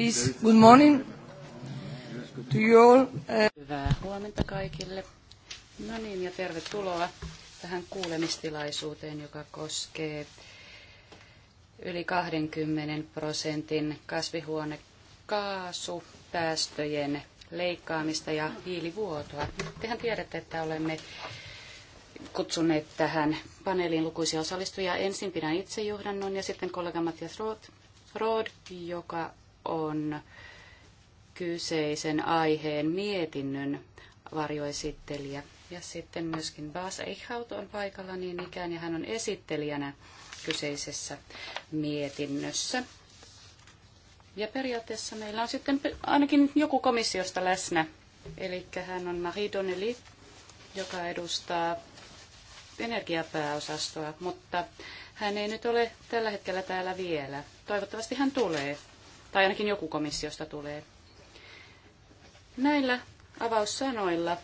Please, good morning to you all. Hyvää huomenta kaikille. No niin, ja tervetuloa tähän kuulemistilaisuuteen, joka koskee yli 20 prosentin kasvihuonekaasupäästöjen leikkaamista ja hiilivuotoa. Tehän tiedätte, että olemme kutsuneet tähän paneeliin lukuisia osallistujia. Ensin pidän itse johdannon ja sitten kollega Matias Roth, Rood, joka on kyseisen aiheen mietinnön varjoesittelijä. Ja sitten myöskin Baas Eichhaut on paikalla niin ikään, ja hän on esittelijänä kyseisessä mietinnössä. Ja periaatteessa meillä on sitten ainakin joku komissiosta läsnä. Eli hän on Marie Donnelly, joka edustaa energiapääosastoa, mutta hän ei nyt ole tällä hetkellä täällä vielä. Toivottavasti hän tulee tai ainakin joku komissiosta tulee. Näillä avaussanoilla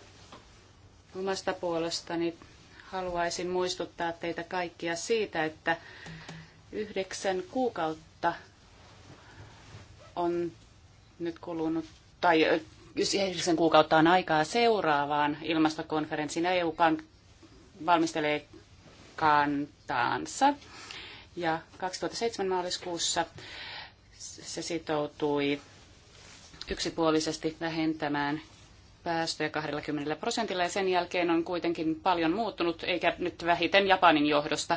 omasta puolestani haluaisin muistuttaa teitä kaikkia siitä, että yhdeksän kuukautta on nyt kulunut, tai yhdeksän kuukautta on aikaa seuraavaan ilmastokonferenssiin. EU valmistelee kantaansa. Ja 2007 maaliskuussa se sitoutui yksipuolisesti vähentämään päästöjä 20 prosentilla ja sen jälkeen on kuitenkin paljon muuttunut, eikä nyt vähiten Japanin johdosta.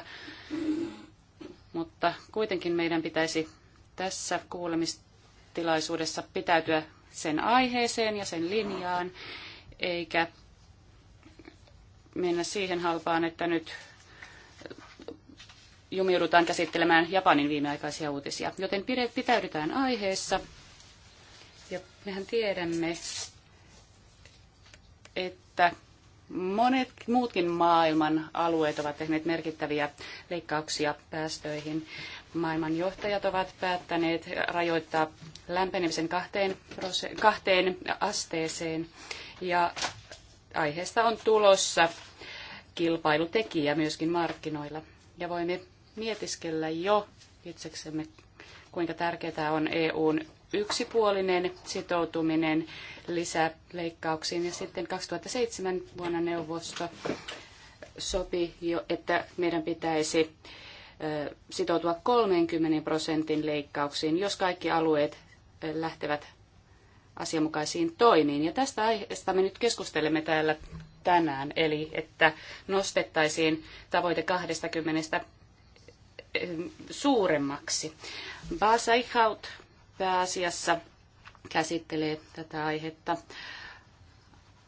Mutta kuitenkin meidän pitäisi tässä kuulemistilaisuudessa pitäytyä sen aiheeseen ja sen linjaan, eikä mennä siihen halpaan, että nyt jumiudutaan käsittelemään Japanin viimeaikaisia uutisia. Joten pitäydytään aiheessa. Ja mehän tiedämme, että monet muutkin maailman alueet ovat tehneet merkittäviä leikkauksia päästöihin. Maailman johtajat ovat päättäneet rajoittaa lämpenemisen kahteen, kahteen asteeseen. Ja aiheesta on tulossa kilpailutekijä myöskin markkinoilla. Ja voimme mietiskellä jo itseksemme, kuinka tärkeää on EUn yksipuolinen sitoutuminen lisäleikkauksiin. Ja sitten 2007 vuonna neuvosto sopi jo, että meidän pitäisi sitoutua 30 prosentin leikkauksiin, jos kaikki alueet lähtevät asianmukaisiin toimiin. Ja tästä aiheesta me nyt keskustelemme täällä tänään, eli että nostettaisiin tavoite 20 suuremmaksi. Bas Eichhout pääasiassa käsittelee tätä aihetta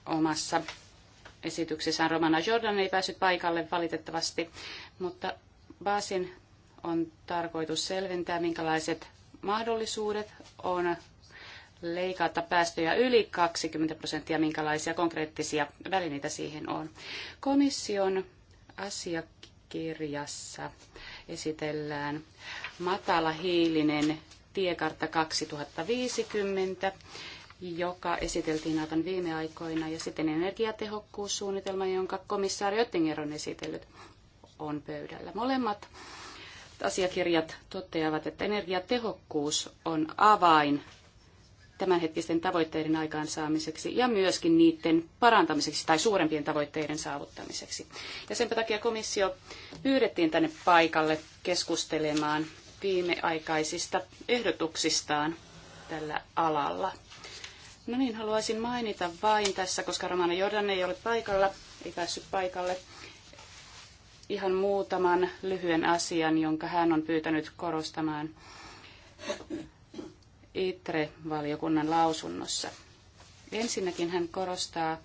omassa esityksessään. Romana Jordan ei päässyt paikalle valitettavasti, mutta Basin on tarkoitus selventää, minkälaiset mahdollisuudet on leikata päästöjä yli 20 prosenttia, minkälaisia konkreettisia välineitä siihen on. Komission asiakirjassa esitellään matala hiilinen tiekartta 2050, joka esiteltiin aivan viime aikoina, ja sitten energiatehokkuussuunnitelma, jonka komissaari Oettinger on esitellyt, on pöydällä. Molemmat asiakirjat toteavat, että energiatehokkuus on avain tämänhetkisten tavoitteiden aikaansaamiseksi ja myöskin niiden parantamiseksi tai suurempien tavoitteiden saavuttamiseksi. Ja sen takia komissio pyydettiin tänne paikalle keskustelemaan viimeaikaisista ehdotuksistaan tällä alalla. No niin, haluaisin mainita vain tässä, koska Romana Jordan ei ole paikalla, ei päässyt paikalle, ihan muutaman lyhyen asian, jonka hän on pyytänyt korostamaan ITRE-valiokunnan lausunnossa. Ensinnäkin hän korostaa,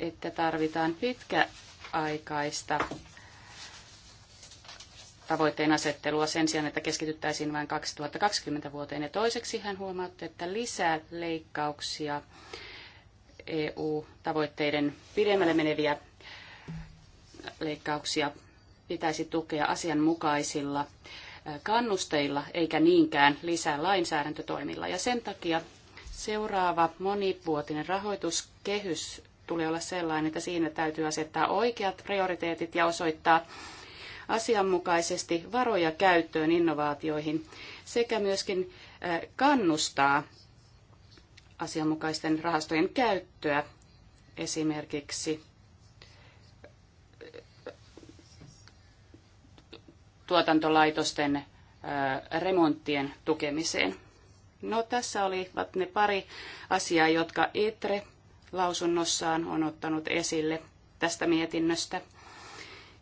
että tarvitaan pitkäaikaista tavoitteen asettelua sen sijaan, että keskityttäisiin vain 2020 vuoteen. Ja toiseksi hän huomautti, että lisää leikkauksia EU-tavoitteiden pidemmälle meneviä leikkauksia pitäisi tukea asianmukaisilla kannusteilla eikä niinkään lisää lainsäädäntötoimilla. Ja sen takia seuraava monivuotinen rahoituskehys tulee olla sellainen, että siinä täytyy asettaa oikeat prioriteetit ja osoittaa asianmukaisesti varoja käyttöön innovaatioihin sekä myöskin kannustaa asianmukaisten rahastojen käyttöä esimerkiksi tuotantolaitosten remonttien tukemiseen. No tässä olivat ne pari asiaa, jotka ITRE lausunnossaan on ottanut esille tästä mietinnöstä.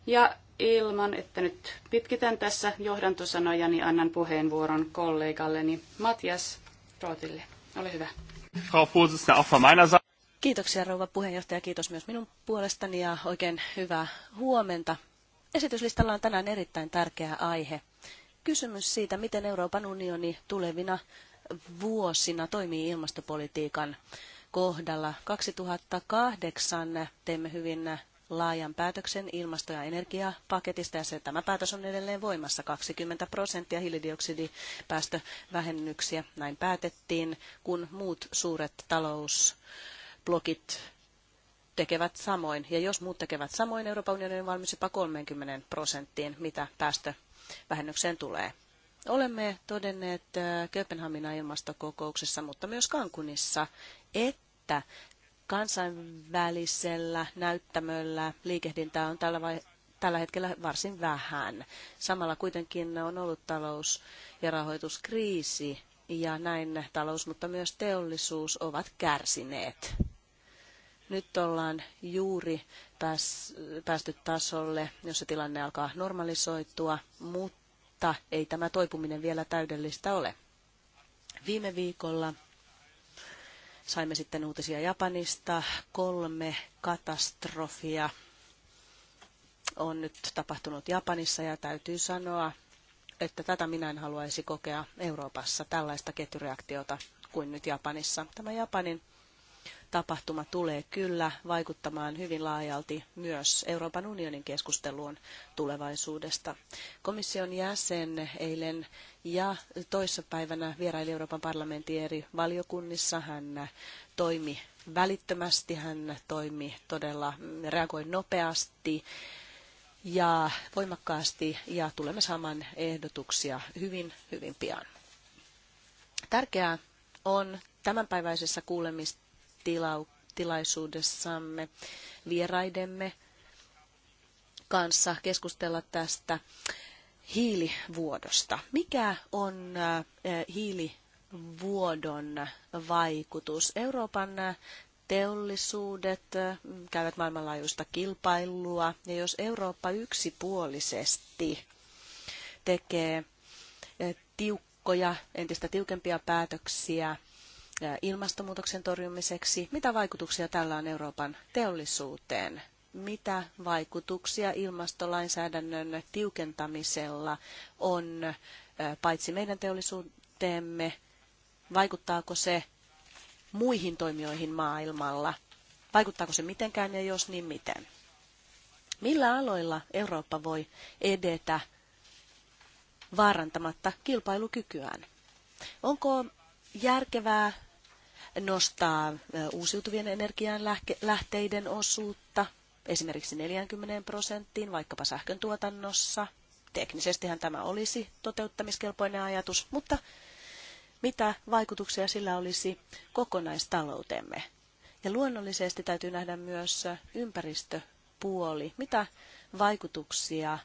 Ja ilman, että nyt pitkitän tässä johdantosanoja, niin annan puheenvuoron kollegalleni Matias Rootille. Ole hyvä. Kiitoksia rouva puheenjohtaja, kiitos myös minun puolestani ja oikein hyvää huomenta Esityslistalla on tänään erittäin tärkeä aihe. Kysymys siitä, miten Euroopan unioni tulevina vuosina toimii ilmastopolitiikan kohdalla. 2008 teimme hyvin laajan päätöksen ilmasto- ja energiapaketista ja se, tämä päätös on edelleen voimassa. 20 prosenttia hiilidioksidipäästövähennyksiä näin päätettiin, kun muut suuret talousblokit tekevät samoin. Ja jos muut tekevät samoin, Euroopan unioni on valmis jopa 30 prosenttiin, mitä päästövähennykseen tulee. Olemme todenneet äh, Kööpenhaminan ilmastokokouksessa, mutta myös Kankunissa, että kansainvälisellä näyttämöllä liikehdintää on tällä vai- tällä hetkellä varsin vähän. Samalla kuitenkin on ollut talous- ja rahoituskriisi, ja näin talous, mutta myös teollisuus ovat kärsineet nyt ollaan juuri päästy tasolle, jossa tilanne alkaa normalisoitua, mutta ei tämä toipuminen vielä täydellistä ole. Viime viikolla saimme sitten uutisia Japanista. Kolme katastrofia on nyt tapahtunut Japanissa ja täytyy sanoa, että tätä minä en haluaisi kokea Euroopassa, tällaista ketjureaktiota kuin nyt Japanissa. Tämä Japanin tapahtuma tulee kyllä vaikuttamaan hyvin laajalti myös Euroopan unionin keskusteluun tulevaisuudesta. Komission jäsen eilen ja toissapäivänä vieraili Euroopan parlamentin eri valiokunnissa. Hän toimi välittömästi, hän toimi todella, reagoi nopeasti ja voimakkaasti ja tulemme saamaan ehdotuksia hyvin, hyvin pian. Tärkeää on tämänpäiväisessä kuulemista tilaisuudessamme vieraidemme kanssa keskustella tästä hiilivuodosta. Mikä on hiilivuodon vaikutus? Euroopan teollisuudet käyvät maailmanlaajuista kilpailua ja jos Eurooppa yksipuolisesti tekee tiukkoja, entistä tiukempia päätöksiä ilmastonmuutoksen torjumiseksi. Mitä vaikutuksia tällä on Euroopan teollisuuteen? Mitä vaikutuksia ilmastolainsäädännön tiukentamisella on paitsi meidän teollisuuteemme, vaikuttaako se muihin toimijoihin maailmalla? Vaikuttaako se mitenkään ja jos niin miten? Millä aloilla Eurooppa voi edetä vaarantamatta kilpailukykyään? Onko järkevää nostaa uusiutuvien energianlähteiden osuutta esimerkiksi 40 prosenttiin vaikkapa sähkön tuotannossa. Teknisestihän tämä olisi toteuttamiskelpoinen ajatus, mutta mitä vaikutuksia sillä olisi kokonaistaloutemme? Ja luonnollisesti täytyy nähdä myös ympäristöpuoli. Mitä vaikutuksia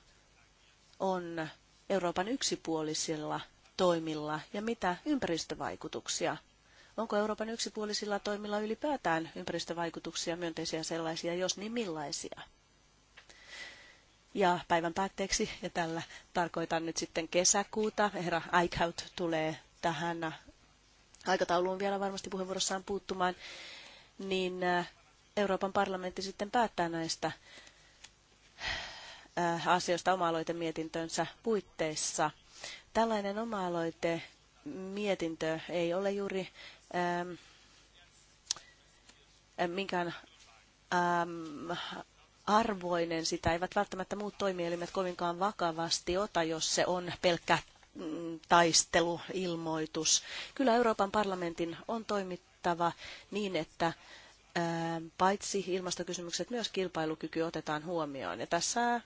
on Euroopan yksipuolisilla toimilla ja mitä ympäristövaikutuksia Onko Euroopan yksipuolisilla toimilla ylipäätään ympäristövaikutuksia, myönteisiä sellaisia, jos niin millaisia? Ja päivän päätteeksi, ja tällä tarkoitan nyt sitten kesäkuuta, herra Eichhout tulee tähän aikatauluun vielä varmasti puheenvuorossaan puuttumaan, niin äh, Euroopan parlamentti sitten päättää näistä äh, asioista oma-aloitemietintönsä puitteissa. Tällainen oma-aloite mietintö ei ole juuri Ähm, äh, minkään ähm, arvoinen, sitä eivät välttämättä muut toimielimet kovinkaan vakavasti ota, jos se on pelkkä mm, taisteluilmoitus. Kyllä Euroopan parlamentin on toimittava niin, että ähm, paitsi ilmastokysymykset, myös kilpailukyky otetaan huomioon. Ja tässä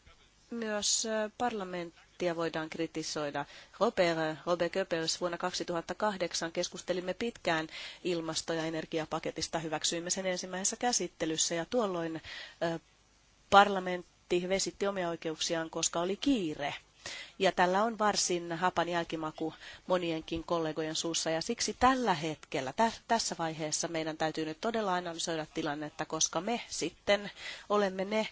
myös äh, parlamentti parlamenttia voidaan kritisoida. Robert, Robert Goebbels vuonna 2008 keskustelimme pitkään ilmasto- ja energiapaketista. Hyväksyimme sen ensimmäisessä käsittelyssä ja tuolloin parlamentti vesitti omia oikeuksiaan, koska oli kiire. Ja tällä on varsin hapan jälkimaku monienkin kollegojen suussa ja siksi tällä hetkellä, tässä vaiheessa meidän täytyy nyt todella analysoida tilannetta, koska me sitten olemme ne,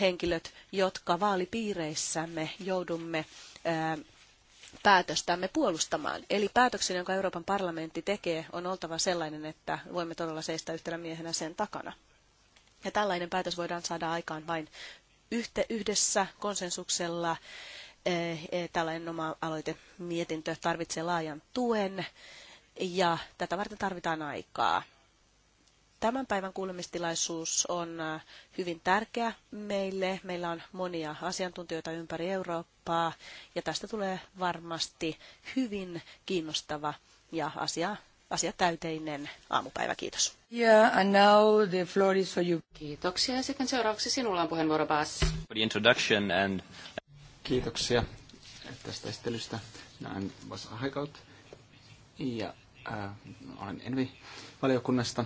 henkilöt, jotka vaalipiireissämme joudumme päätöstämme puolustamaan. Eli päätöksen, jonka Euroopan parlamentti tekee, on oltava sellainen, että voimme todella seistä yhtenä miehenä sen takana. Ja tällainen päätös voidaan saada aikaan vain yhte, yhdessä konsensuksella. E, tällainen oma aloitemietintö tarvitsee laajan tuen ja tätä varten tarvitaan aikaa. Tämän päivän kuulemistilaisuus on äh, hyvin tärkeä meille. Meillä on monia asiantuntijoita ympäri Eurooppaa ja tästä tulee varmasti hyvin kiinnostava ja asia, asiatäyteinen aamupäivä. Kiitos. Yeah, and now the floor is for you. Kiitoksia sitten seuraavaksi sinulla on puheenvuoro Bas. The introduction and... Kiitoksia tästä esittelystä. Näin Bas Haikaut ja äh, olen Envi-valiokunnasta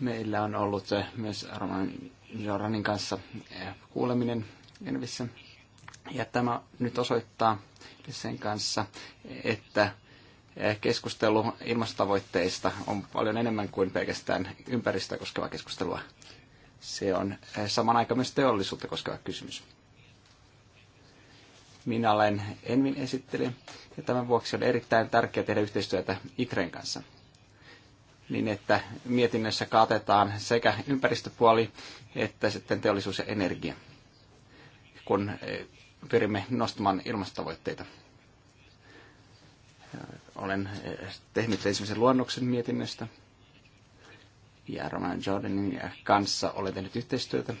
Meillä on ollut eh, myös Roman Joranin kanssa eh, kuuleminen Envissä. Ja tämä nyt osoittaa sen kanssa, että eh, keskustelu ilmastotavoitteista on paljon enemmän kuin pelkästään ympäristöä koskevaa keskustelua. Se on saman aikaan myös teollisuutta koskeva kysymys. Minä olen Envin esittelijä ja tämän vuoksi on erittäin tärkeää tehdä yhteistyötä ITREn kanssa – niin että mietinnössä katetaan sekä ympäristöpuoli että sitten teollisuus ja energia, kun eh, pyrimme nostamaan ilmastotavoitteita. Olen eh, tehnyt ensimmäisen luonnoksen mietinnöstä ja Roman Jordanin kanssa olen tehnyt yhteistyötä.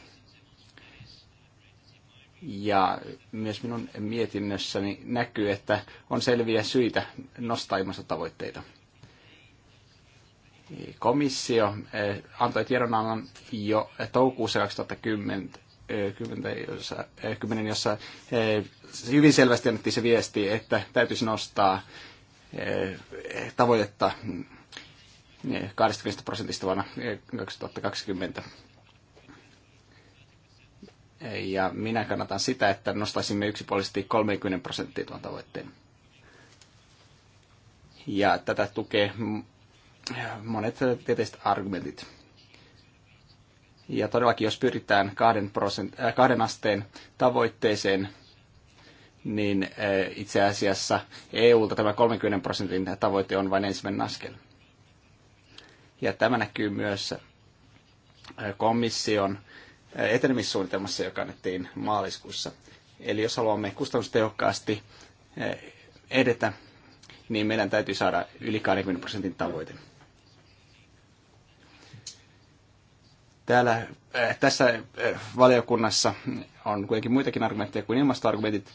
Ja myös minun mietinnössäni näkyy, että on selviä syitä nostaa ilmastotavoitteita komissio eh, antoi tiedonannon jo toukokuussa 2010, eh, jossa eh, hyvin selvästi annettiin se viesti, että täytyisi nostaa tavoitetta 20 mm, prosentista vuonna 2020. Ja minä kannatan sitä, että nostaisimme yksipuolisesti 30 prosenttia tuon tavoitteen. Ja tätä tukee monet tieteiset argumentit. Ja todellakin, jos pyritään kahden, prosent, äh, kahden asteen tavoitteeseen, niin äh, itse asiassa EUlta tämä 30 prosentin tavoite on vain ensimmäinen askel. Ja tämä näkyy myös äh, komission äh, etenemissuunnitelmassa, joka annettiin maaliskuussa. Eli jos haluamme kustannustehokkaasti äh, edetä, niin meidän täytyy saada yli 20 prosentin tavoite. Täällä, eh, tässä eh, valiokunnassa on kuitenkin muitakin argumentteja kuin ilmastoargumentit,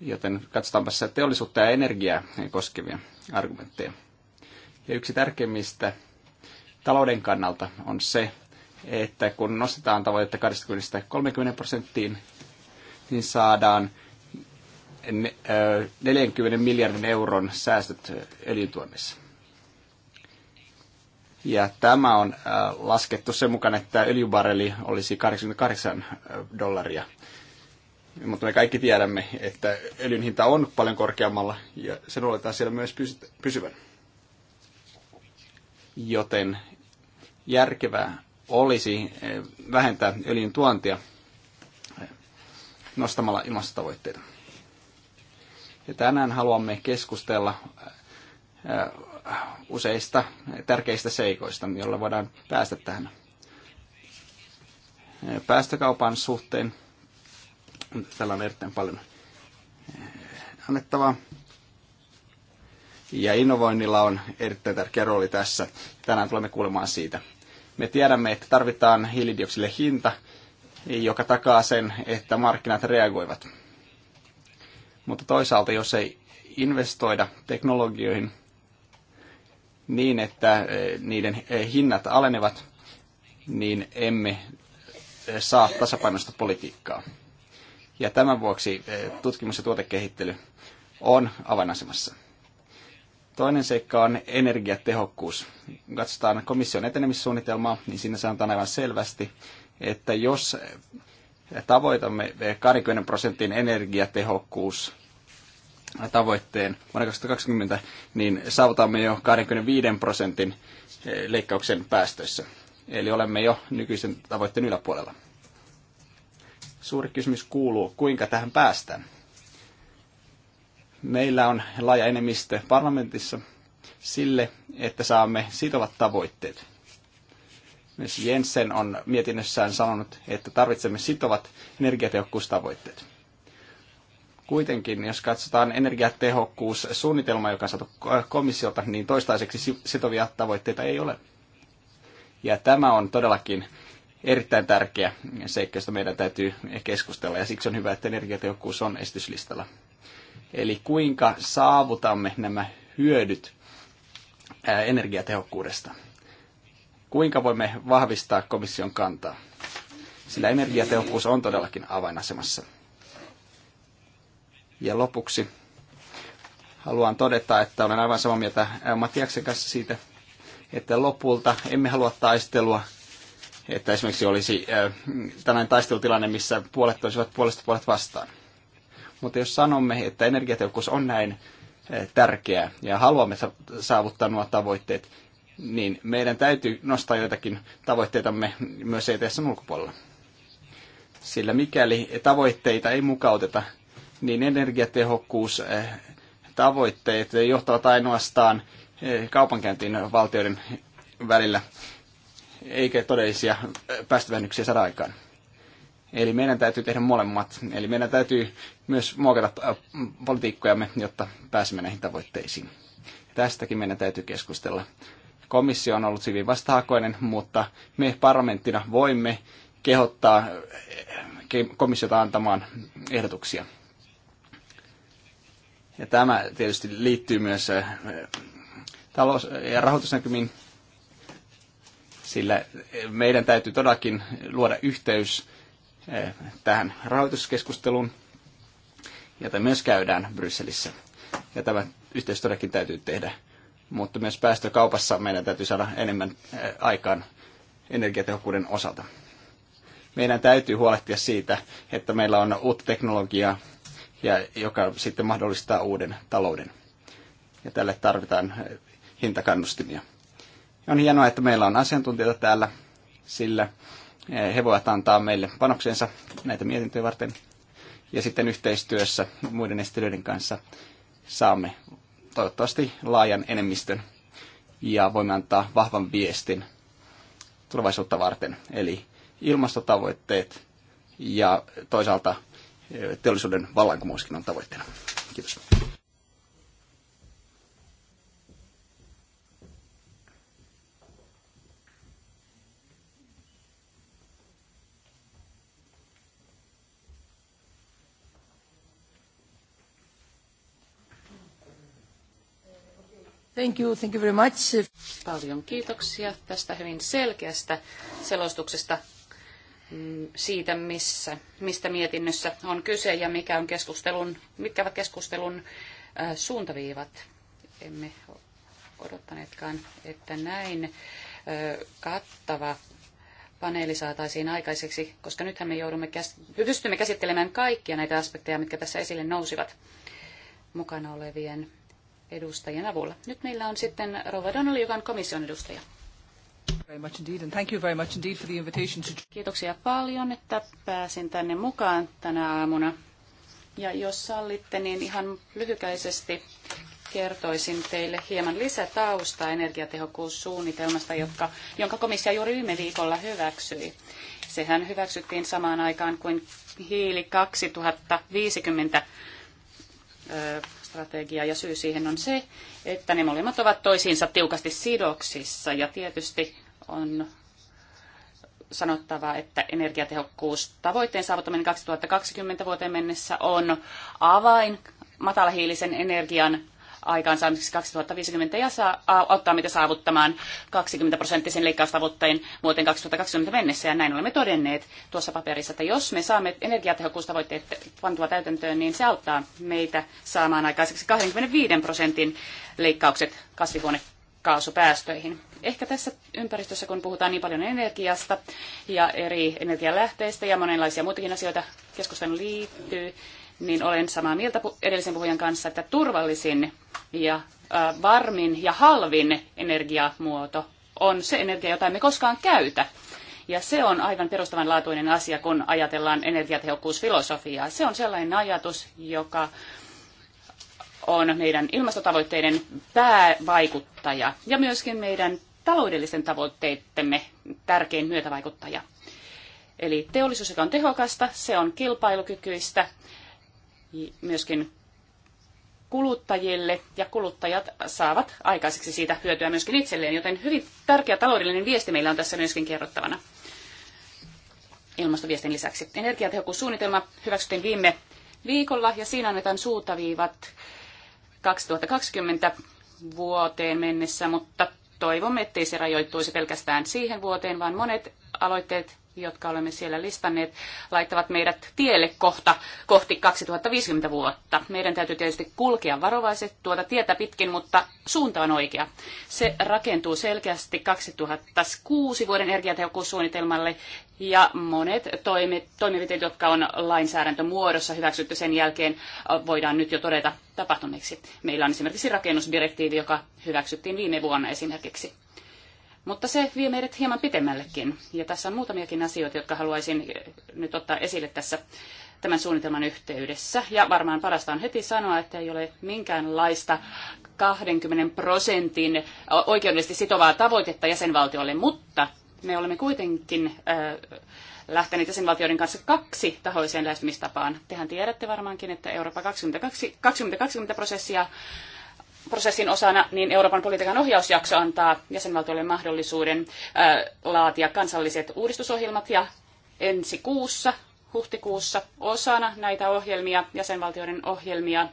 joten katsotaanpa teollisuutta ja energiaa koskevia argumentteja. Ja yksi tärkeimmistä talouden kannalta on se, että kun nostetaan tavoitetta 20-30 prosenttiin, niin saadaan 40 eh, miljardin euron säästöt öljyntuonnissa. Ja tämä on äh, laskettu sen mukaan, että öljybareli olisi 88 äh, dollaria. Mutta me kaikki tiedämme, että öljyn hinta on paljon korkeammalla ja sen oletaan siellä myös pysyvän. Joten järkevää olisi äh, vähentää öljyn tuontia nostamalla ilmastotavoitteita. Ja tänään haluamme keskustella useista tärkeistä seikoista, joilla voidaan päästä tähän päästökaupan suhteen. Täällä on erittäin paljon annettavaa. Ja innovoinnilla on erittäin tärkeä rooli tässä. Tänään tulemme kuulemaan siitä. Me tiedämme, että tarvitaan hiilidioksille hinta, joka takaa sen, että markkinat reagoivat. Mutta toisaalta, jos ei investoida teknologioihin, niin, että eh, niiden eh, hinnat alenevat, niin emme eh, saa tasapainoista politiikkaa. Ja tämän vuoksi tutkimus- ja tuotekehittely on avainasemassa. Toinen seikka on energiatehokkuus. Kun katsotaan komission etenemissuunnitelmaa, niin siinä sanotaan aivan selvästi, että jos tavoitamme 20 prosentin energiatehokkuus tavoitteen vuonna 2020, niin saavutamme jo 25 prosentin eh, leikkauksen päästöissä. Eli olemme jo nykyisen tavoitteen yläpuolella. Suuri kysymys kuuluu, kuinka tähän päästään? Meillä on laaja enemmistö parlamentissa sille, että saamme sitovat tavoitteet. Myös Jensen on mietinnössään sanonut, että tarvitsemme sitovat energiatehokkuustavoitteet. Kuitenkin, jos katsotaan energiatehokkuussuunnitelma, joka on saatu komissiolta, niin toistaiseksi sitovia tavoitteita ei ole. Ja tämä on todellakin erittäin tärkeä seikka, josta meidän täytyy keskustella, ja siksi on hyvä, että energiatehokkuus on esityslistalla. Eli kuinka saavutamme nämä hyödyt energiatehokkuudesta? Kuinka voimme vahvistaa komission kantaa? Sillä energiatehokkuus on todellakin avainasemassa. Ja lopuksi haluan todeta, että olen aivan samaa mieltä Matiaksen kanssa siitä, että lopulta emme halua taistelua, että esimerkiksi olisi tällainen taistelutilanne, missä puolet olisivat puolesta puolet vastaan. Mutta jos sanomme, että energiatehokkuus on näin tärkeää ja haluamme saavuttaa nuo tavoitteet, niin meidän täytyy nostaa joitakin tavoitteitamme myös ETS ulkopuolella. Sillä mikäli tavoitteita ei mukauteta niin energiatehokkuustavoitteet eh, johtavat ainoastaan eh, kaupankäyntiin valtioiden välillä, eikä todellisia eh, päästövähennyksiä saada aikaan. Eli meidän täytyy tehdä molemmat. Eli meidän täytyy myös muokata politiikkojamme, jotta pääsemme näihin tavoitteisiin. Tästäkin meidän täytyy keskustella. Komissio on ollut hyvin vastahakoinen, mutta me parlamenttina voimme kehottaa komissiota antamaan ehdotuksia. Ja tämä tietysti liittyy myös talous- ja rahoitusnäkymiin, sillä meidän täytyy todellakin luoda yhteys tähän rahoituskeskusteluun, jota myös käydään Brysselissä. Ja tämä yhteys todellakin täytyy tehdä. Mutta myös päästökaupassa meidän täytyy saada enemmän aikaan energiatehokkuuden osalta. Meidän täytyy huolehtia siitä, että meillä on uutta teknologiaa ja joka sitten mahdollistaa uuden talouden. Ja tälle tarvitaan hintakannustimia. Ja on hienoa, että meillä on asiantuntijoita täällä, sillä eh, he voivat antaa meille panoksensa näitä mietintöjä varten. Ja sitten yhteistyössä muiden esittelyiden kanssa saamme toivottavasti laajan enemmistön ja voimme antaa vahvan viestin tulevaisuutta varten. Eli ilmastotavoitteet ja toisaalta teollisuuden vallankumouskin on tavoitteena. Kiitos. Thank you, thank you very much. Paljon kiitoksia tästä hyvin selkeästä selostuksesta Mm, siitä, missä, mistä mietinnössä on kyse ja mikä on keskustelun, mitkä ovat keskustelun äh, suuntaviivat. Emme odottaneetkaan, että näin äh, kattava paneeli saataisiin aikaiseksi, koska nythän me joudumme pystymme käsittelemään kaikkia näitä aspekteja, mitkä tässä esille nousivat mukana olevien edustajien avulla. Nyt meillä on sitten Rova Donnelly, joka on komission edustaja. Kiitoksia paljon, että pääsin tänne mukaan tänä aamuna. Ja jos sallitte, niin ihan lyhykäisesti kertoisin teille hieman lisätausta energiatehokkuussuunnitelmasta, jotka, jonka komissio juuri viime viikolla hyväksyi. Sehän hyväksyttiin samaan aikaan kuin hiili 2050 strategia ja syy siihen on se, että ne molemmat ovat toisiinsa tiukasti sidoksissa ja tietysti on sanottava, että energiatehokkuus tavoitteen saavuttaminen 2020 vuoteen mennessä on avain matalahiilisen energian aikaansaamiseksi 2050 ja saa, auttaa meitä saavuttamaan 20 prosenttisen leikkaustavoitteen vuoteen 2020 mennessä. Ja näin olemme todenneet tuossa paperissa, että jos me saamme energiatehokkuustavoitteet pantua täytäntöön, niin se auttaa meitä saamaan aikaiseksi 25 prosentin leikkaukset kasvihuone kaasupäästöihin. Ehkä tässä ympäristössä, kun puhutaan niin paljon energiasta ja eri energialähteistä ja monenlaisia muitakin asioita keskustelun liittyy, niin olen samaa mieltä edellisen puhujan kanssa, että turvallisin ja varmin ja halvin energiamuoto on se energia, jota emme koskaan käytä. Ja se on aivan perustavanlaatuinen asia, kun ajatellaan energiatehokkuusfilosofiaa. Se on sellainen ajatus, joka on meidän ilmastotavoitteiden päävaikuttaja ja myöskin meidän taloudellisen tavoitteittemme tärkein myötävaikuttaja. Eli teollisuus, joka on tehokasta, se on kilpailukykyistä myöskin kuluttajille ja kuluttajat saavat aikaiseksi siitä hyötyä myöskin itselleen, joten hyvin tärkeä taloudellinen viesti meillä on tässä myöskin kerrottavana ilmastoviestin lisäksi. Energiatehokkuussuunnitelma hyväksyttiin viime viikolla ja siinä annetaan suuntaviivat 2020 vuoteen mennessä, mutta toivomme, ettei se rajoittuisi pelkästään siihen vuoteen, vaan monet aloitteet jotka olemme siellä listanneet, laittavat meidät tielle kohta kohti 2050 vuotta. Meidän täytyy tietysti kulkea varovaisesti tuota tietä pitkin, mutta suunta on oikea. Se rakentuu selkeästi 2006 vuoden energiatehokkuussuunnitelmalle ja monet toimenpiteet, jotka on lainsäädäntömuodossa hyväksytty sen jälkeen, voidaan nyt jo todeta tapahtuneiksi. Meillä on esimerkiksi rakennusdirektiivi, joka hyväksyttiin viime vuonna esimerkiksi. Mutta se vie meidät hieman pitemmällekin. Ja tässä on muutamiakin asioita, jotka haluaisin eh, nyt ottaa esille tässä tämän suunnitelman yhteydessä. Ja varmaan parasta on heti sanoa, että ei ole minkäänlaista 20 prosentin eh, oikeudellisesti sitovaa tavoitetta jäsenvaltiolle, mutta me olemme kuitenkin äh, lähteneet jäsenvaltioiden kanssa kaksi tahoiseen lähestymistapaan. Tehän tiedätte varmaankin, että Eurooppa 2020, 2020 prosessia prosessin osana niin Euroopan politiikan ohjausjakso antaa jäsenvaltioille mahdollisuuden laatia kansalliset uudistusohjelmat ja ensi kuussa, huhtikuussa osana näitä ohjelmia, jäsenvaltioiden ohjelmia,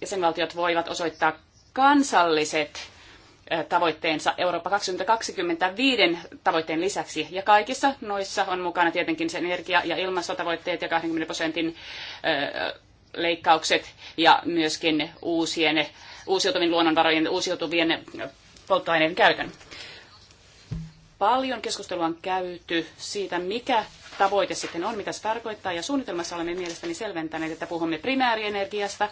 jäsenvaltiot voivat osoittaa kansalliset tavoitteensa Eurooppa 2025 tavoitteen lisäksi. Ja kaikissa noissa on mukana tietenkin se energia- ja ilmastotavoitteet ja 20 prosentin leikkaukset ja myöskin uusien, uusiutuvien luonnonvarojen, uusiutuvien polttoaineiden käytön. Paljon keskustelua on käyty siitä, mikä tavoite sitten on, mitä se tarkoittaa, ja suunnitelmassa olemme mielestäni selventäneet, että puhumme primäärienergiasta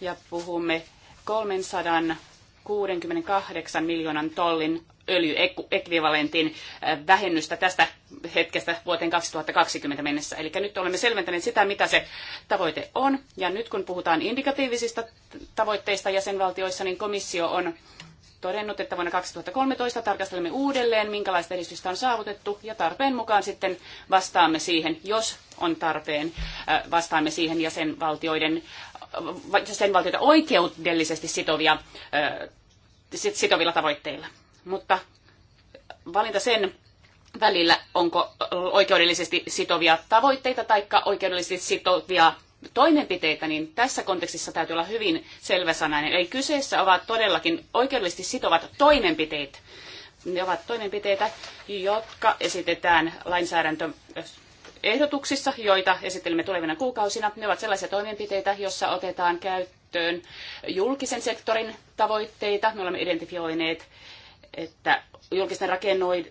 ja puhumme 368 miljoonan tollin öljyekvivalentin äh, vähennystä tästä hetkestä vuoteen 2020 mennessä. Eli nyt olemme selventäneet sitä, mitä se tavoite on. Ja nyt kun puhutaan indikatiivisista tavoitteista jäsenvaltioissa, niin komissio on todennut, että vuonna 2013 tarkastelemme uudelleen, minkälaista edistystä on saavutettu, ja tarpeen mukaan sitten vastaamme siihen, jos on tarpeen, äh, vastaamme siihen jäsenvaltioiden, äh, jäsenvaltioita oikeudellisesti sitovia, sitovilla tavoitteilla mutta valinta sen välillä, onko oikeudellisesti sitovia tavoitteita tai oikeudellisesti sitovia toimenpiteitä, niin tässä kontekstissa täytyy olla hyvin selväsanainen. Eli kyseessä ovat todellakin oikeudellisesti sitovat toimenpiteet. Ne ovat toimenpiteitä, jotka esitetään lainsäädäntöehdotuksissa, joita esittelemme tulevina kuukausina. Ne ovat sellaisia toimenpiteitä, joissa otetaan käyttöön julkisen sektorin tavoitteita. Me olemme identifioineet että julkisten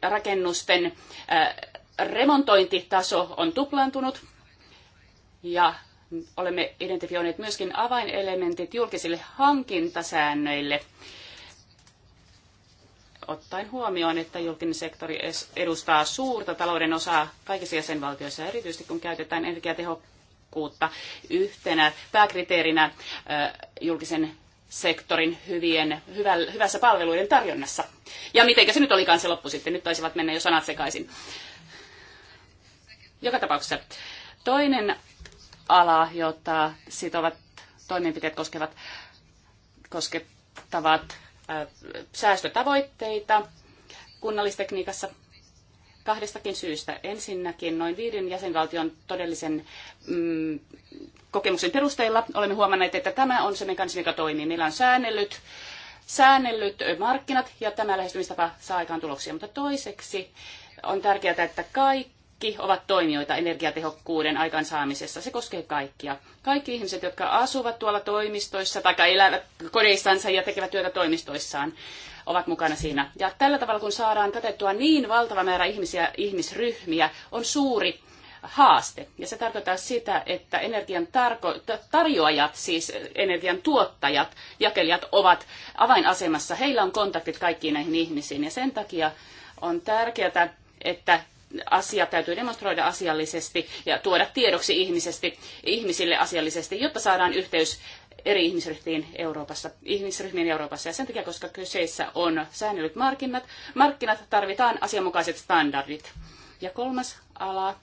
rakennusten äh, remontointitaso on tuplantunut, ja olemme identifioineet myöskin avainelementit julkisille hankintasäännöille ottaen huomioon, että julkinen sektori edustaa suurta talouden osaa kaikissa jäsenvaltioissa, erityisesti kun käytetään energiatehokkuutta yhtenä pääkriteerinä äh, julkisen sektorin hyvien, hyvä, hyvässä palveluiden tarjonnassa. Ja miten se nyt olikaan se loppu sitten, nyt taisivat mennä jo sanat sekaisin. Joka tapauksessa toinen ala, jota sitovat toimenpiteet koskevat, koskettavat äh, säästötavoitteita kunnallistekniikassa kahdestakin syystä. Ensinnäkin noin viiden jäsenvaltion todellisen mm, kokemuksen perusteella olemme huomanneet, että tämä on se mekanismi, joka toimii. Meillä on säännellyt, säännellyt markkinat ja tämä lähestymistapa saa aikaan tuloksia. Mutta toiseksi on tärkeää, että kaikki ovat toimijoita energiatehokkuuden aikaansaamisessa. Se koskee kaikkia. Kaikki ihmiset, jotka asuvat tuolla toimistoissa tai elävät kodeissansa ja tekevät työtä toimistoissaan, ovat mukana siinä. Ja tällä tavalla, kun saadaan katettua niin valtava määrä ihmisiä, ihmisryhmiä, on suuri haaste. Ja se tarkoittaa sitä, että energian tarjoajat, siis energian tuottajat, jakelijat ovat avainasemassa. Heillä on kontaktit kaikkiin näihin ihmisiin ja sen takia on tärkeää, että asia täytyy demonstroida asiallisesti ja tuoda tiedoksi ihmisesti, ihmisille asiallisesti, jotta saadaan yhteys eri ihmisryhmiin Euroopassa, ihmisryhmien Euroopassa. Ja sen takia, koska kyseessä on säännellyt markkinat, markkinat tarvitaan asianmukaiset standardit. Ja kolmas ala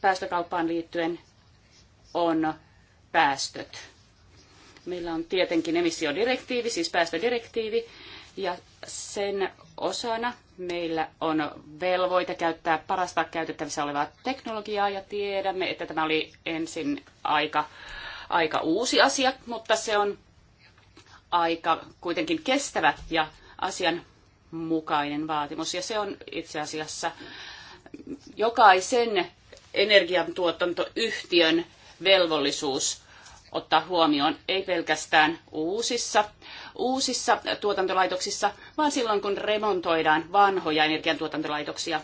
päästökauppaan liittyen on päästöt. Meillä on tietenkin emissiodirektiivi, siis päästödirektiivi, ja sen osana meillä on velvoite käyttää parasta käytettävissä olevaa teknologiaa, ja tiedämme, että tämä oli ensin aika, aika uusi asia, mutta se on aika kuitenkin kestävä ja asianmukainen vaatimus, ja se on itse asiassa jokaisen energiantuotantoyhtiön velvollisuus ottaa huomioon ei pelkästään uusissa, uusissa tuotantolaitoksissa, vaan silloin kun remontoidaan vanhoja energiantuotantolaitoksia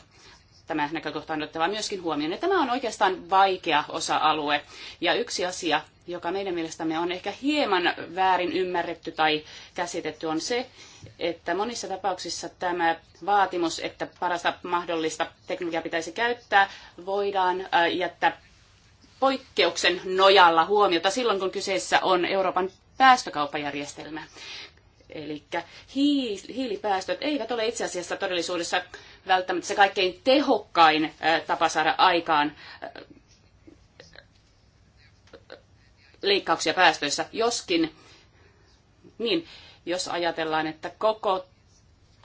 tämä näkökohta on otettava myöskin huomioon. Ja tämä on oikeastaan vaikea osa-alue. Ja yksi asia, joka meidän mielestämme on ehkä hieman väärin ymmärretty tai käsitetty, on se, että monissa tapauksissa tämä vaatimus, että parasta mahdollista teknologiaa pitäisi käyttää, voidaan äh, jättää poikkeuksen nojalla huomiota silloin, kun kyseessä on Euroopan päästökauppajärjestelmä. Eli hiilipäästöt eivät ole itse asiassa todellisuudessa välttämättä se kaikkein tehokkain tapa saada aikaan leikkauksia päästöissä, joskin niin, jos ajatellaan, että koko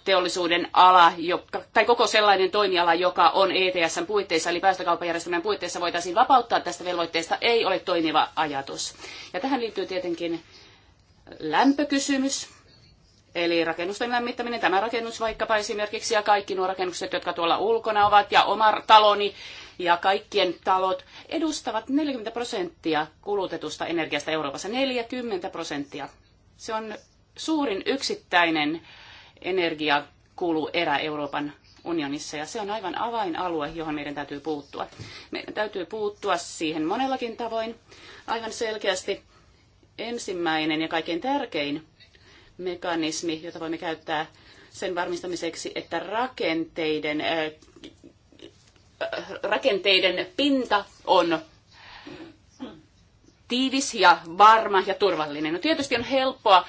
teollisuuden ala, joka, tai koko sellainen toimiala, joka on ETSn puitteissa, eli päästökauppajärjestelmän puitteissa, voitaisiin vapauttaa tästä velvoitteesta, ei ole toimiva ajatus. Ja tähän liittyy tietenkin lämpökysymys. Eli rakennusten lämmittäminen, tämä rakennus vaikkapa esimerkiksi ja kaikki nuo rakennukset, jotka tuolla ulkona ovat ja oma taloni ja kaikkien talot edustavat 40 prosenttia kulutetusta energiasta Euroopassa. 40 prosenttia. Se on suurin yksittäinen erä Euroopan unionissa ja se on aivan avainalue, johon meidän täytyy puuttua. Meidän täytyy puuttua siihen monellakin tavoin. Aivan selkeästi ensimmäinen ja kaikkein tärkein mekanismi, jota voimme käyttää sen varmistamiseksi, että rakenteiden, äh, rakenteiden pinta on tiivis ja varma ja turvallinen. No tietysti on helppoa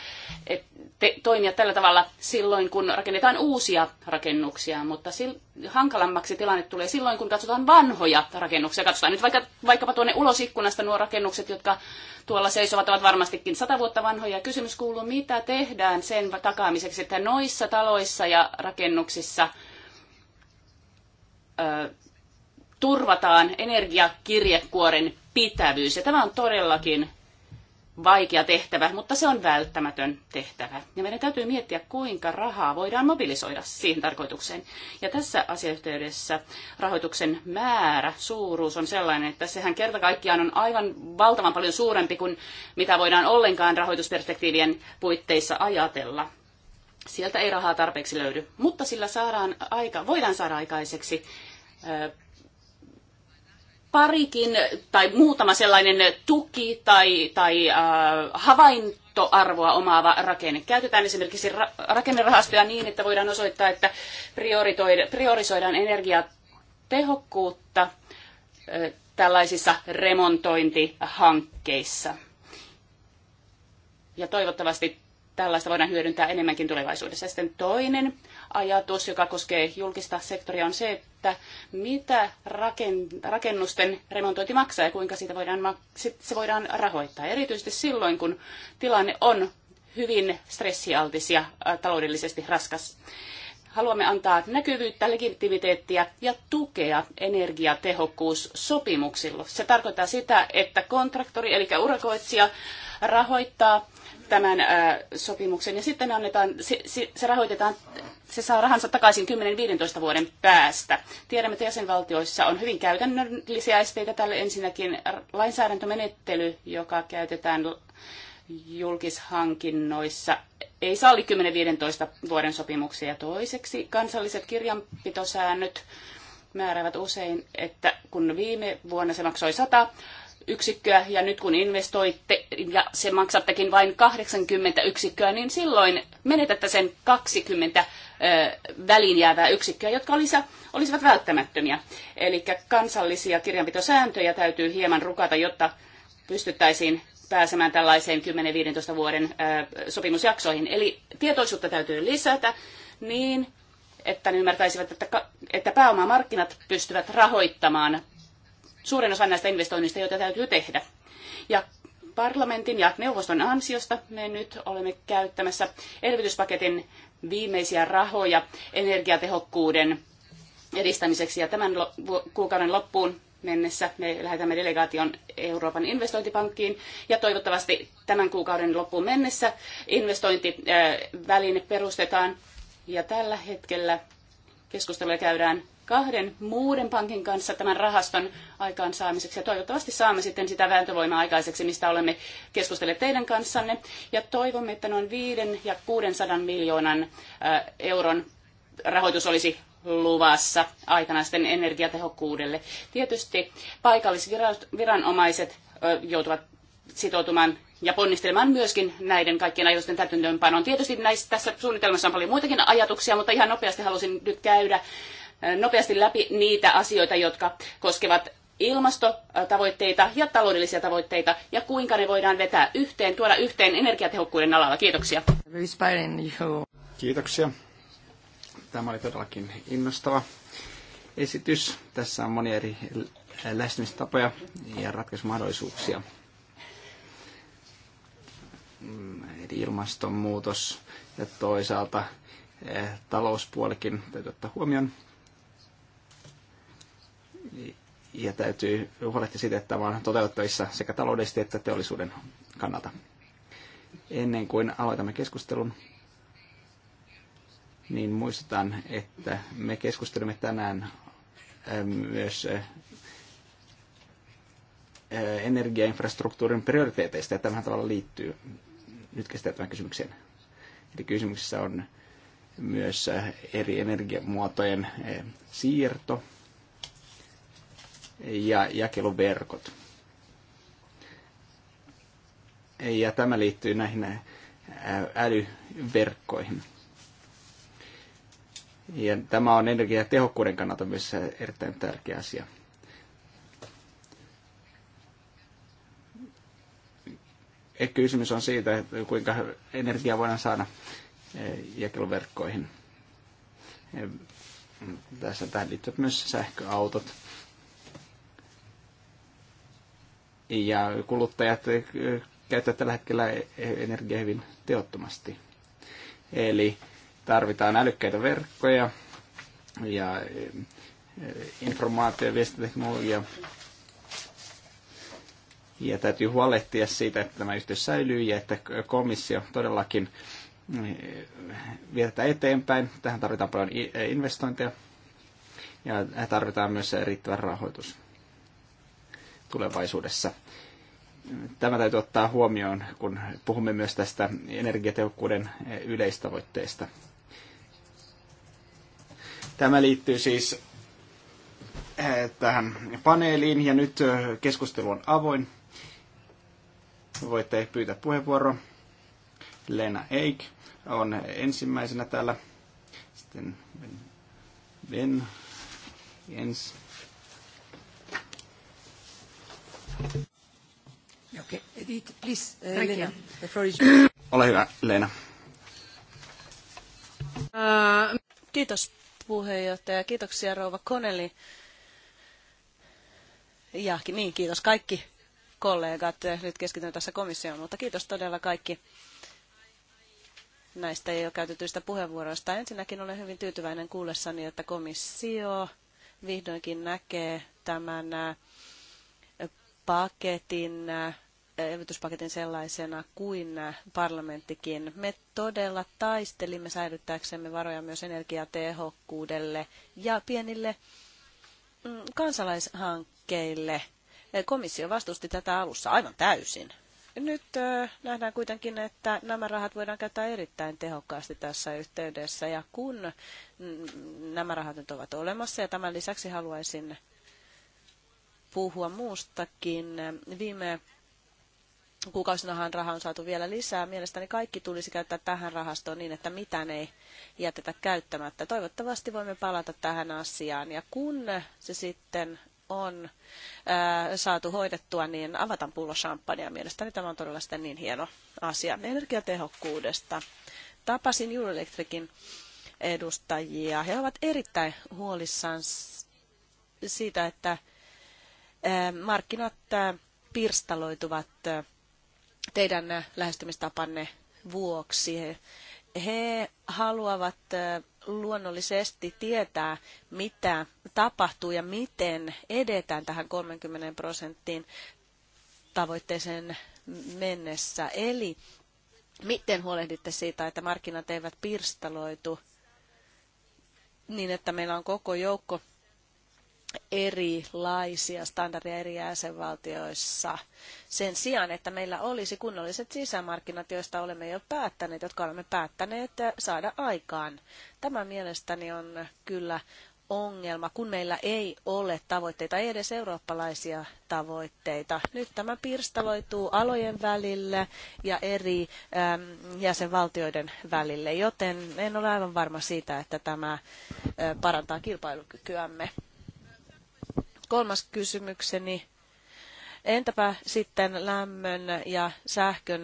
te, toimia tällä tavalla silloin, kun rakennetaan uusia rakennuksia, mutta sil, hankalammaksi tilanne tulee silloin, kun katsotaan vanhoja rakennuksia. Katsotaan nyt vaikka, vaikkapa tuonne ulos ikkunasta nuo rakennukset, jotka tuolla seisovat, ovat varmastikin sata vuotta vanhoja. Kysymys kuuluu, mitä tehdään sen takaamiseksi, että noissa taloissa ja rakennuksissa ö, turvataan energiakirjekuoren pitävyys. Ja tämä on todellakin vaikea tehtävä, mutta se on välttämätön tehtävä. Ja meidän täytyy miettiä, kuinka rahaa voidaan mobilisoida siihen tarkoitukseen. Ja tässä asiayhteydessä rahoituksen määrä, suuruus on sellainen, että sehän kerta kaikkiaan on aivan valtavan paljon suurempi kuin mitä voidaan ollenkaan rahoitusperspektiivien puitteissa ajatella. Sieltä ei rahaa tarpeeksi löydy, mutta sillä saadaan aika, voidaan saada aikaiseksi parikin tai muutama sellainen tuki tai, tai äh, havaintoarvoa omaava rakenne. Käytetään esimerkiksi ra- rakennerahastoja niin, että voidaan osoittaa, että priorisoidaan energiatehokkuutta äh, tällaisissa remontointihankkeissa. Ja toivottavasti tällaista voidaan hyödyntää enemmänkin tulevaisuudessa. Sitten toinen ajatus, joka koskee julkista sektoria, on se, että mitä rakennusten remontointi maksaa ja kuinka siitä voidaan, se voidaan rahoittaa. Erityisesti silloin, kun tilanne on hyvin stressialtis ja äh, taloudellisesti raskas. Haluamme antaa näkyvyyttä, legitimiteettiä ja tukea energiatehokkuussopimuksilla. Se tarkoittaa sitä, että kontraktori eli urakoitsija rahoittaa tämän sopimuksen ja sitten annetaan, se, se rahoitetaan, se saa rahansa takaisin 10-15 vuoden päästä. Tiedämme, että jäsenvaltioissa on hyvin käytännöllisiä esteitä tälle ensinnäkin lainsäädäntömenettely, joka käytetään julkishankinnoissa ei salli 10-15 vuoden sopimuksia toiseksi. Kansalliset kirjanpitosäännöt määräävät usein, että kun viime vuonna se maksoi 100 yksikköä ja nyt kun investoitte ja se maksattekin vain 80 yksikköä, niin silloin menetätte sen 20 väliin jäävää yksikköä, jotka olisivat välttämättömiä. Eli kansallisia kirjanpitosääntöjä täytyy hieman rukata, jotta pystyttäisiin pääsemään tällaiseen 10-15 vuoden sopimusjaksoihin. Eli tietoisuutta täytyy lisätä niin, että ne ymmärtäisivät, että, että pääomamarkkinat pystyvät rahoittamaan suurin osa näistä investoinnista, joita täytyy tehdä. Ja parlamentin ja neuvoston ansiosta me nyt olemme käyttämässä elvytyspaketin viimeisiä rahoja energiatehokkuuden edistämiseksi. Ja tämän kuukauden loppuun mennessä me lähetämme delegaation Euroopan investointipankkiin ja toivottavasti tämän kuukauden loppuun mennessä investointiväline perustetaan ja tällä hetkellä keskusteluja käydään kahden muuden pankin kanssa tämän rahaston aikaansaamiseksi. Ja toivottavasti saamme sitten sitä vääntövoimaa aikaiseksi, mistä olemme keskustelleet teidän kanssanne. Ja toivomme, että noin 5 ja 600 miljoonan äh, euron rahoitus olisi luvassa aikana sitten energiatehokkuudelle. Tietysti paikallisviranomaiset äh, joutuvat sitoutumaan ja ponnistelemaan myöskin näiden kaikkien ajatusten täytäntöönpanoon. Tietysti näissä, tässä suunnitelmassa on paljon muitakin ajatuksia, mutta ihan nopeasti halusin nyt käydä nopeasti läpi niitä asioita, jotka koskevat ilmastotavoitteita ja taloudellisia tavoitteita ja kuinka ne voidaan vetää yhteen, tuoda yhteen energiatehokkuuden alalla. Kiitoksia. Kiitoksia. Tämä oli todellakin innostava esitys. Tässä on monia eri lähestymistapoja ja ratkaisumahdollisuuksia. Mm, eli ilmastonmuutos ja toisaalta eh, talouspuolikin täytyy ottaa huomioon ja täytyy huolehtia siitä, että on toteuttavissa sekä taloudellisesti että teollisuuden kannalta. Ennen kuin aloitamme keskustelun, niin muistutan, että me keskustelemme tänään eh, myös eh, energiainfrastruktuurin prioriteeteista, ja tämähän tavalla liittyy nyt käsiteltävän kysymykseen. Eli kysymyksessä on myös eh, eri energiamuotojen siirto ja jakeluverkot. Ja tämä liittyy näihin älyverkkoihin. Ja tämä on energiatehokkuuden kannalta myös erittäin tärkeä asia. Eh, kysymys on siitä, että kuinka energiaa voidaan saada jakeluverkkoihin. Tässä tähän liittyvät myös sähköautot ja kuluttajat eh, käyttävät tällä hetkellä energiaa hyvin tehottomasti. Eli tarvitaan älykkäitä verkkoja ja eh, informaatio- ja viestintäteknologia. Ja täytyy huolehtia siitä, että tämä yhteys säilyy ja että komissio todellakin eh, vietetään eteenpäin. Tähän tarvitaan paljon investointeja ja tarvitaan myös riittävä rahoitus tulevaisuudessa. Tämä täytyy ottaa huomioon, kun puhumme myös tästä energiatehokkuuden yleistavoitteesta. Tämä liittyy siis eh, tähän paneeliin ja nyt eh, keskustelu on avoin. Voitte pyytää puheenvuoro. Lena Eik on ensimmäisenä täällä. Sitten Ben Jens Okay. Edith, please, uh, Lena. The floor is... Ole hyvä, Leena. Uh, kiitos puheenjohtaja. Kiitoksia Rouva Koneli. Ja niin, kiitos kaikki kollegat. Nyt keskityn tässä komissioon, mutta kiitos todella kaikki näistä jo käytetyistä puheenvuoroista. Ensinnäkin olen hyvin tyytyväinen kuullessani, että komissio vihdoinkin näkee tämän uh, paketin äh, elvytyspaketin sellaisena kuin äh, parlamenttikin. Me todella taistelimme säilyttääksemme varoja myös energiatehokkuudelle ja pienille mm, kansalaishankkeille. Äh, komissio vastusti tätä alussa aivan täysin. Nyt nähdään kuitenkin, että nämä rahat voidaan käyttää erittäin tehokkaasti tässä yhteydessä. Ja kun mm, nämä rahat nyt ovat olemassa, ja tämän lisäksi haluaisin puhua muustakin. Viime kuukausinahan rahaa on saatu vielä lisää. Mielestäni kaikki tulisi käyttää tähän rahastoon niin, että mitään ei jätetä käyttämättä. Toivottavasti voimme palata tähän asiaan. Ja kun se sitten on ää, saatu hoidettua, niin avataan pullo champagnea. Mielestäni tämä on todella sitten niin hieno asia. Energiatehokkuudesta. Tapasin Euroelectricin edustajia. He ovat erittäin huolissaan siitä, että markkinat pirstaloituvat teidän lähestymistapanne vuoksi. He haluavat luonnollisesti tietää, mitä tapahtuu ja miten edetään tähän 30 prosenttiin tavoitteeseen mennessä. Eli miten huolehditte siitä, että markkinat eivät pirstaloitu niin, että meillä on koko joukko erilaisia standardeja eri jäsenvaltioissa sen sijaan, että meillä olisi kunnolliset sisämarkkinat, joista olemme jo päättäneet, jotka olemme päättäneet eh, saada aikaan. Tämä mielestäni on kyllä ongelma, kun meillä ei ole tavoitteita, ei edes eurooppalaisia tavoitteita. Nyt tämä pirstaloituu alojen välille ja eri äm, jäsenvaltioiden välille, joten en ole aivan varma siitä, että tämä ä, parantaa kilpailukykyämme. Kolmas kysymykseni. Entäpä sitten lämmön ja sähkön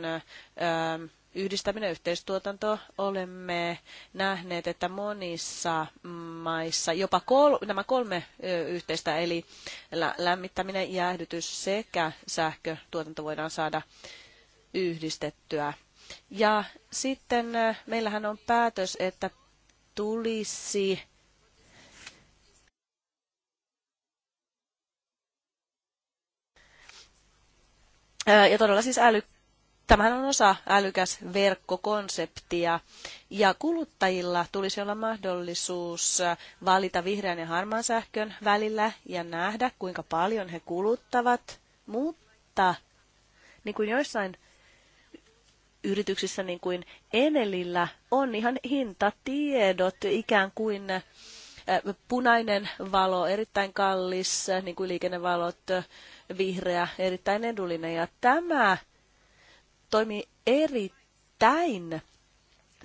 yhdistäminen yhteistuotanto olemme nähneet, että monissa maissa jopa kol, nämä kolme yhteistä, eli lämmittäminen, jäähdytys sekä sähkötuotanto voidaan saada yhdistettyä. Ja sitten meillähän on päätös, että tulisi Ja todella siis äly, tämähän on osa älykäs verkkokonseptia. Ja kuluttajilla tulisi olla mahdollisuus valita vihreän ja harmaan sähkön välillä ja nähdä, kuinka paljon he kuluttavat. Mutta niin kuin joissain yrityksissä, niin kuin Enelillä, on ihan hintatiedot ikään kuin Äh, punainen valo, erittäin kallis, äh, niin kuin liikennevalot, äh, vihreä, erittäin edullinen. Ja tämä toimii erittäin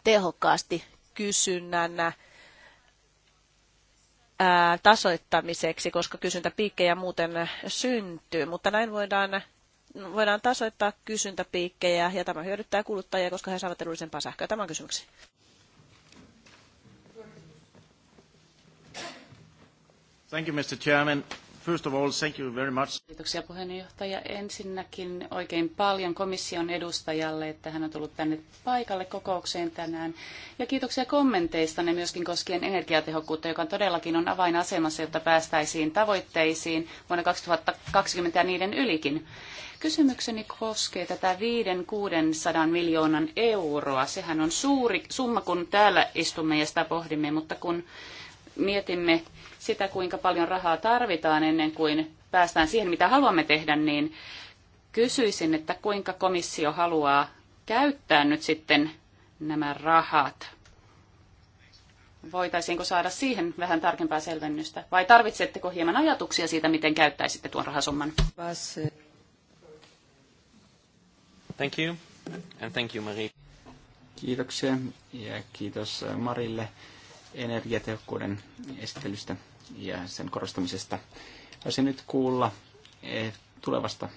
tehokkaasti kysynnän tasoittamiseksi, koska kysyntäpiikkejä muuten syntyy, mutta näin voidaan voidaan tasoittaa kysyntäpiikkejä ja tämä hyödyttää kuluttajia, koska he saavat edullisempaa sähköä. Tämä on kysymyksi. Thank you, Mr. Chairman. First of all, thank you very much. Kiitoksia puheenjohtaja. Ensinnäkin oikein paljon komission edustajalle, että hän on tullut tänne paikalle kokoukseen tänään. Ja kiitoksia kommenteistanne myöskin koskien energiatehokkuutta, joka todellakin on avainasemassa, jotta päästäisiin tavoitteisiin vuonna 2020 ja niiden ylikin. Kysymykseni koskee tätä 5-600 miljoonan euroa. Sehän on suuri summa, kun täällä istumme ja sitä pohdimme, mutta kun mietimme sitä, kuinka paljon rahaa tarvitaan ennen kuin päästään siihen, mitä haluamme tehdä, niin kysyisin, että kuinka komissio haluaa käyttää nyt sitten nämä rahat. Voitaisiinko saada siihen vähän tarkempaa selvennystä? Vai tarvitsetteko hieman ajatuksia siitä, miten käyttäisitte tuon rahasumman? Thank you. And thank you, Marie. Kiitoksia ja kiitos Marille energiatehokkuuden esittelystä ja sen korostamisesta. Haluaisin nyt kuulla eh, tulevasta,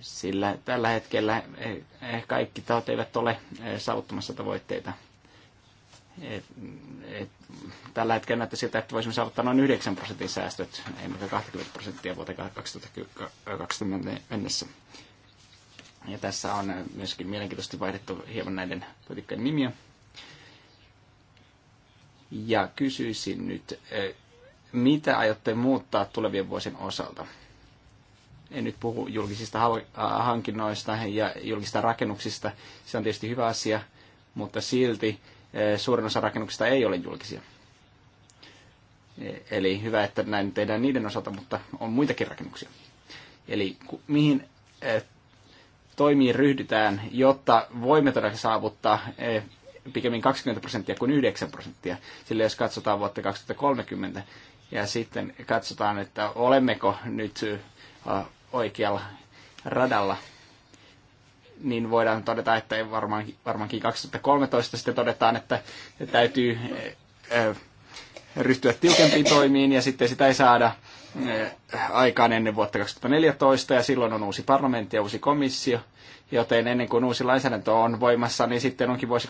sillä tällä hetkellä eh, eh, kaikki tahot eivät ole saavuttamassa tavoitteita. Et, et, tällä hetkellä näyttää siltä, että voisimme saavuttaa noin 9 prosentin säästöt, emmekä 20 prosenttia vuoteen 2020 mennessä. Ja tässä on myöskin mielenkiintoisesti vaihdettu hieman näiden politiikkojen nimiä. Ja kysyisin nyt, mitä aiotte muuttaa tulevien vuosien osalta? En nyt puhu julkisista äh, hankinnoista ja julkisista rakennuksista. Se on tietysti hyvä asia, mutta silti suurin osa rakennuksista ei ole julkisia. E, eli hyvä, että näin tehdään niiden osalta, mutta on muitakin rakennuksia. Eli mihin toimiin ryhdytään, jotta voimme todella saavuttaa pikemmin 20 prosenttia kuin 9 prosenttia. Sillä jos katsotaan vuotta 2030 ja sitten katsotaan, että olemmeko nyt oikealla radalla, niin voidaan todeta, että varmaan, varmaankin 2013 sitten todetaan, että täytyy ryhtyä tiukempiin toimiin ja sitten sitä ei saada aikaan ennen vuotta 2014 ja silloin on uusi parlamentti ja uusi komissio joten ennen kuin uusi lainsäädäntö on voimassa, niin sitten onkin vuosi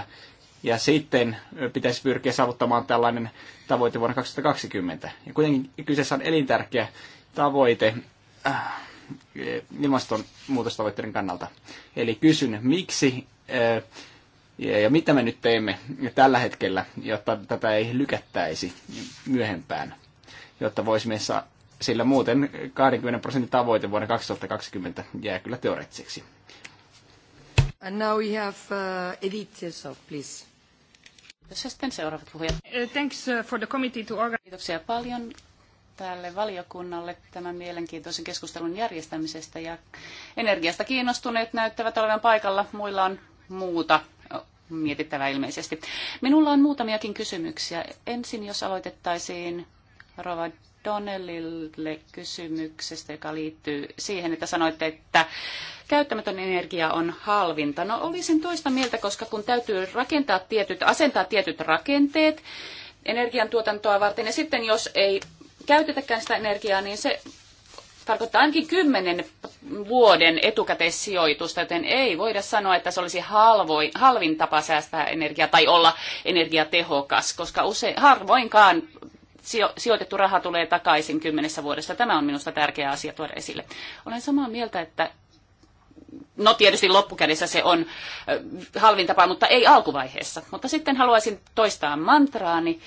2015-2016. Ja sitten pitäisi pyrkiä saavuttamaan tällainen tavoite vuonna 2020. Ja kuitenkin kyseessä on elintärkeä tavoite äh, ilmastonmuutostavoitteiden kannalta. Eli kysyn, miksi äh, ja mitä me nyt teemme tällä hetkellä, jotta tätä ei lykättäisi myöhempään, jotta voisimme sillä muuten 20 prosentin tavoite vuonna 2020 jää kyllä teoreettiseksi. And now we have uh, Edith so please. sitten seuraavat puhujat. Uh, thanks uh, for the committee to organize. Kiitoksia paljon tälle valiokunnalle tämän mielenkiintoisen keskustelun järjestämisestä ja energiasta kiinnostuneet näyttävät olevan paikalla. Muilla on muuta mietittävää ilmeisesti. Minulla on muutamiakin kysymyksiä. Ensin jos aloitettaisiin Rova Donnellille kysymyksestä, joka liittyy siihen, että sanoitte, että käyttämätön energia on halvinta. No olisin toista mieltä, koska kun täytyy rakentaa tietyt, asentaa tietyt rakenteet energiantuotantoa varten, ja sitten jos ei käytetäkään sitä energiaa, niin se tarkoittaa ainakin kymmenen vuoden etukäteissijoitusta, joten ei voida sanoa, että se olisi halvoin, halvin tapa säästää energiaa tai olla energiatehokas, koska usein, harvoinkaan sijoitettu raha tulee takaisin kymmenessä vuodessa. Tämä on minusta tärkeä asia tuoda esille. Olen samaa mieltä, että no tietysti loppukädessä se on halvin tapa, mutta ei alkuvaiheessa. Mutta sitten haluaisin toistaa mantraani.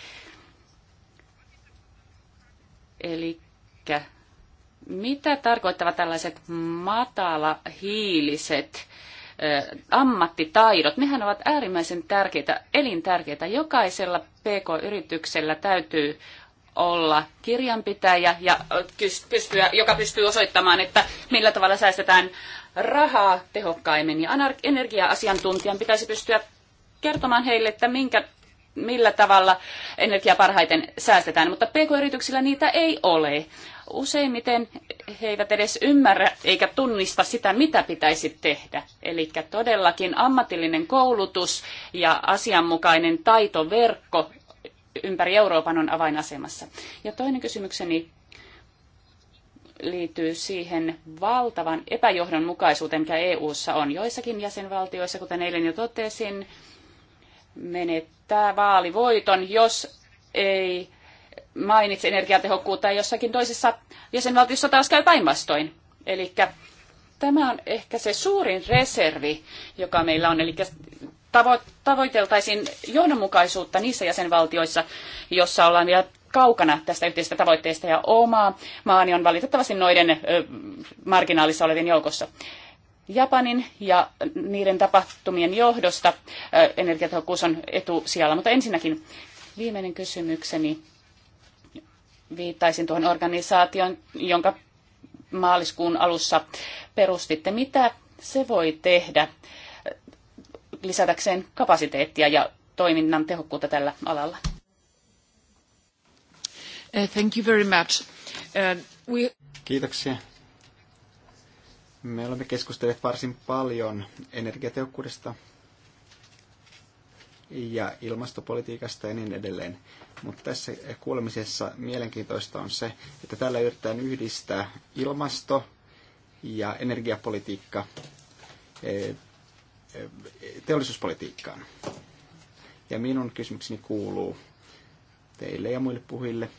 Eli mitä tarkoittavat tällaiset matalahiiliset ammattitaidot? Nehän ovat äärimmäisen tärkeitä, elintärkeitä. Jokaisella PK-yrityksellä täytyy olla kirjanpitäjä, ja pystyä, joka pystyy osoittamaan, että millä tavalla säästetään rahaa tehokkaimmin. Ja energia-asiantuntijan pitäisi pystyä kertomaan heille, että minkä, millä tavalla energiaa parhaiten säästetään. Mutta pk-yrityksillä niitä ei ole. Useimmiten he eivät edes ymmärrä eikä tunnista sitä, mitä pitäisi tehdä. Eli todellakin ammatillinen koulutus ja asianmukainen taitoverkko ympäri Euroopan on avainasemassa. Ja toinen kysymykseni liittyy siihen valtavan epäjohdonmukaisuuteen, mikä EU:ssa on. Joissakin jäsenvaltioissa, kuten eilen jo totesin, menettää vaalivoiton, jos ei mainitse energiatehokkuutta, ja jossakin toisessa jäsenvaltiossa taas käy päinvastoin. Eli tämä on ehkä se suurin reservi, joka meillä on, eli tavo- tavoiteltaisiin johdonmukaisuutta niissä jäsenvaltioissa, joissa ollaan vielä kaukana tästä yhteisestä tavoitteesta ja oma maani on valitettavasti noiden ö, marginaalissa olevien joukossa. Japanin ja niiden tapahtumien johdosta ö, energiatehokkuus on etusijalla. Mutta ensinnäkin viimeinen kysymykseni viittaisin tuohon organisaation, jonka maaliskuun alussa perustitte. Mitä se voi tehdä lisätäkseen kapasiteettia ja toiminnan tehokkuutta tällä alalla. Uh, thank you very much. Uh, we... Kiitoksia. Me olemme keskustelleet varsin paljon energiatehokkuudesta ja ilmastopolitiikasta ja niin edelleen. Mutta tässä kuulemisessa mielenkiintoista on se, että tällä yritetään yhdistää ilmasto ja energiapolitiikka eh, teollisuuspolitiikkaan. Ja minun kysymykseni kuuluu teille ja muille puhille.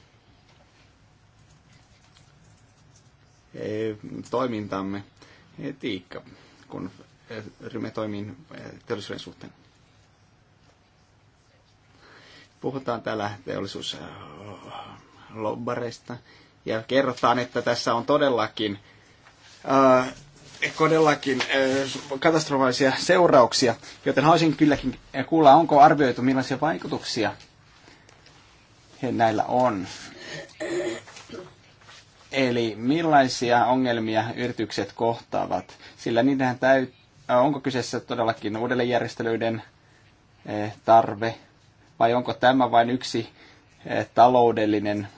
Toimintamme etiikka, kun ryhmä toimii teollisuuden suhteen. Puhutaan täällä teollisuuslobbareista ja kerrotaan, että tässä on todellakin Eh, todellakin eh, katastrofaalisia seurauksia, joten haluaisin kylläkin eh, kuulla, onko arvioitu millaisia vaikutuksia näillä on. Eli millaisia ongelmia yritykset kohtaavat, sillä niitähän täytyy onko kyseessä todellakin uudelleenjärjestelyiden tarve, vai onko tämä vain yksi taloudellinen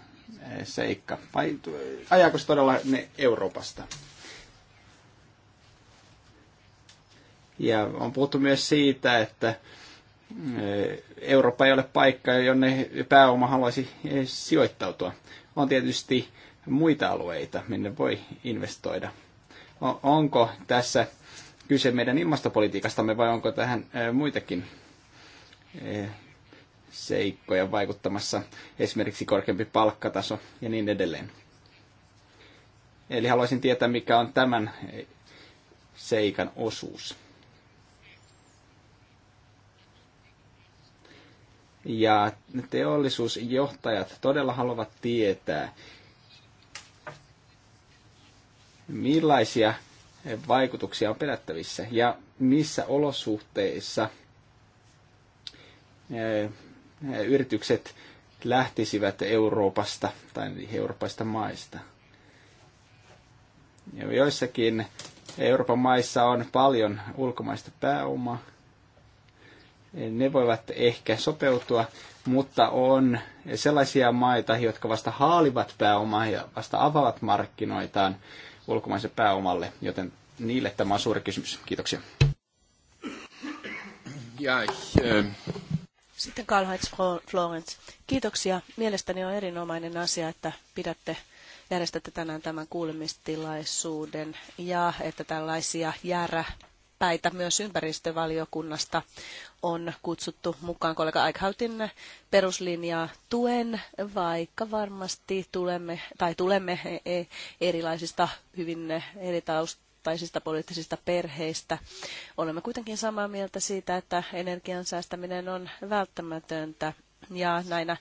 seikka, vai ajaako se todella ne Euroopasta? Ja on puhuttu myös siitä, että eh, Eurooppa ei ole paikka, jonne pääoma haluaisi eh, sijoittautua. On tietysti muita alueita, minne voi investoida. Onko tässä kyse meidän ilmastopolitiikastamme vai onko tähän eh, muitakin seikkoja vaikuttamassa, esimerkiksi korkeampi palkkataso ja niin edelleen. Eli haluaisin tietää, mikä on tämän seikan osuus. Ja teollisuusjohtajat todella haluavat tietää, millaisia vaikutuksia on pelättävissä ja missä olosuhteissa eh, yritykset lähtisivät Euroopasta tai eurooppaista maista. Joissakin Euroopan maissa on paljon ulkomaista pääomaa, ne voivat ehkä sopeutua, mutta on sellaisia maita, jotka vasta haalivat pääomaa ja vasta avaavat markkinoitaan ulkomaisen pääomalle, joten niille tämä on suuri kysymys. Kiitoksia. Ja, eh, Sitten karl Florence. Kiitoksia. Mielestäni on erinomainen asia, että pidätte järjestätte tänään tämän kuulemistilaisuuden ja että tällaisia jääräpäisiä päitä myös ympäristövaliokunnasta on kutsuttu mukaan kollega Eichhautin peruslinjaa tuen, vaikka varmasti tulemme, tai tulemme e, e, erilaisista hyvin eri taustaisista poliittisista perheistä. Olemme kuitenkin samaa mieltä siitä, että energian säästäminen on välttämätöntä ja näinä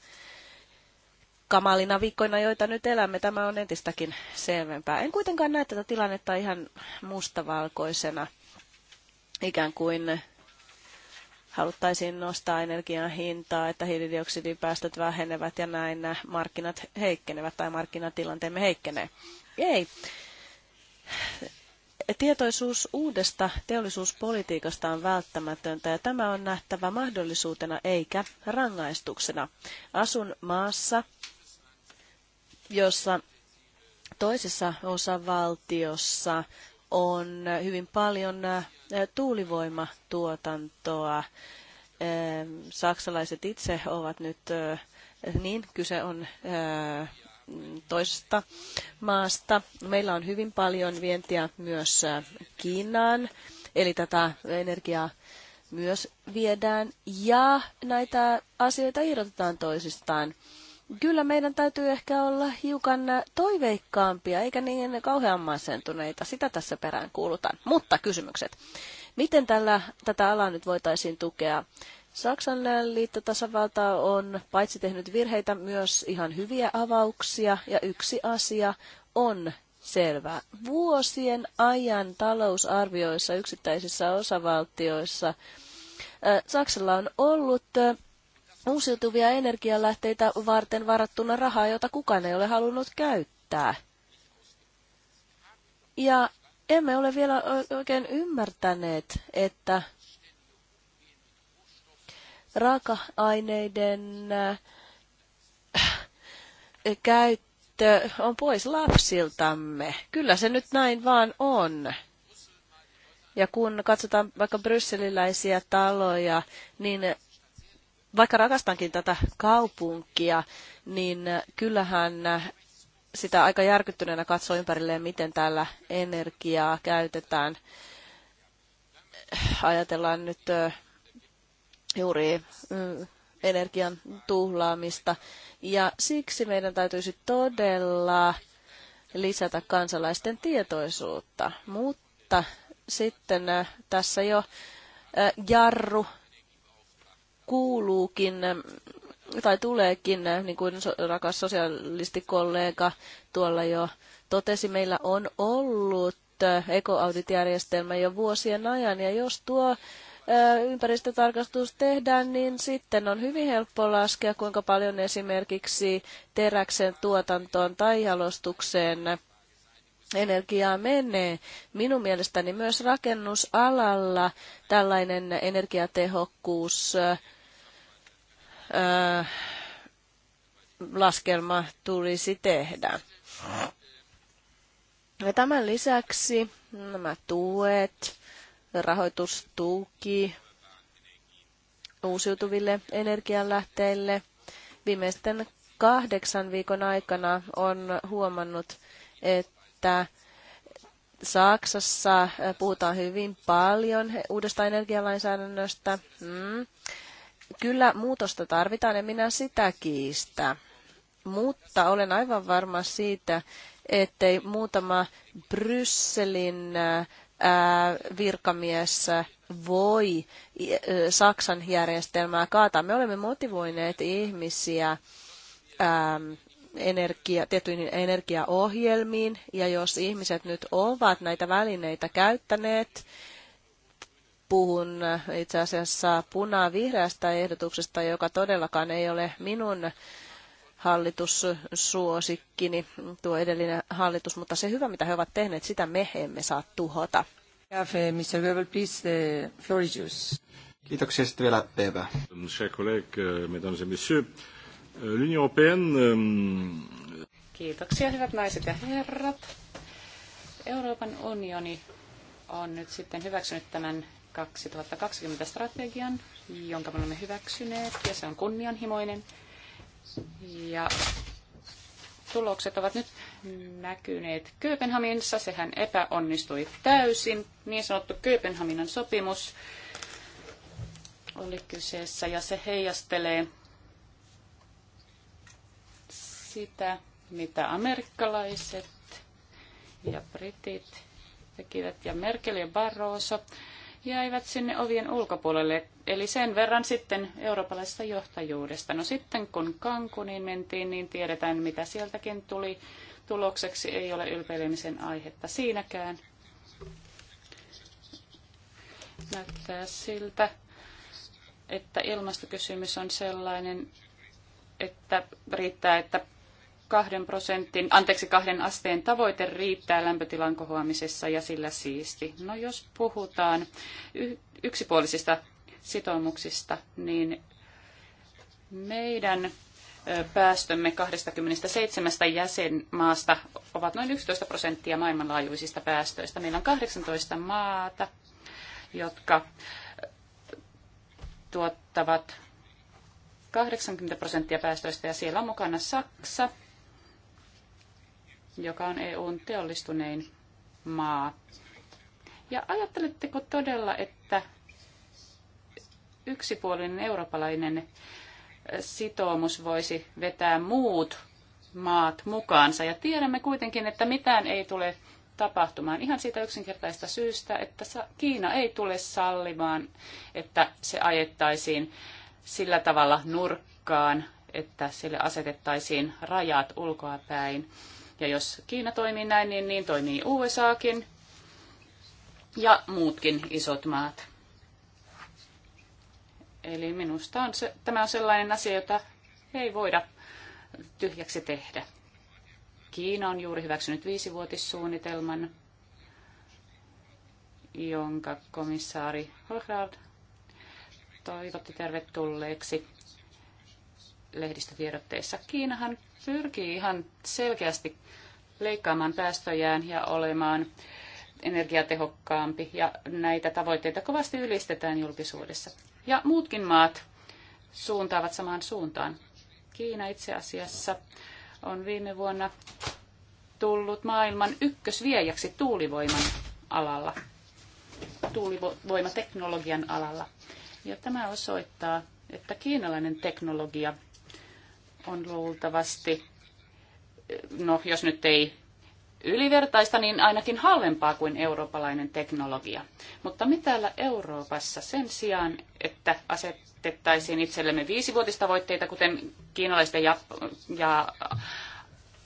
kamalina viikkoina, joita nyt elämme, tämä on entistäkin selvempää. En kuitenkaan näe tätä tilannetta ihan mustavalkoisena ikään kuin haluttaisiin nostaa energian hintaa, että hiilidioksidipäästöt vähenevät ja näin markkinat heikkenevät tai markkinatilanteemme heikkenee. Ei. Tietoisuus uudesta teollisuuspolitiikasta on välttämätöntä ja tämä on nähtävä mahdollisuutena eikä rangaistuksena. Asun maassa, jossa toisessa osavaltiossa on hyvin paljon tuulivoimatuotantoa. Saksalaiset itse ovat nyt, niin kyse on toisesta maasta. Meillä on hyvin paljon vientiä myös Kiinaan, eli tätä energiaa myös viedään ja näitä asioita irrotetaan toisistaan kyllä meidän täytyy ehkä olla hiukan toiveikkaampia, eikä niin kauhean masentuneita. Sitä tässä perään kuulutaan. Mutta kysymykset. Miten tällä, tätä alaa nyt voitaisiin tukea? Saksan liittotasavalta on paitsi tehnyt virheitä myös ihan hyviä avauksia ja yksi asia on selvä. Vuosien ajan talousarvioissa yksittäisissä osavaltioissa Saksalla on ollut uusiutuvia energialähteitä varten varattuna rahaa, jota kukaan ei ole halunnut käyttää. Ja emme ole vielä oikein ymmärtäneet, että raaka-aineiden äh, käyttö on pois lapsiltamme. Kyllä se nyt näin vaan on. Ja kun katsotaan vaikka brysseliläisiä taloja, niin vaikka rakastankin tätä kaupunkia, niin kyllähän sitä aika järkyttyneenä katsoo ympärilleen, miten täällä energiaa käytetään. Ajatellaan nyt juuri energian tuhlaamista. Ja siksi meidän täytyisi todella lisätä kansalaisten tietoisuutta. Mutta sitten tässä jo jarru kuuluukin tai tuleekin, niin kuin rakas sosialistikollega tuolla jo totesi, meillä on ollut ekoauditjärjestelmä jo vuosien ajan, ja jos tuo ympäristötarkastus tehdään, niin sitten on hyvin helppo laskea, kuinka paljon esimerkiksi teräksen tuotantoon tai jalostukseen energiaa menee. Minun mielestäni myös rakennusalalla tällainen energiatehokkuus laskelma tulisi tehdä. Ja tämän lisäksi nämä tuet, rahoitustuki uusiutuville energianlähteille viimeisten kahdeksan viikon aikana on huomannut, että Saksassa puhutaan hyvin paljon uudesta energialainsäädännöstä. Mm. Kyllä muutosta tarvitaan, en minä sitä kiistä. Mutta olen aivan varma siitä, ettei muutama Brysselin virkamies voi Saksan järjestelmää kaataa. Me olemme motivoineet ihmisiä energia, tiettyihin energiaohjelmiin, ja jos ihmiset nyt ovat näitä välineitä käyttäneet, puhun itse asiassa punavihreästä ehdotuksesta, joka todellakaan ei ole minun hallitussuosikkini, tuo edellinen hallitus, mutta se hyvä, mitä he ovat tehneet, sitä me emme saa tuhota. Eh, eh, Kiitoksia sitten vielä Pevä. Eh, Kiitoksia, hyvät naiset ja herrat. Euroopan unioni on nyt sitten hyväksynyt tämän 2020 strategian, jonka me olemme hyväksyneet, ja se on kunnianhimoinen. Ja tulokset ovat nyt näkyneet Kööpenhaminassa. Sehän epäonnistui täysin. Niin sanottu Kööpenhaminan sopimus oli kyseessä ja se heijastelee sitä, mitä amerikkalaiset ja britit tekivät ja Merkel ja Barroso jäivät sinne ovien ulkopuolelle. Eli sen verran sitten eurooppalaisesta johtajuudesta. No sitten kun Kankuniin mentiin, niin tiedetään mitä sieltäkin tuli tulokseksi. Ei ole ylpeilemisen aihetta siinäkään. Näyttää siltä, että ilmastokysymys on sellainen, että riittää, että kahden prosentin, anteeksi kahden asteen tavoite riittää lämpötilan kohoamisessa ja sillä siisti. No jos puhutaan yksipuolisista sitoumuksista, niin meidän päästömme 27 jäsenmaasta ovat noin 11 prosenttia maailmanlaajuisista päästöistä. Meillä on 18 maata, jotka tuottavat 80 prosenttia päästöistä ja siellä on mukana Saksa, joka on EUn teollistunein maa. Ja ajatteletteko todella, että yksipuolinen eurooppalainen eh, sitoumus voisi vetää muut maat mukaansa. Ja tiedämme kuitenkin, että mitään ei tule tapahtumaan ihan siitä yksinkertaista syystä, että Kiina ei tule sallimaan, että se ajettaisiin sillä tavalla nurkkaan, että sille asetettaisiin rajat ulkoapäin. Ja jos Kiina toimii näin, niin niin toimii USAkin ja muutkin isot maat. Eli minusta on se, tämä on sellainen asia, jota ei voida tyhjäksi tehdä. Kiina on juuri hyväksynyt viisivuotissuunnitelman, jonka komissaari Hohlard toivotti tervetulleeksi lehdistötiedotteessa. Kiinahan pyrkii ihan selkeästi leikkaamaan päästöjään ja olemaan energiatehokkaampi. Ja näitä tavoitteita kovasti ylistetään julkisuudessa. Ja muutkin maat suuntaavat samaan suuntaan. Kiina itse asiassa on viime vuonna tullut maailman ykkösviejäksi tuulivoiman alalla, tuulivoimateknologian alalla. Ja tämä osoittaa, että kiinalainen teknologia – on luultavasti, no jos nyt ei ylivertaista, niin ainakin halvempaa kuin eurooppalainen teknologia. Mutta me täällä Euroopassa sen sijaan, että asetettaisiin itsellemme viisivuotistavoitteita, kuten kiinalaiset ja, ja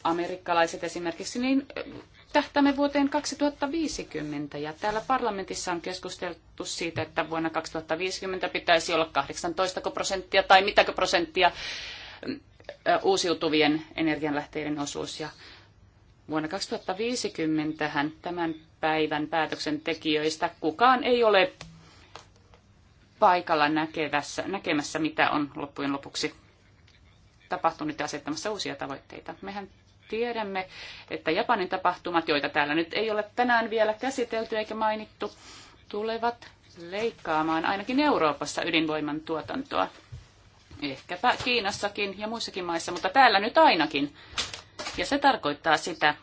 amerikkalaiset esimerkiksi, niin tähtäämme vuoteen 2050. Ja täällä parlamentissa on keskusteltu siitä, että vuonna 2050 pitäisi olla 18 prosenttia tai mitäkö prosenttia uusiutuvien energianlähteiden osuus. Ja vuonna 2050 -hän tämän päivän päätöksentekijöistä kukaan ei ole paikalla näkevässä, näkemässä, mitä on loppujen lopuksi tapahtunut ja asettamassa uusia tavoitteita. Mehän tiedämme, että Japanin tapahtumat, joita täällä nyt ei ole tänään vielä käsitelty eikä mainittu, tulevat leikkaamaan ainakin Euroopassa ydinvoiman tuotantoa ehkäpä Kiinassakin ja muissakin maissa, mutta täällä nyt ainakin. Ja se tarkoittaa sitä,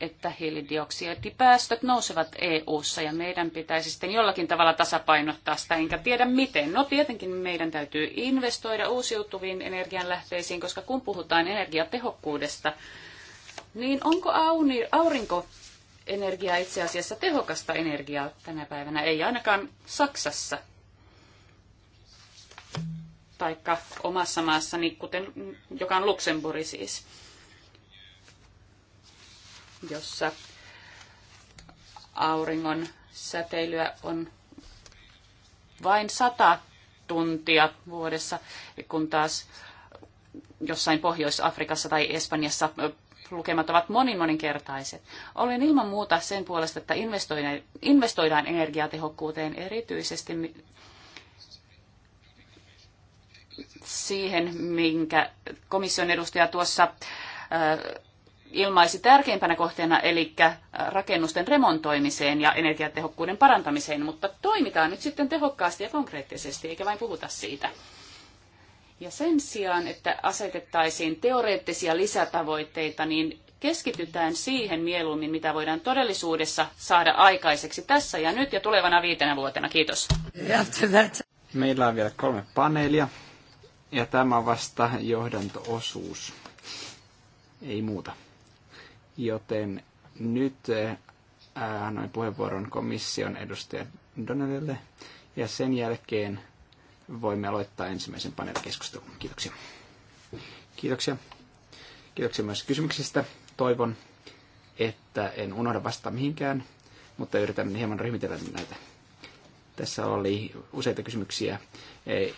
että hiilidioksidipäästöt nousevat EU-ssa ja meidän pitäisi sitten jollakin tavalla tasapainottaa sitä, enkä tiedä miten. No tietenkin meidän täytyy investoida uusiutuviin energianlähteisiin, koska kun puhutaan energiatehokkuudesta, niin onko aurinko energia itse asiassa tehokasta energiaa tänä päivänä, ei ainakaan Saksassa. Taikka omassa maassani, kuten, joka on Luxemburg siis, jossa auringon säteilyä on vain sata tuntia vuodessa, kun taas jossain Pohjois-Afrikassa tai Espanjassa lukemat ovat monin moninkertaiset. Olen ilman muuta sen puolesta, että investoidaan energiatehokkuuteen erityisesti siihen, minkä komission edustaja tuossa ilmaisi tärkeimpänä kohteena, eli rakennusten remontoimiseen ja energiatehokkuuden parantamiseen, mutta toimitaan nyt sitten tehokkaasti ja konkreettisesti, eikä vain puhuta siitä. Ja sen sijaan, että asetettaisiin teoreettisia lisätavoitteita, niin keskitytään siihen mieluummin, mitä voidaan todellisuudessa saada aikaiseksi tässä ja nyt ja tulevana viitenä vuotena. Kiitos. Meillä on vielä kolme paneelia ja tämä vasta johdantoosuus. Ei muuta. Joten nyt äh, annoin puheenvuoron komission edustaja Donelille ja sen jälkeen voimme aloittaa ensimmäisen paneelikeskustelun. Kiitoksia. Kiitoksia. Kiitoksia myös kysymyksistä. Toivon, että en unohda vastata mihinkään, mutta yritän hieman ryhmitellä näitä. Tässä oli useita kysymyksiä eh,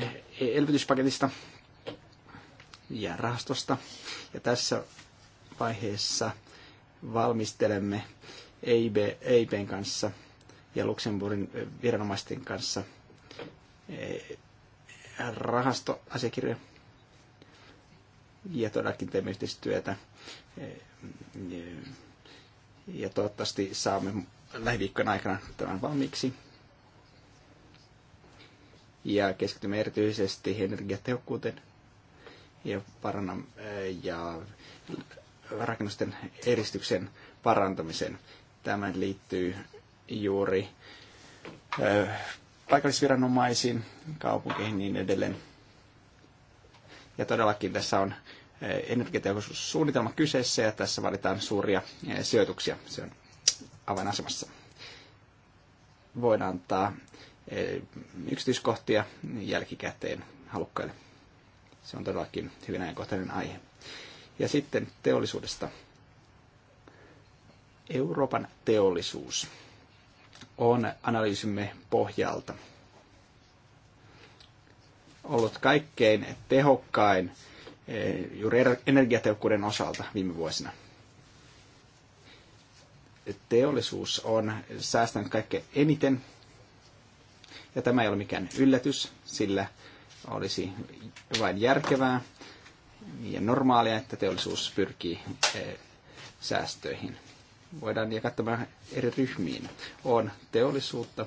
eh, elvytyspaketista ja rahastosta. Ja tässä vaiheessa valmistelemme EIBn e kanssa ja Luxemburgin eh, viranomaisten kanssa – rahastoasiakirja. Ja todellakin teemme yhteistyötä. Ja toivottavasti saamme lähiviikkojen aikana tämän valmiiksi. Ja keskitymme erityisesti energiatehokkuuteen ja, parannan, ja rakennusten eristyksen parantamiseen. Tämä liittyy juuri paikallisviranomaisiin, kaupunkeihin niin edelleen. Ja todellakin tässä on eh, energiatehokkuussuunnitelma kyseessä ja tässä valitaan suuria eh, sijoituksia. Se on avainasemassa. Voidaan antaa eh, yksityiskohtia jälkikäteen halukkaille. Se on todellakin hyvin ajankohtainen aihe. Ja sitten teollisuudesta. Euroopan teollisuus on analyysimme pohjalta ollut kaikkein tehokkain eh, juuri energiatehokkuuden osalta viime vuosina. Teollisuus on säästänyt kaikkein eniten, ja tämä ei ole mikään yllätys, sillä olisi vain järkevää ja normaalia, että teollisuus pyrkii eh, säästöihin voidaan jakaa eri ryhmiin. On teollisuutta,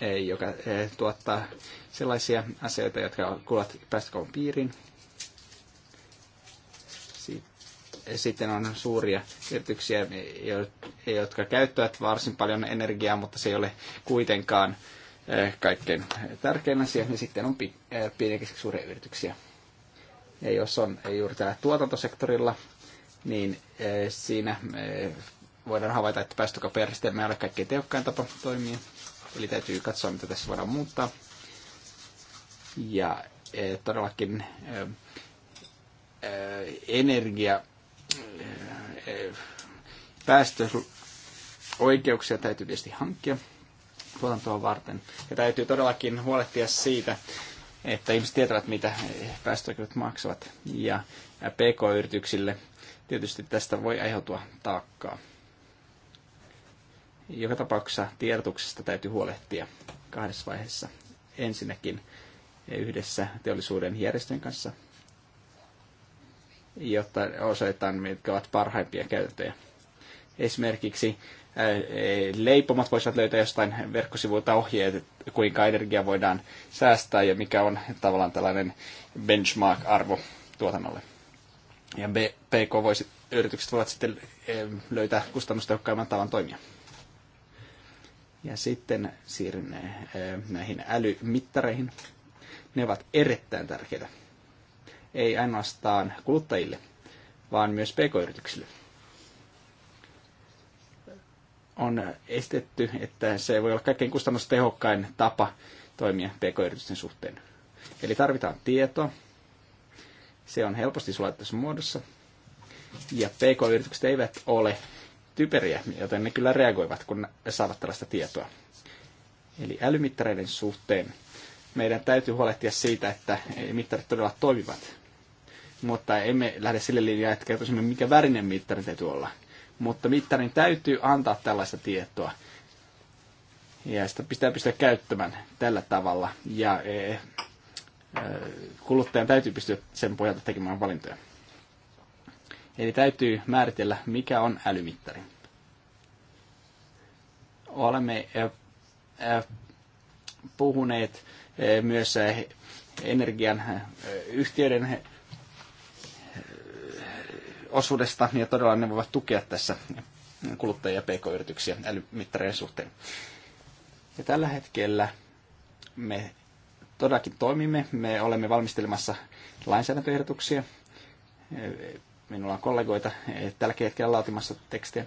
e, joka e, tuottaa sellaisia asioita, jotka kuuluvat päästökaupan piiriin. E, sitten on suuria yrityksiä, jotka käyttävät varsin paljon energiaa, mutta se ei ole kuitenkaan kaikkein tärkein asia. Ja sitten on pieniä ja suuria yrityksiä. Ja jos on juuri täällä tuotantosektorilla, niin eh, siinä eh, voidaan havaita, että päästökauppajärjestelmä ei ole kaikkein tehokkain tapa toimia. Eli täytyy katsoa, mitä tässä voidaan muuttaa. Ja eh, todellakin energia, päästöoikeuksia täytyy tietysti hankkia tuotantoa varten. Ja täytyy todellakin huolehtia siitä, että ihmiset tietävät, mitä päästöoikeudet maksavat. Ja PK-yrityksille – Tietysti tästä voi aiheutua taakkaa. Joka tapauksessa tiedotuksesta täytyy huolehtia kahdessa vaiheessa. Ensinnäkin yhdessä teollisuuden järjestöjen kanssa, jotta osoitetaan, mitkä ovat parhaimpia käytäntöjä. Esimerkiksi leipomat voisivat löytää jostain verkkosivuilta ohjeet, kuinka energiaa voidaan säästää ja mikä on tavallaan tällainen benchmark-arvo tuotannolle ja PK voisi, yritykset voivat sitten eh, löytää kustannustehokkaimman tavan toimia. Ja sitten siirrymme eh, näihin älymittareihin. Ne ovat erittäin tärkeitä. Ei ainoastaan kuluttajille, vaan myös pk-yrityksille. On estetty, että se voi olla kaikkein kustannustehokkain tapa toimia pk-yritysten suhteen. Eli tarvitaan tietoa, se on helposti sulattavassa muodossa. Ja PK-yritykset eivät ole typeriä, joten ne kyllä reagoivat, kun ne saavat tällaista tietoa. Eli älymittareiden suhteen meidän täytyy huolehtia siitä, että mittarit todella toimivat. Mutta emme lähde sille linjaan, että kertoisimme, mikä värinen mittari täytyy olla. Mutta mittarin täytyy antaa tällaista tietoa. Ja sitä pitää pystyä käyttämään tällä tavalla. Ja eh, kuluttajan täytyy pystyä sen pohjalta tekemään valintoja. Eli täytyy määritellä, mikä on älymittari. Olemme puhuneet myös energian yhtiöiden osuudesta, ja todella ne voivat tukea tässä kuluttajia ja pk-yrityksiä älymittareiden suhteen. Ja tällä hetkellä me todellakin toimimme. Me olemme valmistelemassa lainsäädäntöehdotuksia. Minulla on kollegoita eh, tällä hetkellä laatimassa tekstejä.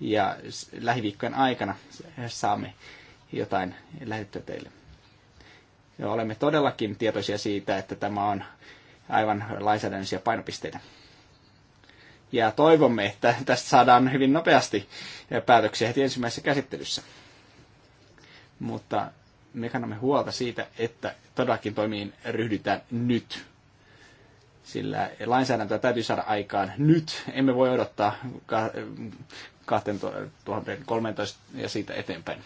Ja lähiviikkojen aikana saamme jotain lähetettyä teille. Ja olemme todellakin tietoisia siitä, että tämä on aivan lainsäädännöllisiä painopisteitä. Ja toivomme, että tästä saadaan hyvin nopeasti päätöksiä heti ensimmäisessä käsittelyssä. Mutta me kannamme huolta siitä, että todellakin toimiin ryhdytään nyt. Sillä lainsäädäntöä täytyy saada aikaan nyt. Emme voi odottaa 2013 ja siitä eteenpäin.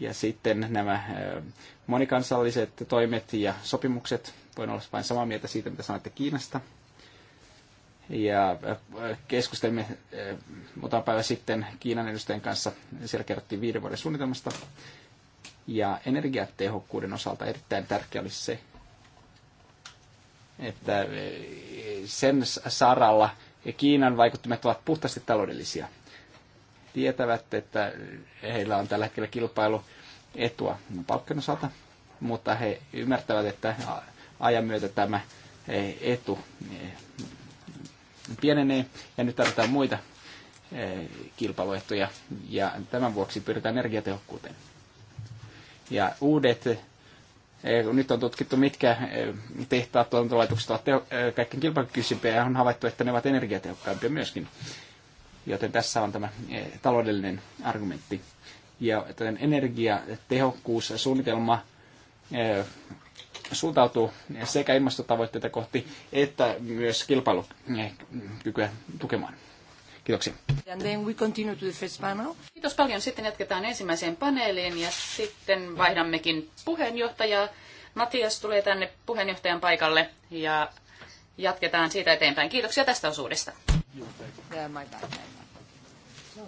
Ja sitten nämä monikansalliset toimet ja sopimukset. Voin olla vain samaa mieltä siitä, mitä sanoitte Kiinasta – ja äh, keskustelimme äh, muutama päivä sitten Kiinan edustajien kanssa. Siellä kerrottiin viiden vuoden suunnitelmasta. Ja energiatehokkuuden osalta erittäin tärkeä olisi se, että äh, sen saralla Kiinan vaikuttimet ovat puhtaasti taloudellisia. Tietävät, että heillä on tällä hetkellä etua palkkion osalta, mutta he ymmärtävät, että ajan myötä tämä etu pienenee ja nyt tarvitaan muita eh, kilpailuehtoja ja tämän vuoksi pyritään energiatehokkuuteen. Ja uudet, eh, nyt on tutkittu, mitkä eh, tehtaat, tuotantolaitokset ovat teho, kaikkein kilpailukykyisimpiä ja on havaittu, että ne ovat energiatehokkaampia myöskin. Joten tässä on tämä taloudellinen argumentti. Ja tämän energiatehokkuussuunnitelma suuntautuu sekä ilmastotavoitteita kohti että myös kilpailukykyä tukemaan. Kiitoksia. And then we continue to the first panel. Kiitos paljon. Sitten jatketaan ensimmäiseen paneeliin ja sitten vaihdammekin puheenjohtajaa. Matias tulee tänne puheenjohtajan paikalle ja jatketaan siitä eteenpäin. Kiitoksia tästä osuudesta. Yeah, my bad, my bad.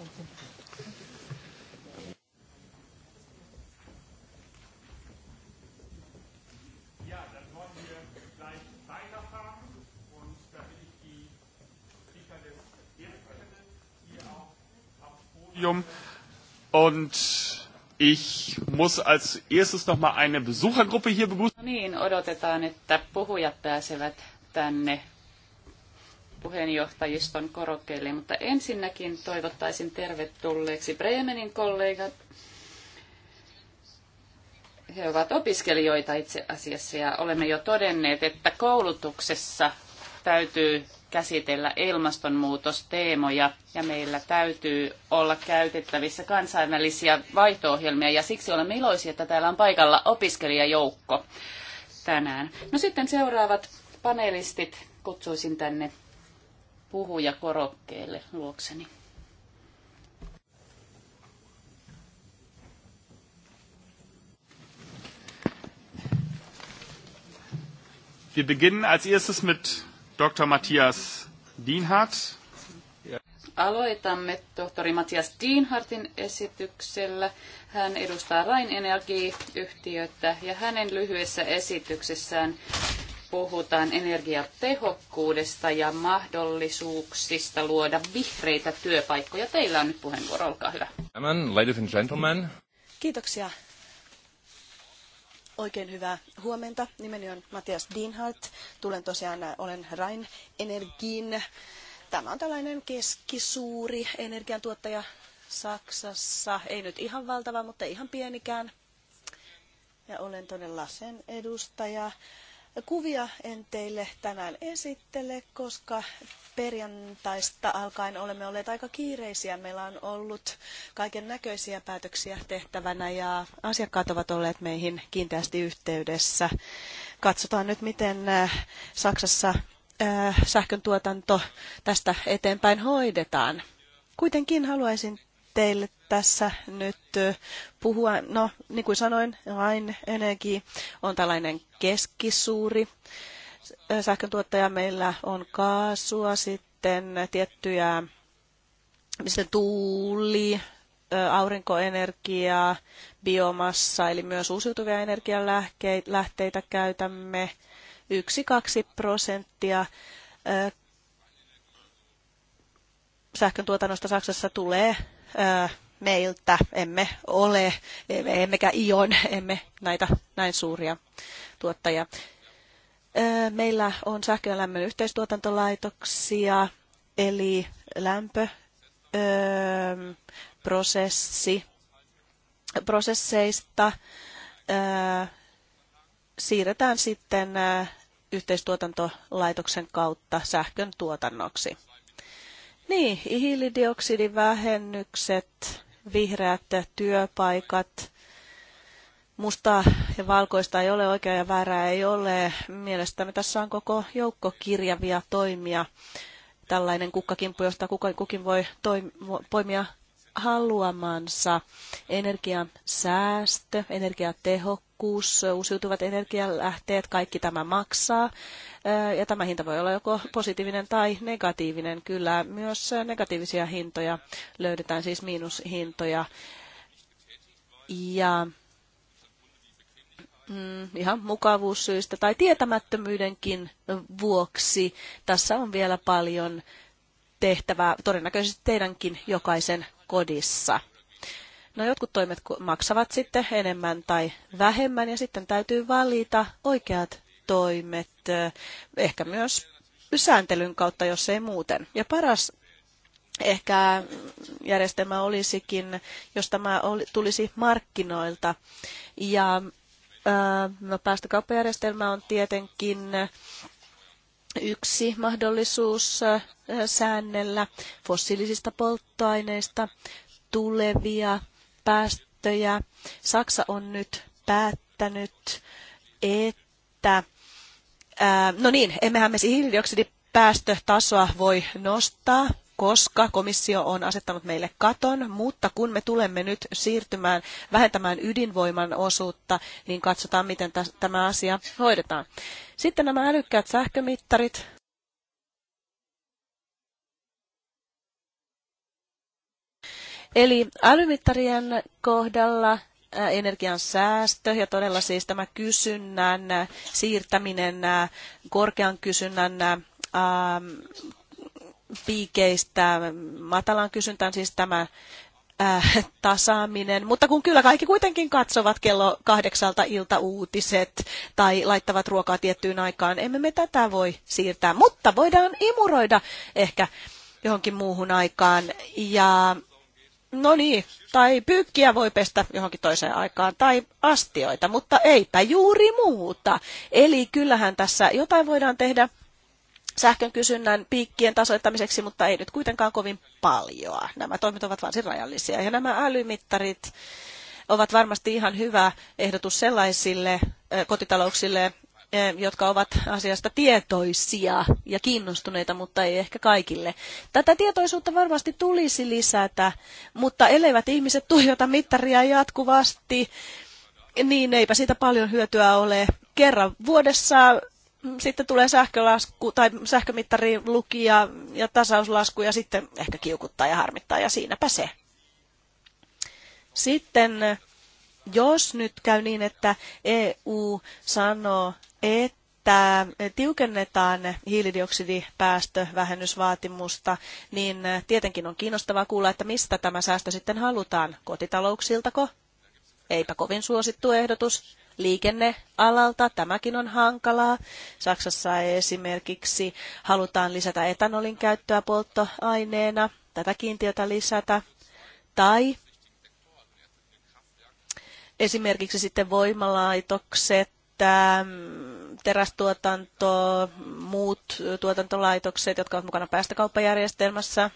Präsidium. Und ich muss als erstes noch mal eine Besuchergruppe hier begrüßen. No niin, odotetaan, että puhujat pääsevät tänne puheenjohtajiston korokkeelle. mutta ensinnäkin toivottaisin tervetulleeksi Bremenin kollegat. He ovat opiskelijoita itse asiassa ja olemme jo todenneet, että koulutuksessa täytyy käsitellä ilmastonmuutosteemoja ja meillä täytyy olla käytettävissä kansainvälisiä vaihtoohjelmia ja siksi olemme iloisia, että täällä on paikalla opiskelijajoukko tänään. No sitten seuraavat panelistit kutsuisin tänne puhuja korokkeelle luokseni. Wir beginnen als erstes mit Dr. Matthias Dienhardt. Aloitamme tohtori Matthias Dienhartin esityksellä. Hän edustaa Rain Energy-yhtiötä ja hänen lyhyessä esityksessään puhutaan energiatehokkuudesta ja mahdollisuuksista luoda vihreitä työpaikkoja. Teillä on nyt puheenvuoro, olkaa hyvä. Ladies and gentlemen. Kiitoksia Oikein hyvää huomenta. Nimeni on Matias Dienhardt. Tulen tosiaan, äh, olen Rain Energin. Tämä on tällainen keskisuuri energiantuottaja Saksassa. Ei nyt ihan valtava, mutta ihan pienikään. Ja olen todella sen edustaja. Kuvia en teille tänään esittele, koska perjantaista alkaen olemme olleet aika kiireisiä. Meillä on ollut kaiken näköisiä päätöksiä tehtävänä ja asiakkaat ovat olleet meihin kiinteästi yhteydessä. Katsotaan nyt, miten äh, Saksassa äh, sähkön tuotanto tästä eteenpäin hoidetaan. Kuitenkin haluaisin teille tässä nyt puhua. No, niin kuin sanoin, Rain Energy on tällainen keskisuuri sähköntuottaja. Meillä on kaasua, sitten tiettyjä mistä tuuli, aurinkoenergiaa, biomassa, eli myös uusiutuvia energialähteitä käytämme. yksi-kaksi prosenttia sähköntuotannosta Saksassa tulee meiltä, emme ole, emmekä Ion, emme näitä näin suuria tuottajia. Meillä on sähkö- ja lämmön yhteistuotantolaitoksia, eli lämpöprosessi. prosesseista siirretään sitten yhteistuotantolaitoksen kautta sähkön tuotannoksi. Niin, hiilidioksidivähennykset, vihreät työpaikat, musta ja valkoista ei ole, oikea ja väärää ei ole. Mielestäni tässä on koko joukko kirjavia toimia. Tällainen kukkakimpu, josta kuka, kukin voi toim, poimia haluamansa energian säästö, energiatehokkuus, uusiutuvat energialähteet, kaikki tämä maksaa. Ja tämä hinta voi olla joko positiivinen tai negatiivinen. Kyllä myös negatiivisia hintoja löydetään, siis miinushintoja. Ja mm, ihan mukavuussyistä tai tietämättömyydenkin vuoksi. Tässä on vielä paljon tehtävää todennäköisesti teidänkin jokaisen kodissa. No jotkut toimet maksavat sitten enemmän tai vähemmän ja sitten täytyy valita oikeat toimet, ehkä myös sääntelyn kautta, jos ei muuten. Ja paras ehkä järjestelmä olisikin, jos tämä tulisi markkinoilta. Ja no, päästökauppajärjestelmä on tietenkin yksi mahdollisuus säännellä fossiilisista polttoaineista tulevia päästöjä. Saksa on nyt päättänyt, että No niin, emmehän me hiilidioksidipäästötasoa voi nostaa, koska komissio on asettanut meille katon, mutta kun me tulemme nyt siirtymään vähentämään ydinvoiman osuutta, niin katsotaan, miten tämä asia hoidetaan. Sitten nämä älykkäät sähkömittarit. Eli älymittarien kohdalla energian säästö ja todella siis tämä kysynnän siirtäminen korkean kysynnän piikeistä matalan kysyntään, siis tämä äh, tasaaminen, mutta kun kyllä kaikki kuitenkin katsovat kello kahdeksalta iltauutiset tai laittavat ruokaa tiettyyn aikaan, emme me tätä voi siirtää, mutta voidaan imuroida ehkä johonkin muuhun aikaan ja no niin, tai pyykkiä voi pestä johonkin toiseen aikaan tai astioita, mutta eipä juuri muuta. Eli kyllähän tässä jotain voidaan tehdä sähkön kysynnän piikkien tasoittamiseksi, mutta ei nyt kuitenkaan kovin paljon. Nämä toimet ovat varsin rajallisia. Ja nämä älymittarit ovat varmasti ihan hyvä ehdotus sellaisille kotitalouksille, jotka ovat asiasta tietoisia ja kiinnostuneita, mutta ei ehkä kaikille. Tätä tietoisuutta varmasti tulisi lisätä, mutta elevät ihmiset tuijota mittaria jatkuvasti, niin eipä siitä paljon hyötyä ole. Kerran vuodessa Mm, sitten tulee sähkölasku tai sähkömittari lukija ja tasauslasku ja sitten ehkä kiukuttaa ja harmittaa ja siinäpä se. Sitten jos nyt käy niin, että EU sanoo, että tiukennetaan hiilidioksidipäästövähennysvaatimusta, niin tietenkin on kiinnostavaa kuulla, että mistä tämä säästö sitten halutaan. Kotitalouksiltako? Eipä kovin suosittu ehdotus liikennealalta. Tämäkin on hankalaa. Saksassa esimerkiksi halutaan lisätä etanolin käyttöä polttoaineena, tätä kiintiötä lisätä. Tai esimerkiksi sitten voimalaitokset, ähm, terästuotanto, muut tuotantolaitokset, jotka ovat mukana päästökauppajärjestelmässä.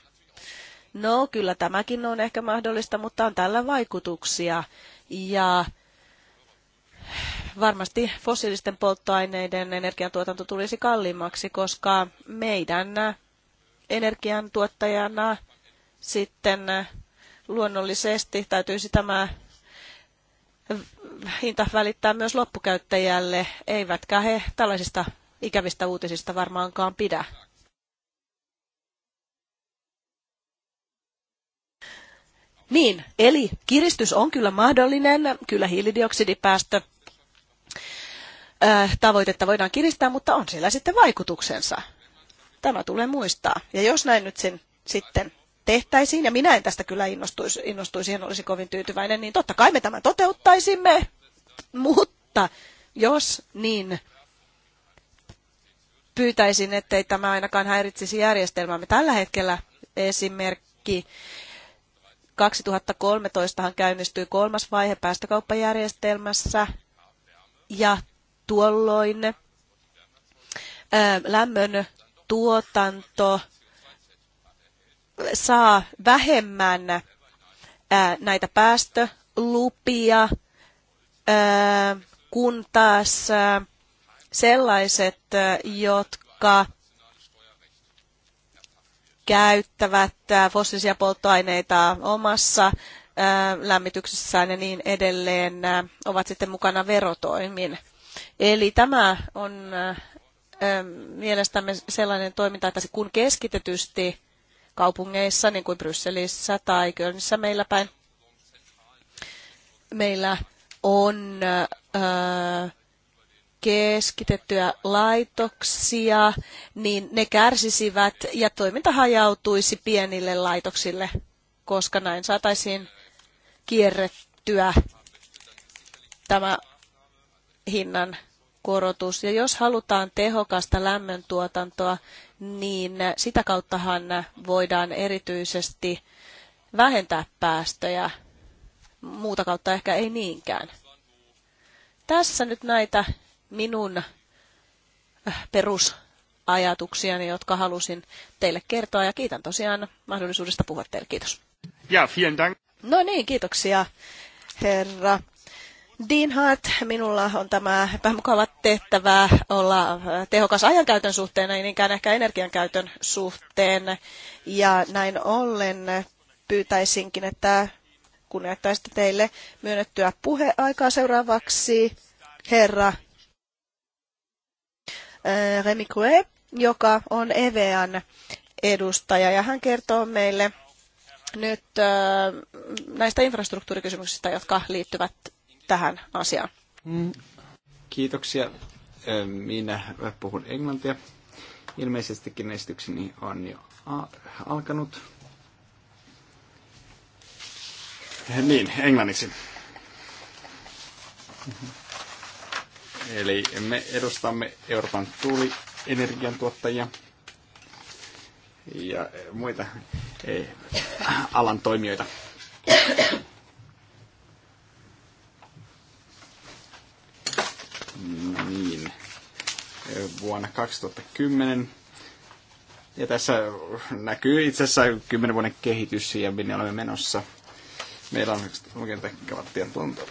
No kyllä tämäkin on ehkä mahdollista, mutta on tällä vaikutuksia. Ja varmasti fossiilisten polttoaineiden energiantuotanto tulisi kalliimmaksi, koska meidän energiantuottajana sitten luonnollisesti täytyisi tämä hinta välittää myös loppukäyttäjälle, eivätkä he tällaisista ikävistä uutisista varmaankaan pidä. Niin, eli kiristys on kyllä mahdollinen, kyllä hiilidioksidipäästö Äh, tavoitetta voidaan kiristää, mutta on sillä sitten vaikutuksensa. Tämä tulee muistaa. Ja jos näin nyt sen sitten tehtäisiin, ja minä en tästä kyllä innostuisi, innostuisi en olisi kovin tyytyväinen, niin totta kai me tämän toteuttaisimme, mutta jos niin pyytäisin, ettei tämä ainakaan häiritsisi järjestelmäämme. Tällä hetkellä esimerkki 2013 käynnistyi kolmas vaihe päästökauppajärjestelmässä, ja tuolloin lämmön tuotanto saa vähemmän näitä päästölupia, kun taas sellaiset, jotka käyttävät fossiilisia polttoaineita omassa lämmityksessään ja niin edelleen, ovat sitten mukana verotoimin. Eli tämä on äh, ähm, mielestämme sellainen toiminta, että kun keskitetysti kaupungeissa, niin kuin Brysselissä tai Kölnissä meillä päin, meillä on äh, keskitettyjä laitoksia, niin ne kärsisivät ja toiminta hajautuisi pienille laitoksille, koska näin saataisiin kierrettyä tämä hinnan korotus. Ja jos halutaan tehokasta lämmöntuotantoa, niin sitä kauttahan voidaan erityisesti vähentää päästöjä. Muuta kautta ehkä ei niinkään. Tässä nyt näitä minun äh, perusajatuksiani, jotka halusin teille kertoa. Ja kiitän tosiaan mahdollisuudesta puhua teille. Kiitos. Ja, vielen dank. No niin, kiitoksia herra Dean Hart, minulla on tämä epämukava tehtävä olla äh, tehokas ajankäytön suhteen, ei niinkään ehkä energiankäytön suhteen. Ja näin ollen pyytäisinkin, että kunnioittaisitte teille myönnettyä puheaikaa seuraavaksi herra äh, Remi Kue, joka on EVEAN edustaja ja hän kertoo meille nyt äh, näistä infrastruktuurikysymyksistä, jotka liittyvät tähän asiaan. Mm. Kiitoksia. Minä puhun englantia. Ilmeisestikin esitykseni on jo alkanut. Niin, englanniksi. Mhm. Eli me edustamme Euroopan tuulienergiantuottajia ja muita ei, eh, alan toimijoita. vuonna 2010. Ja tässä näkyy itse asiassa 10 vuoden kehitys ja minne olemme menossa. Meillä on lukentekkavattia tuntuu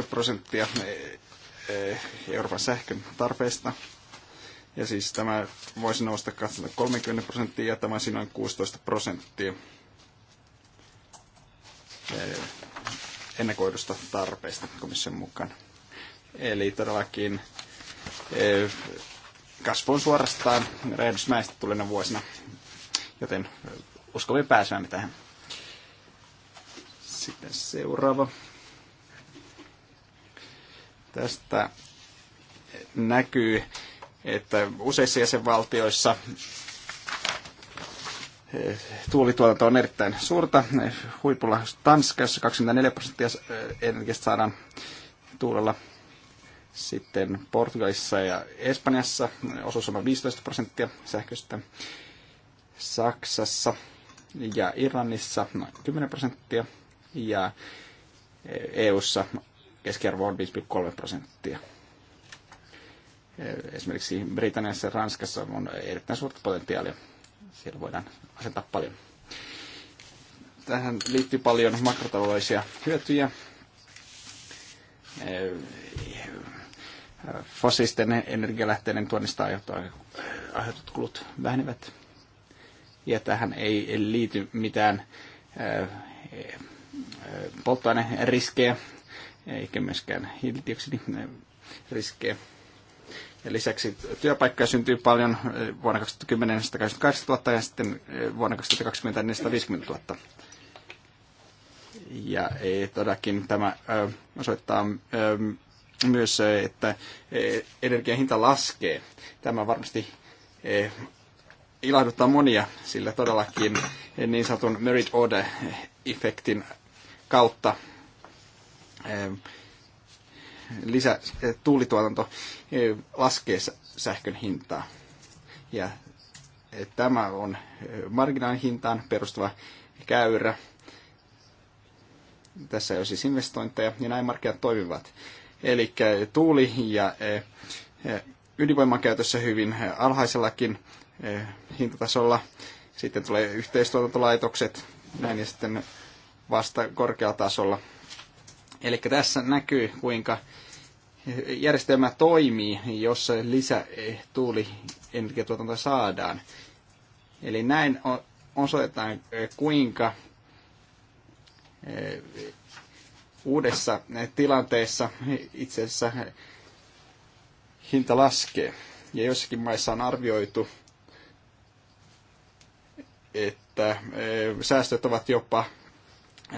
5,3 prosenttia e, e, Euroopan sähkön tarpeesta. Ja siis tämä voisi nousta 30 prosenttia ja tämä siinä on 16 prosenttia e, ennakoidusta tarpeesta komission mukaan. Eli todellakin Eh, kasvuun suorastaan räjähdysmäistä tulena vuosina, joten eh, uskomme pääsemään tähän. Sitten seuraava. Tästä näkyy, että useissa jäsenvaltioissa eh, tuulituotanto on erittäin suurta. Huipulla Tanskassa 24 prosenttia energiasta saadaan tuulella sitten Portugalissa ja Espanjassa osuus on noin 15 prosenttia sähköstä. Saksassa ja Irlannissa noin 10 prosenttia. Ja EU-ssa keskiarvo on 5,3 prosenttia. Esimerkiksi Britanniassa ja Ranskassa on erittäin suurta potentiaalia. Siellä voidaan asentaa paljon. Tähän liittyy paljon makrotaloudellisia hyötyjä fossiisten energialähteiden tuonnista aiheutut kulut vähenevät. Ja tähän ei liity mitään äh, äh, polttoaineriskejä, eikä myöskään hiilidioksidiriskejä. Ja lisäksi työpaikkoja syntyy paljon äh, vuonna 2010 188 000 ja sitten vuonna 2020 450 000. Ja ei todellakin tämä osoittaa myös, eh, että eh, energian hinta laskee. Tämä varmasti eh, ilahduttaa monia, sillä todellakin niin sanotun merit order-efektin kautta lisä, tuulituotanto laskee sähkön hintaa. Ja tämä on marginaalihintaan perustuva käyrä. Tässä ei ole siis investointeja, ja näin markkinat toimivat. Eli tuuli- ja e, e, ydinvoiman käytössä hyvin alhaisellakin e, hintatasolla. Sitten tulee yhteistuotantolaitokset, näin ja sitten vasta korkealla tasolla. Eli tässä näkyy, kuinka järjestelmä toimii, jos lisätuuli, energiatuotanto saadaan. Eli näin osoitetaan, kuinka uudessa tilanteessa itse asiassa hinta laskee. Ja joissakin maissa on arvioitu, että eh, säästöt ovat jopa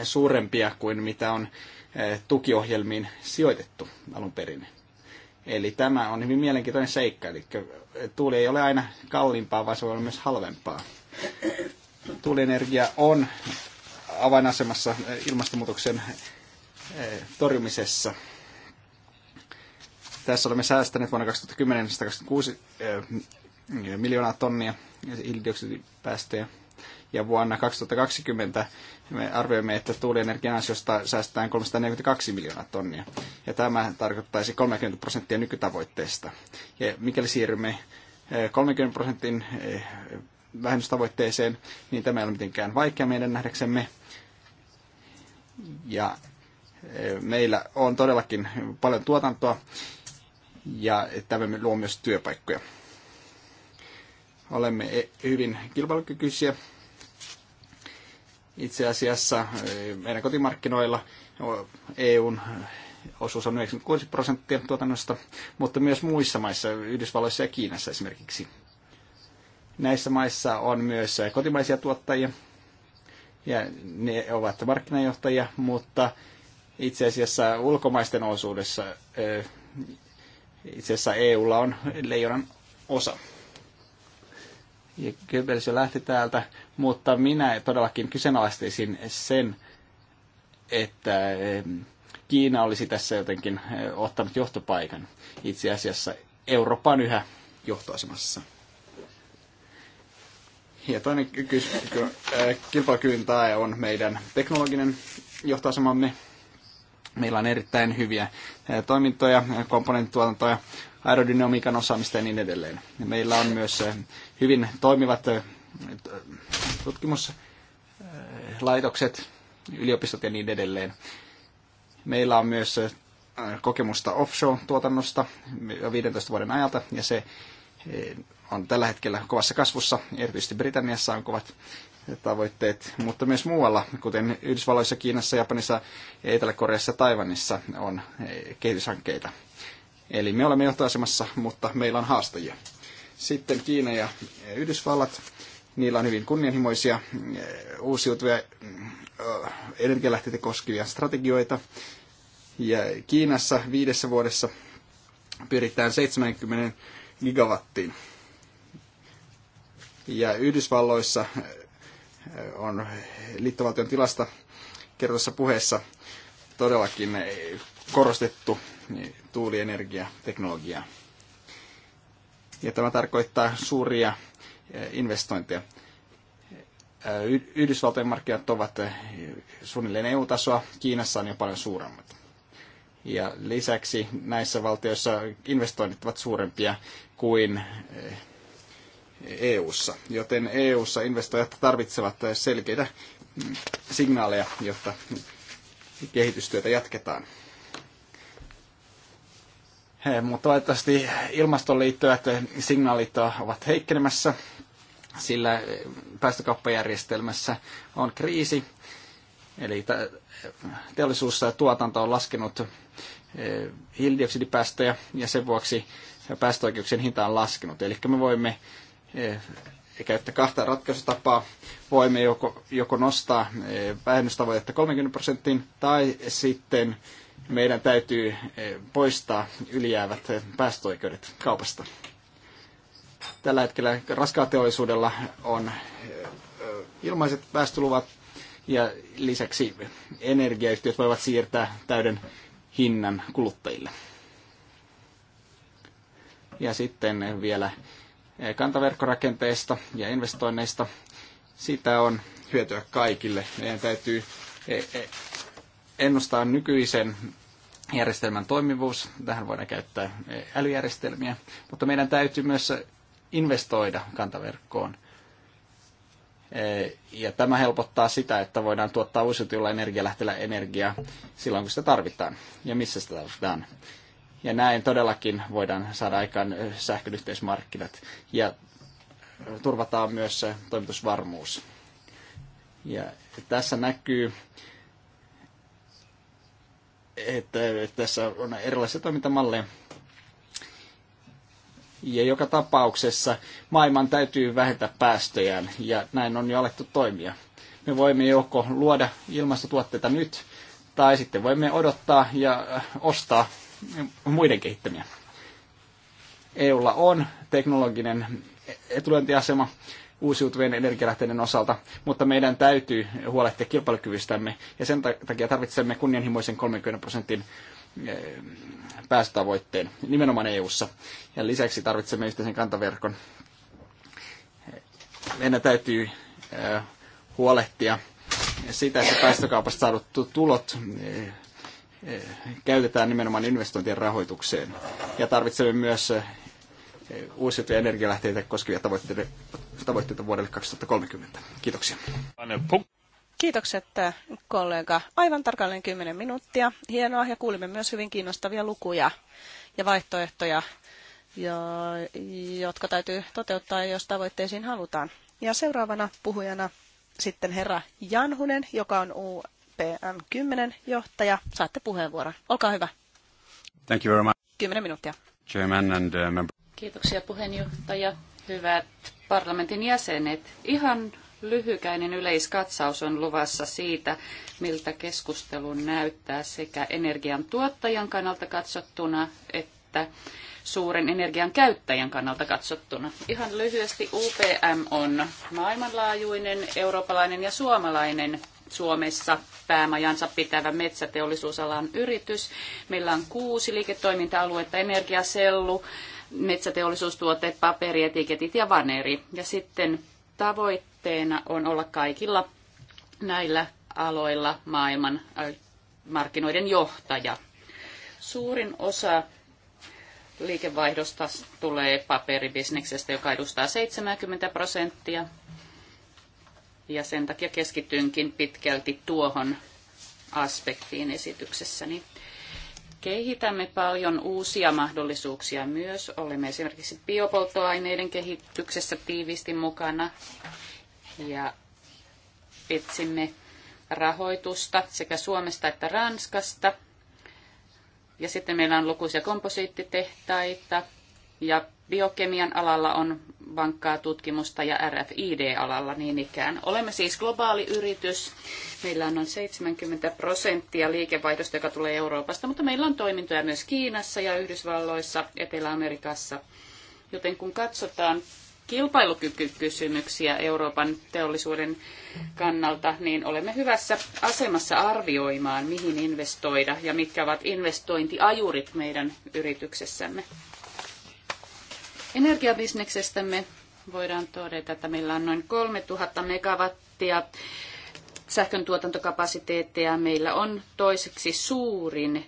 suurempia kuin mitä on eh, tukiohjelmiin sijoitettu alun perin. Eli tämä on hyvin mielenkiintoinen seikka. Eli eh, tuuli ei ole aina kalliimpaa, vaan se voi olla myös halvempaa. Tuulienergia on avainasemassa ilmastonmuutoksen torjumisessa. Tässä olemme säästäneet vuonna 2010 126 eh, miljoonaa tonnia hiilidioksidipäästöjä. Ja vuonna 2020 me arvioimme, että tuulienergian ansiosta säästetään 342 miljoonaa tonnia. Ja tämä tarkoittaisi 30 prosenttia nykytavoitteesta. Ja mikäli siirrymme 30 eh, prosentin eh, vähennystavoitteeseen, niin tämä ei ole mitenkään vaikea meidän nähdäksemme. Ja meillä on todellakin paljon tuotantoa ja tämä luo myös työpaikkoja. Olemme e- hyvin kilpailukykyisiä. Itse asiassa e, meidän kotimarkkinoilla EUn osuus on 96 prosenttia tuotannosta, mutta myös muissa maissa, Yhdysvalloissa ja Kiinassa esimerkiksi. Näissä maissa on myös kotimaisia tuottajia ja ne ovat markkinajohtajia, mutta itse asiassa ulkomaisten osuudessa itse asiassa EUlla on leijonan osa. Ja Goebbels jo lähti täältä, mutta minä todellakin kyseenalaistaisin sen, että Kiina olisi tässä jotenkin ottanut johtopaikan. Itse asiassa Eurooppa on yhä johtoasemassa. Ja toinen kysymys, kilpailukyvyn tae on meidän teknologinen johtoasemamme, Meillä on erittäin hyviä toimintoja, komponenttituotantoja, aerodynamiikan osaamista ja niin edelleen. Meillä on myös hyvin toimivat tutkimuslaitokset, yliopistot ja niin edelleen. Meillä on myös kokemusta offshore-tuotannosta 15 vuoden ajalta, ja se on tällä hetkellä kovassa kasvussa. Erityisesti Britanniassa on kovat tavoitteet, mutta myös muualla, kuten Yhdysvalloissa, Kiinassa, Japanissa, Etelä-Koreassa ja Taivanissa on eh, kehityshankkeita. Eli me olemme johtoasemassa, mutta meillä on haastajia. Sitten Kiina ja Yhdysvallat. Niillä on hyvin kunnianhimoisia eh, uusiutuvia eh, energialähteitä koskevia strategioita. Ja Kiinassa viidessä vuodessa pyritään 70 gigawattiin. Ja Yhdysvalloissa on liittovaltion tilasta kertossa puheessa todellakin korostettu tuulienergiateknologiaa. Ja tämä tarkoittaa suuria eh, investointeja. Eh, Yhdysvaltojen markkinat ovat eh, suunnilleen EU-tasoa, Kiinassa on jo paljon suuremmat. Ja lisäksi näissä valtioissa investoinnit ovat suurempia kuin EU-ssa, joten EU-ssa investoijat tarvitsevat selkeitä signaaleja, jotta kehitystyötä jatketaan. Mutta toivottavasti ilmastoon liittyvät signaalit ovat heikkenemässä, sillä päästökauppajärjestelmässä on kriisi, eli tuotanto on laskenut e, hiilidioksidipäästöjä ja sen vuoksi päästöoikeuksien hinta on laskenut. Eli me voimme käyttää kahta ratkaisutapaa. Voimme joko, joko nostaa eh, vähennystavoitetta 30 prosenttiin tai sitten meidän täytyy eh, poistaa ylijäävät eh, päästöoikeudet kaupasta. Tällä hetkellä teollisuudella on ilmaiset päästöluvat ja lisäksi energiayhtiöt voivat siirtää täyden hinnan kuluttajille. Ja sitten vielä kantaverkkorakenteesta ja investoinneista. Siitä on hyötyä kaikille. Meidän täytyy e, e, ennustaa nykyisen järjestelmän toimivuus. Tähän voidaan käyttää e, älyjärjestelmiä, mutta meidän täytyy myös investoida kantaverkkoon. Ja tämä helpottaa sitä, että voidaan tuottaa uusiutuvilla energialähteillä energiaa silloin, kun sitä tarvitaan ja missä sitä tarvitaan. Ja näin todellakin voidaan saada aikaan sähköyhteismarkkinat ja turvataan myös toimitusvarmuus. Ja tässä näkyy, että tässä on erilaisia toimintamalleja. Ja joka tapauksessa maailman täytyy vähentää päästöjään, ja näin on jo alettu toimia. Me voimme joko luoda ilmastotuotteita nyt, tai sitten voimme odottaa ja ostaa muiden kehittämiä. EUlla on teknologinen etulentiasema, uusiutuvien energialähteiden osalta, mutta meidän täytyy huolehtia kilpailukyvystämme ja sen takia tarvitsemme kunnianhimoisen 30 prosentin eh, päästötavoitteen nimenomaan EU:ssa. Ja lisäksi tarvitsemme yhteisen kantaverkon. Meidän täytyy eh, huolehtia siitä, että päästökaupasta saadut tulot eh, Eh, käytetään nimenomaan investointien rahoitukseen. Ja tarvitsemme myös eh, uusiutuvia energialähteitä koskevia tavoitteita, tavoitteita vuodelle 2030. Kiitoksia. Kiitokset kollega. Aivan tarkalleen 10 minuuttia. Hienoa ja kuulimme myös hyvin kiinnostavia lukuja ja vaihtoehtoja, jotka täytyy toteuttaa, jos tavoitteisiin halutaan. Ja seuraavana puhujana sitten herra Janhunen, joka on PM10 johtaja. Saatte puheenvuoron. Olkaa hyvä. Thank you very much. 10 minuuttia. Chairman and uh, member. Kiitoksia puheenjohtaja. Hyvät parlamentin jäsenet. Ihan lyhykäinen yleiskatsaus on luvassa siitä, miltä keskustelu näyttää sekä energian tuottajan kannalta katsottuna että suuren energian käyttäjän kannalta katsottuna. Ihan lyhyesti UPM on maailmanlaajuinen, eurooppalainen ja suomalainen Suomessa päämajansa pitävä metsäteollisuusalan yritys. Meillä on kuusi liiketoiminta-aluetta, energiasellu, sellu, metsäteollisuustuote, paperi, etiketit ja vaneri. Ja sitten tavoitteena on olla kaikilla näillä aloilla maailman äh, markkinoiden johtaja. Suurin osa liikevaihdosta tulee paperibisneksestä, joka edustaa 70 prosenttia, ja sen takia keskitynkin pitkälti tuohon aspektiin esityksessäni. Kehitämme paljon uusia mahdollisuuksia myös. Olemme esimerkiksi biopolttoaineiden kehityksessä tiiviisti mukana ja etsimme rahoitusta sekä Suomesta että Ranskasta. Ja sitten meillä on lukuisia komposiittitehtaita, ja biokemian alalla on vankkaa tutkimusta ja RFID-alalla niin ikään. Olemme siis globaali yritys. Meillä on noin 70 prosenttia liikevaihdosta, joka tulee Euroopasta, mutta meillä on toimintoja myös Kiinassa ja Yhdysvalloissa, Etelä-Amerikassa. Joten kun katsotaan kilpailukykykysymyksiä Euroopan teollisuuden kannalta, niin olemme hyvässä asemassa arvioimaan, mihin investoida ja mitkä ovat investointiajurit meidän yrityksessämme. Energiabisneksestämme voidaan todeta, että meillä on noin 3000 megawattia sähkön tuotantokapasiteettia. Meillä on toiseksi suurin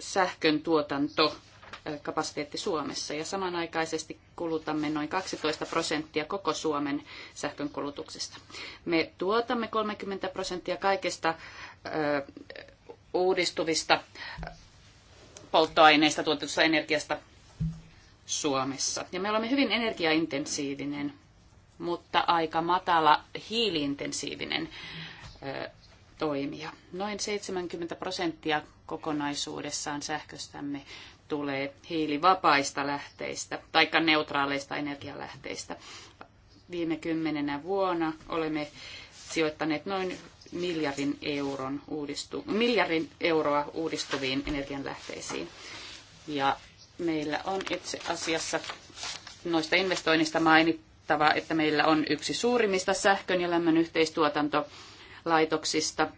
sähkön tuotanto äh, kapasiteetti Suomessa ja samanaikaisesti kulutamme noin 12 prosenttia koko Suomen sähkön kulutuksesta. Me tuotamme 30 prosenttia kaikesta ö, äh, uudistuvista äh, polttoaineista tuotetusta energiasta Suomessa. Ja me olemme hyvin energiaintensiivinen, mutta aika matala hiiliintensiivinen ö, toimija. Noin 70 prosenttia kokonaisuudessaan sähköstämme tulee hiilivapaista lähteistä, tai neutraaleista energialähteistä. Viime kymmenenä vuonna olemme sijoittaneet noin miljardin, euron uudistu, miljardin euroa uudistuviin energianlähteisiin. Ja Meillä on itse asiassa noista investoinnista mainittava, että meillä on yksi suurimmista sähkön ja lämmön yhteistuotantolaitoksista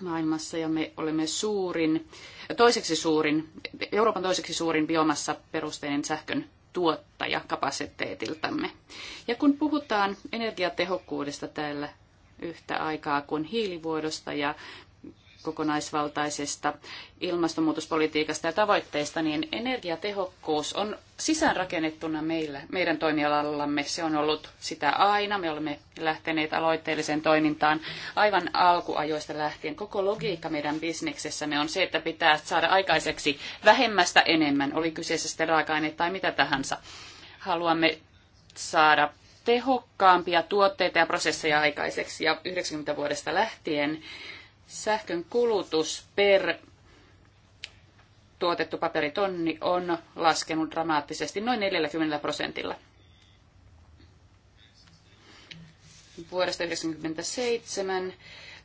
maailmassa ja me olemme suurin, toiseksi suurin, Euroopan toiseksi suurin biomassa perusteinen sähkön tuottaja kapasiteetiltamme. Ja kun puhutaan energiatehokkuudesta täällä yhtä aikaa kuin hiilivuodosta ja kokonaisvaltaisesta ilmastonmuutospolitiikasta ja tavoitteista, niin energiatehokkuus on sisäänrakennettuna meillä, meidän toimialallamme. Se on ollut sitä aina. Me olemme lähteneet aloitteelliseen toimintaan aivan alkuajoista lähtien. Koko logiikka meidän bisneksessämme on se, että pitää saada aikaiseksi vähemmästä enemmän, oli kyseessä sitten raaka-aine tai mitä tahansa. Haluamme saada tehokkaampia tuotteita ja prosesseja aikaiseksi. Ja 90 vuodesta lähtien sähkön kulutus per tuotettu paperitonni on laskenut dramaattisesti noin 40 prosentilla. Vuodesta 1997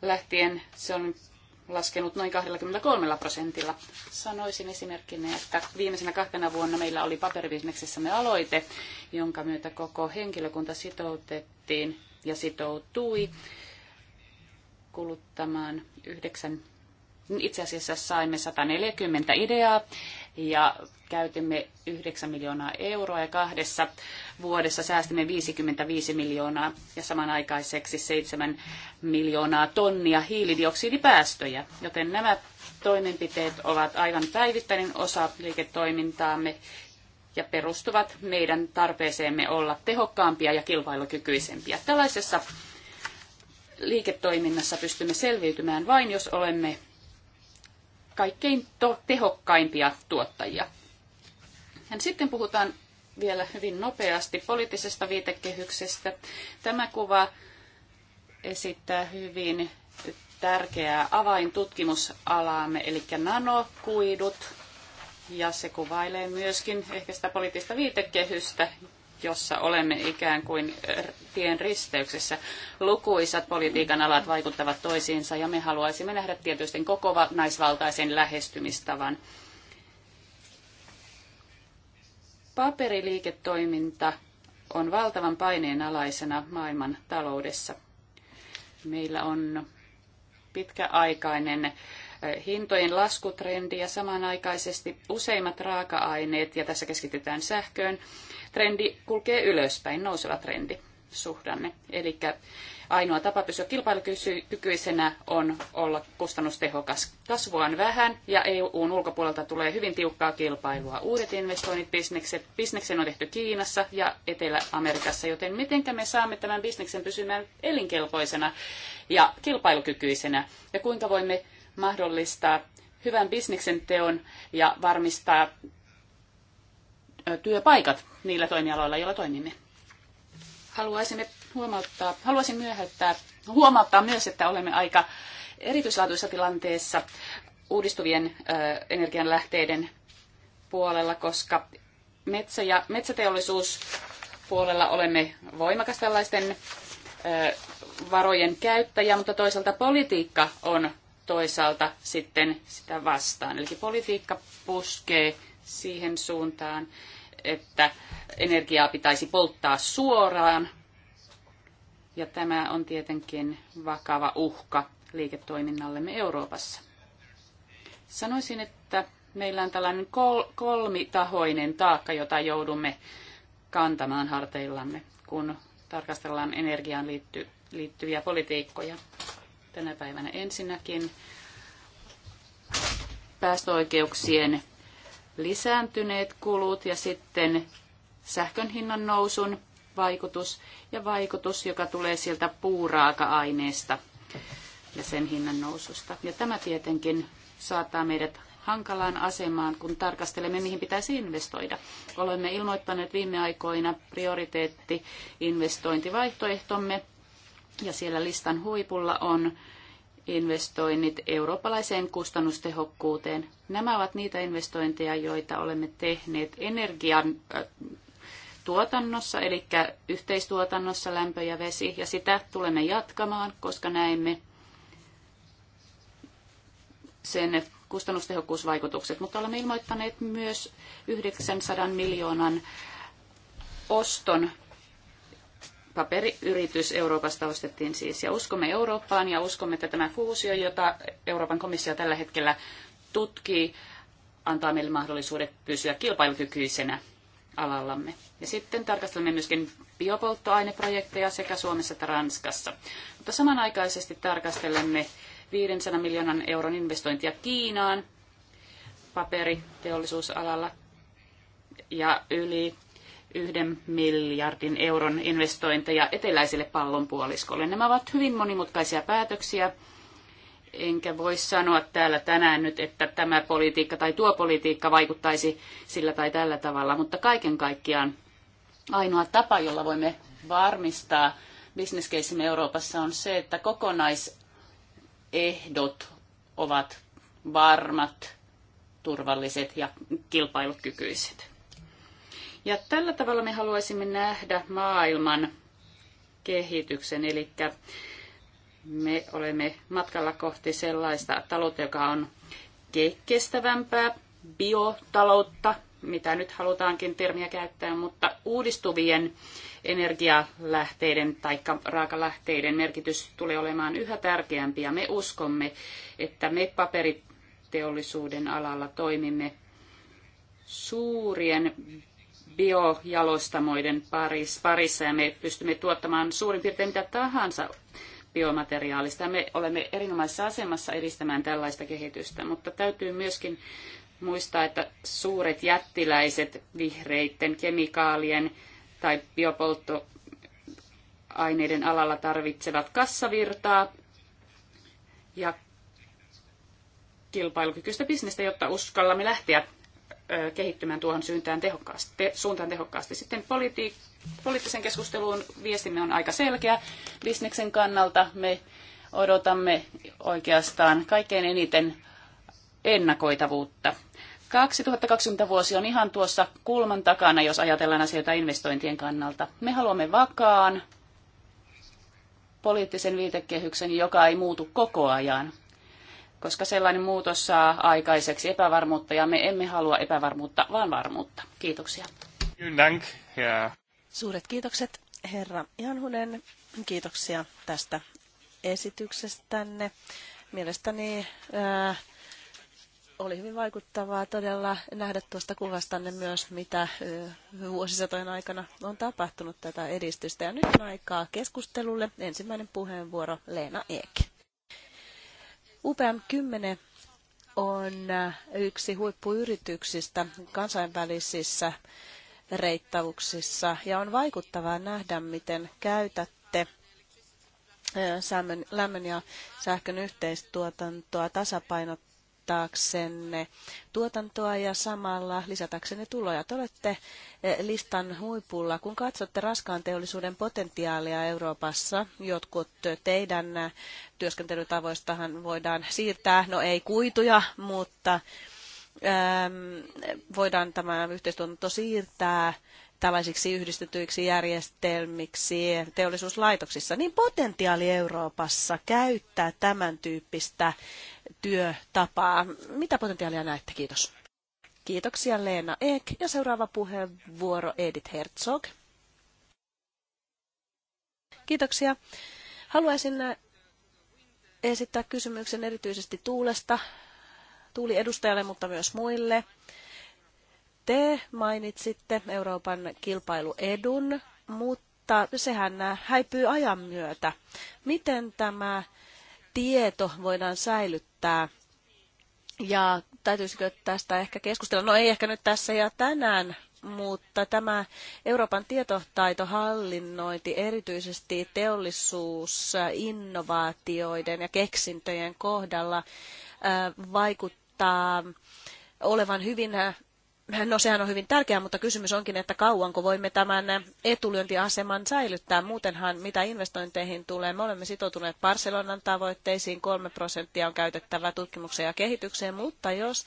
lähtien se on laskenut noin 23 prosentilla. Sanoisin esimerkkinä, että viimeisenä kahtena vuonna meillä oli paperibisneksessämme aloite, jonka myötä koko henkilökunta sitoutettiin ja sitoutui kuluttamaan yhdeksän. Itse asiassa saimme 140 ideaa ja käytimme 9 miljoonaa euroa ja kahdessa vuodessa säästimme 55 miljoonaa ja samanaikaiseksi 7 miljoonaa tonnia hiilidioksidipäästöjä. Joten nämä toimenpiteet ovat aivan päivittäinen osa liiketoimintaamme ja perustuvat meidän tarpeeseemme olla tehokkaampia ja kilpailukykyisempiä. Tällaisessa liiketoiminnassa pystymme selviytymään vain, jos olemme kaikkein tehokkaimpia tuottajia. Ja sitten puhutaan vielä hyvin nopeasti poliittisesta viitekehyksestä. Tämä kuva esittää hyvin tärkeää avaintutkimusalaamme, eli nanokuidut. Ja se kuvailee myöskin ehkä sitä poliittista viitekehystä, jossa olemme ikään kuin eh, tien risteyksessä. Lukuisat politiikan alat vaikuttavat toisiinsa ja me haluaisimme nähdä tietysti koko naisvaltaisen lähestymistavan. Paperiliiketoiminta on valtavan paineen alaisena maailman taloudessa. Meillä on pitkäaikainen eh, hintojen laskutrendi ja samanaikaisesti useimmat raaka-aineet, ja tässä keskitytään sähköön, trendi kulkee ylöspäin, nouseva trendi suhdanne. Eli ainoa tapa pysyä kilpailukykyisenä on olla kustannustehokas. Kasvua on vähän ja EUn ulkopuolelta tulee hyvin tiukkaa kilpailua. Uudet investoinnit bisnekset, bisneksen on tehty Kiinassa ja Etelä-Amerikassa, joten miten me saamme tämän bisneksen pysymään elinkelpoisena ja kilpailukykyisenä ja kuinka voimme mahdollistaa hyvän bisneksen teon ja varmistaa työpaikat niillä toimialoilla, joilla toimimme. Haluaisimme huomauttaa, haluaisin myöhäyttää, huomauttaa myös, että olemme aika erityislaatuisessa tilanteessa uudistuvien energianlähteiden puolella, koska metsä- ja metsäteollisuuspuolella olemme voimakas tällaisten varojen käyttäjä, mutta toisaalta politiikka on toisaalta sitten sitä vastaan. Eli politiikka puskee siihen suuntaan, että energiaa pitäisi polttaa suoraan. Ja tämä on tietenkin vakava uhka liiketoiminnallemme Euroopassa. Sanoisin, että meillä on tällainen kol- kolmitahoinen taakka, jota joudumme kantamaan harteillamme, kun tarkastellaan energiaan liitty- liittyviä politiikkoja tänä päivänä. Ensinnäkin päästöoikeuksien lisääntyneet kulut ja sitten sähkön hinnan nousun vaikutus ja vaikutus, joka tulee sieltä puuraaka-aineesta ja sen hinnan noususta. Ja tämä tietenkin saattaa meidät hankalaan asemaan, kun tarkastelemme, mihin pitäisi investoida. Olemme ilmoittaneet viime aikoina prioriteetti investointivaihtoehtomme, ja siellä listan huipulla on investoinnit eurooppalaiseen kustannustehokkuuteen. Nämä ovat niitä investointeja, joita olemme tehneet energian äh, tuotannossa, eli yhteistuotannossa lämpö ja vesi, ja sitä tulemme jatkamaan, koska näemme sen kustannustehokkuusvaikutukset, mutta olemme ilmoittaneet myös 900 miljoonan oston paperiyritys Euroopasta ostettiin siis. Ja uskomme Eurooppaan ja uskomme, että tämä fuusio, jota Euroopan komissio tällä hetkellä tutkii, antaa meille mahdollisuudet pysyä kilpailukykyisenä alallamme. Ja sitten tarkastelemme myöskin biopolttoaineprojekteja sekä Suomessa että Ranskassa. Mutta samanaikaisesti tarkastelemme 500 miljoonan euron investointia Kiinaan paperiteollisuusalalla ja yli yhden miljardin euron investointeja eteläiselle pallonpuoliskolle. Nämä ovat hyvin monimutkaisia päätöksiä, enkä voi sanoa täällä tänään nyt, että tämä politiikka tai tuo politiikka vaikuttaisi sillä tai tällä tavalla, mutta kaiken kaikkiaan ainoa tapa, jolla voimme varmistaa bisneskeisimme Euroopassa on se, että kokonaisehdot ovat varmat, turvalliset ja kilpailukykyiset. Ja tällä tavalla me haluaisimme nähdä maailman kehityksen, eli me olemme matkalla kohti sellaista taloutta, joka on kestävämpää, biotaloutta, mitä nyt halutaankin termiä käyttää, mutta uudistuvien energialähteiden tai raakalähteiden merkitys tulee olemaan yhä tärkeämpi ja me uskomme, että me paperiteollisuuden alalla toimimme suurien biojalostamoiden parissa ja me pystymme tuottamaan suurin piirtein mitä tahansa biomateriaalista. Me olemme erinomaisessa asemassa edistämään tällaista kehitystä, mutta täytyy myöskin muistaa, että suuret jättiläiset vihreiden kemikaalien tai biopolttoaineiden alalla tarvitsevat kassavirtaa ja kilpailukykyistä bisnestä, jotta uskallamme lähteä kehittymään tuohon suuntaan tehokkaasti. Te, suuntaan tehokkaasti. Sitten politi, poliittisen keskusteluun viestimme on aika selkeä. Bisneksen kannalta me odotamme oikeastaan kaikkein eniten ennakoitavuutta. 2020 vuosi on ihan tuossa kulman takana, jos ajatellaan asioita investointien kannalta. Me haluamme vakaan poliittisen viitekehyksen, joka ei muutu koko ajan koska sellainen muutos saa aikaiseksi epävarmuutta ja me emme halua epävarmuutta, vaan varmuutta. Kiitoksia. Suuret kiitokset, herra Janhunen. Kiitoksia tästä esityksestänne. Mielestäni ää, äh, oli hyvin vaikuttavaa todella nähdä tuosta kuvastanne myös, mitä äh, vuosisatojen aikana on tapahtunut tätä edistystä. Ja nyt on aikaa keskustelulle. Ensimmäinen puheenvuoro Leena Eek. UPM-10 on äh, yksi huippuyrityksistä kansainvälisissä reittauksissa ja on vaikuttavaa nähdä, miten käytätte äh, lämmön ja sähkön yhteistuotantoa tasapainottaa parannettaaksenne tuotantoa ja samalla lisätäksenne tuloja. Te olette eh, listan huipulla. Kun katsotte raskaan teollisuuden potentiaalia Euroopassa, jotkut teidän eh, työskentelytavoistahan voidaan siirtää, no ei kuituja, mutta ehm, voidaan tämä yhteistuotanto siirtää tällaisiksi yhdistetyiksi järjestelmiksi teollisuuslaitoksissa, niin potentiaali Euroopassa käyttää tämän tyyppistä työtapaa. Mitä potentiaalia näette? Kiitos. Kiitoksia Leena Ek ja seuraava puheenvuoro Edith Herzog. Kiitoksia. Haluaisin esittää kysymyksen erityisesti tuulesta, tuuli edustajalle, mutta myös muille. Te mainitsitte Euroopan kilpailuedun, mutta sehän häipyy ajan myötä. Miten tämä tieto voidaan säilyttää ja täytyisikö tästä ehkä keskustella? No ei ehkä nyt tässä ja tänään, mutta tämä Euroopan tietotaitohallinnointi, erityisesti teollisuusinnovaatioiden innovaatioiden ja keksintöjen kohdalla, vaikuttaa olevan hyvin No sehän on hyvin tärkeää, mutta kysymys onkin, että kauanko voimme tämän etulyöntiaseman säilyttää. Muutenhan mitä investointeihin tulee, me olemme sitoutuneet Barcelonan tavoitteisiin, kolme prosenttia on käytettävä tutkimukseen ja kehitykseen, mutta jos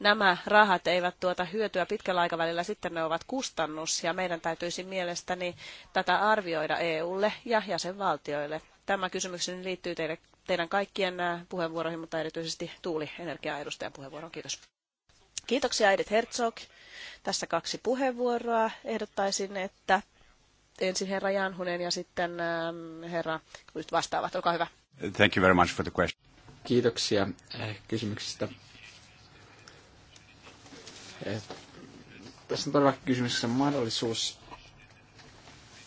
nämä rahat eivät tuota hyötyä pitkällä aikavälillä, sitten ne ovat kustannus ja meidän täytyisi mielestäni tätä arvioida EUlle ja jäsenvaltioille. Tämä kysymykseni liittyy teille, teidän kaikkien äh, puheenvuoroihin, mutta erityisesti Tuuli Energiaa puheenvuoroon. Kiitos. Kiitoksia Edith Herzog. Tässä kaksi puheenvuoroa. Ehdottaisin, että ensin herra Janhunen ja sitten ähm, herra Kuist vastaavat. Olkaa hyvä. Thank you very much for the question. Kiitoksia eh, kysymyksistä. Eh, tässä on todellakin kysymyksessä mahdollisuus.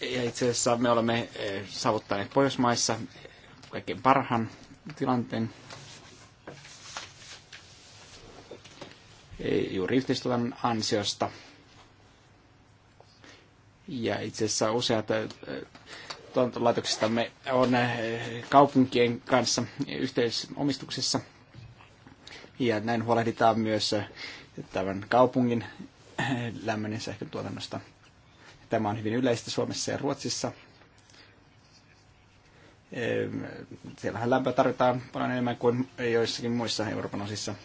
Ja itse asiassa me olemme eh, saavuttaneet Pohjoismaissa kaikkein parhaan tilanteen juuri yhteistyön ansiosta. Ja itse asiassa useat äh, tuotantolaitoksistamme on äh, kaupunkien kanssa yhteisomistuksessa. Ja näin huolehditaan myös äh, tämän kaupungin lämmön ja sähkön tuotannosta. Tämä on hyvin yleistä Suomessa ja Ruotsissa. Ähm, siellähän lämpöä tarvitaan paljon enemmän kuin joissakin muissa Euroopan osissa –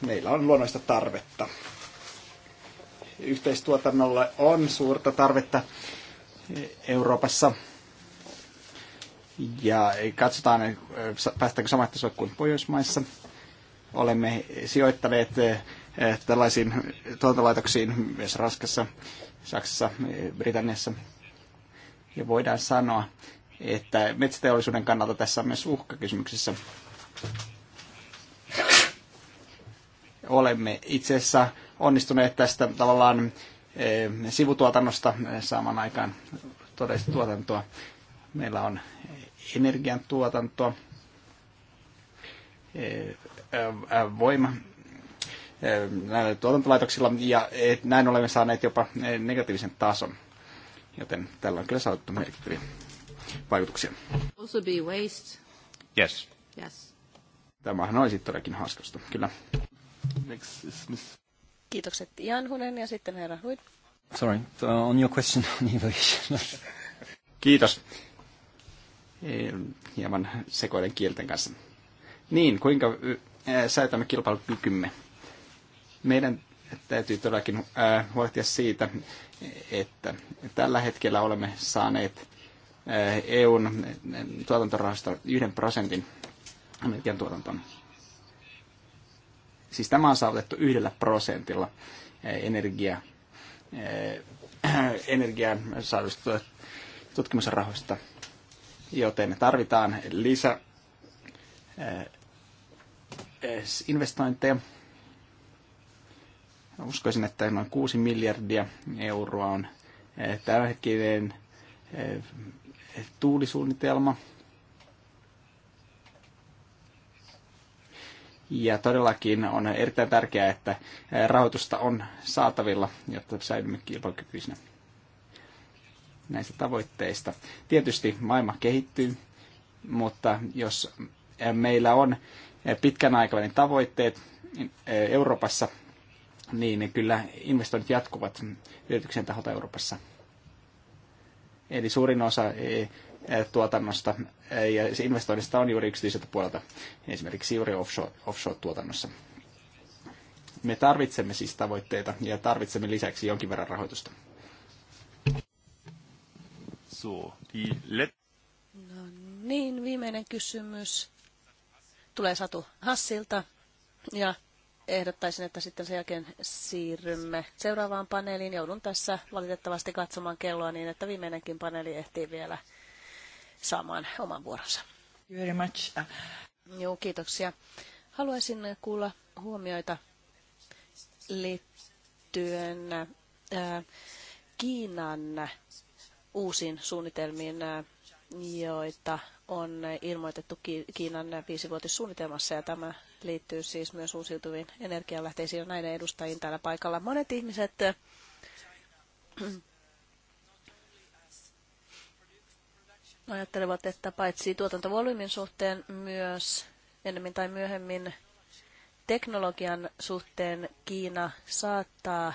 meillä on luonnollista tarvetta. Yhteistuotannolle on suurta tarvetta Euroopassa. Ja katsotaan, päästäänkö samat tasot kuin Pohjoismaissa. Olemme sijoittaneet eh, eh, tällaisiin tuotantolaitoksiin myös Raskassa, Saksassa, eh, Britanniassa. Ja voidaan sanoa, että metsäteollisuuden kannalta tässä on myös uhkakysymyksessä olemme itse asiassa onnistuneet tästä tavallaan eh, sivutuotannosta eh, saamaan aikaan todellista tuotantoa. Meillä on energiantuotantoa, eh, voima näillä tuotantolaitoksilla ja näin olemme saaneet jopa negatiivisen tason. Joten tällä on kyllä saavutettu merkittäviä vaikutuksia. Also be waste. Yes. Yes. Tämähän olisi todellakin haaskasta, kyllä. Next is Miss... Kiitokset Janhunen ja sitten herra Huid. Sorry, uh, on your question on evasion. Kiitos. Hieman sekoilen kielten kanssa. Niin, kuinka säätämme kilpailukykymme? Meidän täytyy todellakin huolehtia siitä, että tällä hetkellä olemme saaneet EUn tuotantorahasta yhden prosentin energiantuotantoon Siis tämä on saavutettu yhdellä prosentilla eh, energia, eh, energia saadusta tutkimusrahoista, joten tarvitaan lisä eh, investointeja. Uskoisin, että noin 6 miljardia euroa on tämänhetkinen tuulisuunnitelma – Ja todellakin on erittäin tärkeää, että rahoitusta on saatavilla, jotta säilymme kilpailukykyisinä näistä tavoitteista. Tietysti maailma kehittyy, mutta jos meillä on pitkän aikavälin tavoitteet niin, Euroopassa, niin kyllä investoinnit jatkuvat yrityksen taholta Euroopassa. Eli suurin osa tuotannosta ja investoinnista on juuri yksityiseltä puolelta, esimerkiksi juuri offshore-tuotannossa. Me tarvitsemme siis tavoitteita ja tarvitsemme lisäksi jonkin verran rahoitusta. So, No niin, viimeinen kysymys tulee Satu Hassilta ja ehdottaisin, että sitten sen jälkeen siirrymme seuraavaan paneeliin. Joudun tässä valitettavasti katsomaan kelloa niin, että viimeinenkin paneeli ehtii vielä saamaan oman vuoronsa. Very much. Joo, kiitoksia. Haluaisin kuulla huomioita liittyen ää, äh, Kiinan uusiin suunnitelmiin, äh, joita on ilmoitettu Kiinan viisivuotissuunnitelmassa ja tämä liittyy siis myös uusiutuviin energialähteisiin ja näiden edustajiin täällä paikalla. Monet ihmiset äh, ajattelevat, että paitsi tuotantovolyymin suhteen myös ennemmin tai myöhemmin teknologian suhteen Kiina saattaa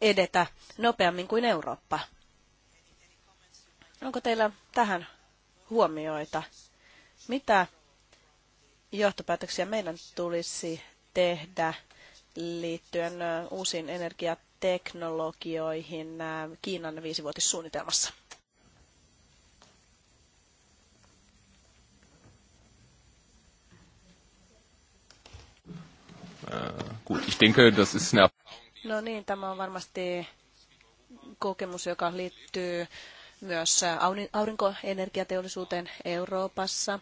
edetä nopeammin kuin Eurooppa. Onko teillä tähän huomioita? Mitä johtopäätöksiä meidän tulisi tehdä liittyen uusiin energiat teknologioihin Kiinan viisivuotissuunnitelmassa? Äh, no niin, tämä on varmasti kokemus, joka liittyy myös aurinkoenergiateollisuuteen Euroopassa.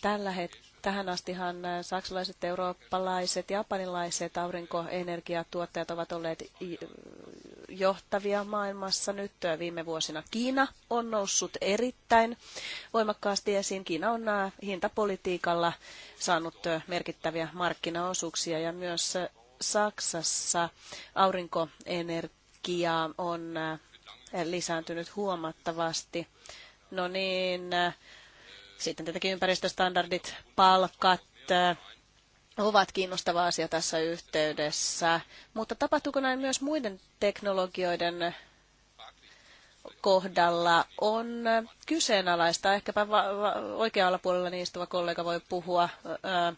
Tällä hetkellä Tähän astihan äh, saksalaiset, eurooppalaiset, japanilaiset aurinkoenergiatuottajat ovat olleet johtavia maailmassa. Nyt viime vuosina Kiina on noussut erittäin voimakkaasti esiin. Kiina on äh, hintapolitiikalla saanut äh, merkittäviä markkinaosuuksia ja myös Saksassa aurinkoenergia on lisääntynyt huomattavasti. No niin, sitten tietenkin ympäristöstandardit, palkat äh, ovat kiinnostava asia tässä yhteydessä. Mutta tapahtuuko näin myös muiden teknologioiden kohdalla on kyseenalaista. Ehkäpä oikealla puolella niin istuva kollega voi puhua ää, äh, äh,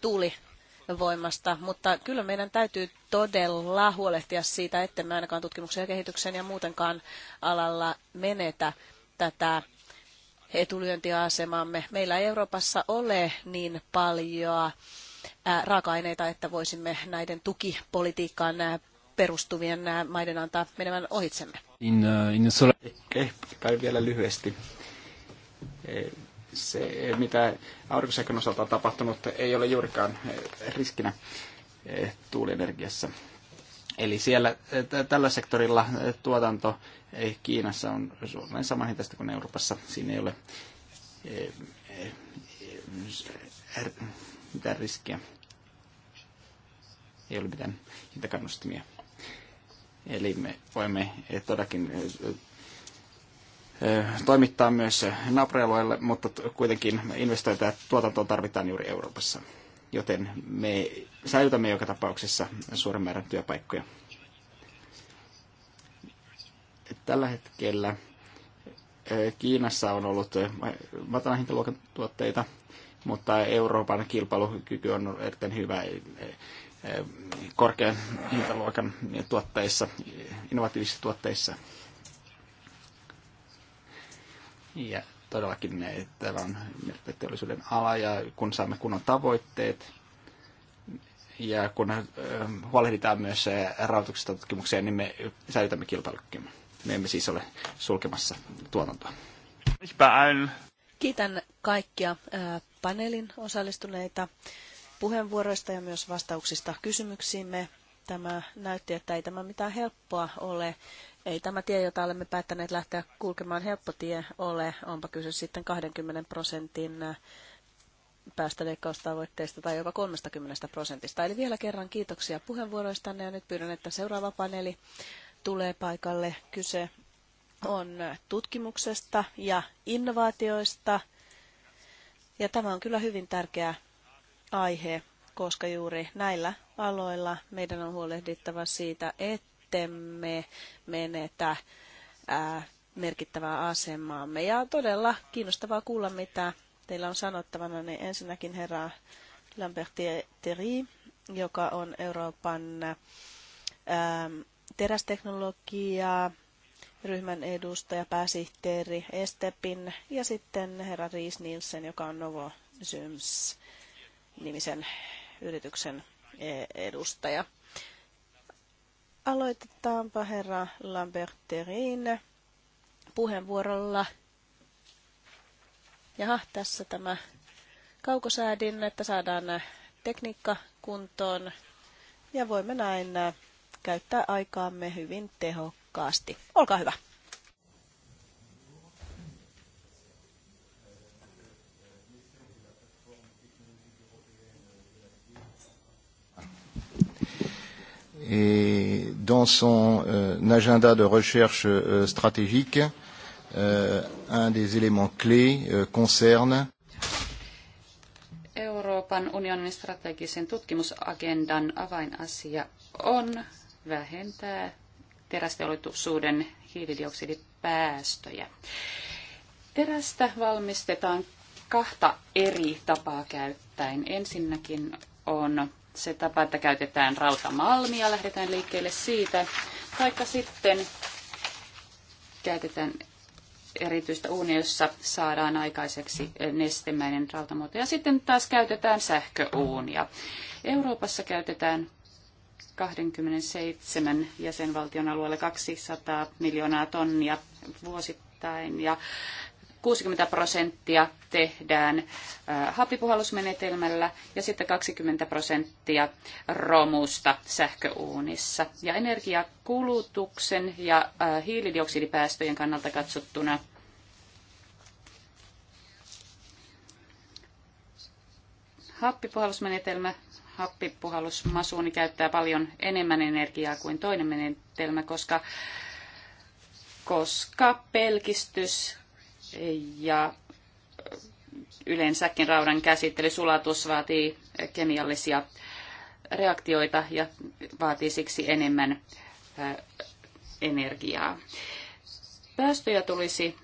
tuulivoimasta, mutta kyllä meidän täytyy todella huolehtia siitä, että me ainakaan tutkimuksen ja kehityksen ja muutenkaan alalla menetä tätä etulyöntiasemamme. Meillä ei Euroopassa ole niin paljon raaka-aineita, että voisimme näiden tukipolitiikkaan perustuvien maiden antaa menemään ohitsemme. In, uh, in sola... Ehkä vielä lyhyesti. E, se, mitä aurinkosähkön osalta on tapahtunut, ei ole juurikaan e, riskinä e, tuulienergiassa. Eli siellä tällä sektorilla tuotanto Kiinassa on Suomen sama hintaista kuin Euroopassa. Siinä ei ole e, e, e, er, mitään riskiä. Ei ole mitään hintakannustimia. Eli me voimme todellakin toimittaa myös naapurialueelle, mutta kuitenkin investointi ja tuotantoa tarvitaan juuri Euroopassa. Joten me säilytämme joka tapauksessa suuren määrän työpaikkoja. Tällä hetkellä eh, Kiinassa on ollut eh, matalan hintaluokan tuotteita, mutta Euroopan kilpailukyky on erittäin hyvä eh, korkean hintaluokan tuotteissa, innovatiivisissa tuotteissa. Ja todellakin tämä on teollisuuden ala ja kun saamme kunnon tavoitteet ja kun huolehditaan myös rahoituksesta tutkimukseen, niin me säilytämme kilpailukykymme. Me emme siis ole sulkemassa tuotantoa. Kiitän kaikkia paneelin osallistuneita puheenvuoroista ja myös vastauksista kysymyksiimme. Tämä näytti, että ei tämä mitään helppoa ole. Ei tämä tie, jota olemme päättäneet lähteä kulkemaan helppo tie ole, onpa kyse sitten 20 prosentin päästöleikkaustavoitteista tai jopa 30 prosentista. Eli vielä kerran kiitoksia puheenvuoroistanne ja nyt pyydän, että seuraava paneeli tulee paikalle. Kyse on tutkimuksesta ja innovaatioista. Ja tämä on kyllä hyvin tärkeä aihe, koska juuri näillä aloilla meidän on huolehdittava siitä, ettemme menetä ää, merkittävää asemaamme. Ja todella kiinnostavaa kuulla, mitä teillä on sanottavana. Niin ensinnäkin herra Lambert Thierry, joka on Euroopan ää, terästeknologiaa, ryhmän edustaja, pääsihteeri Estepin ja sitten herra Riis Nielsen, joka on Novo Syms nimisen yrityksen e, edustaja. Aloitetaanpa herra Lamberterin puheenvuorolla. Jaha, tässä tämä kaukosäädin, että saadaan tekniikka kuntoon ja voimme näin käyttää aikaamme hyvin tehokkaasti. Olkaa hyvä. et dans son euh, agenda de recherche euh, stratégique, euh, un des éléments clés euh, concerne Euroopan unionin strategisen tutkimusagendan avainasia on vähentää terästeollisuuden hiilidioksidipäästöjä. Terästä valmistetaan kahta eri tapaa käyttäen. Ensinnäkin on se tapa, että käytetään rautamalmia, lähdetään liikkeelle siitä, taikka sitten käytetään erityistä uunia, jossa saadaan aikaiseksi nestemäinen rautamuoto. Ja sitten taas käytetään sähköuunia. Euroopassa käytetään 27 jäsenvaltion alueelle 200 miljoonaa tonnia vuosittain ja 60 prosenttia tehdään happipuhallusmenetelmällä ja sitten 20 prosenttia romusta sähköuunissa. Ja energiakulutuksen ja hiilidioksidipäästöjen kannalta katsottuna happipuhallusmenetelmä happipuhallusmasuuni käyttää paljon enemmän energiaa kuin toinen menetelmä, koska, koska pelkistys ja yleensäkin raudan käsittely, sulatus vaatii kemiallisia reaktioita ja vaatii siksi enemmän energiaa. Päästöjä tulisi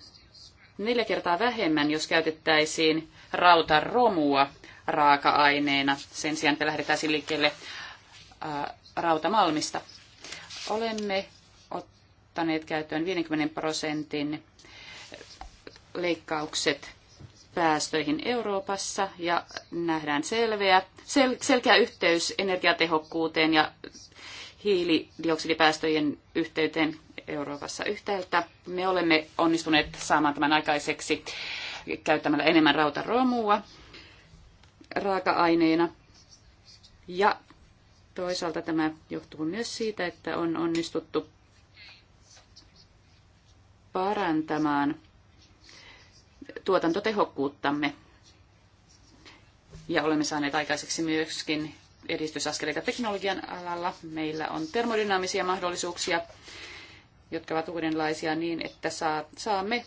neljä kertaa vähemmän, jos käytettäisiin rautaromua raaka-aineena. Sen sijaan, me lähdetään silikkeelle siis rautamalmista. Olemme ottaneet käyttöön 50 prosentin leikkaukset päästöihin Euroopassa ja nähdään selveä, sel, selkeä yhteys energiatehokkuuteen ja hiilidioksidipäästöjen yhteyteen Euroopassa yhtäältä. Me olemme onnistuneet saamaan tämän aikaiseksi käyttämällä enemmän rautaromua raaka-aineena. Ja toisaalta tämä johtuu myös siitä, että on onnistuttu parantamaan tuotantotehokkuuttamme. Ja olemme saaneet aikaiseksi myöskin edistysaskeleita teknologian alalla. Meillä on termodynaamisia mahdollisuuksia, jotka ovat uudenlaisia niin, että saamme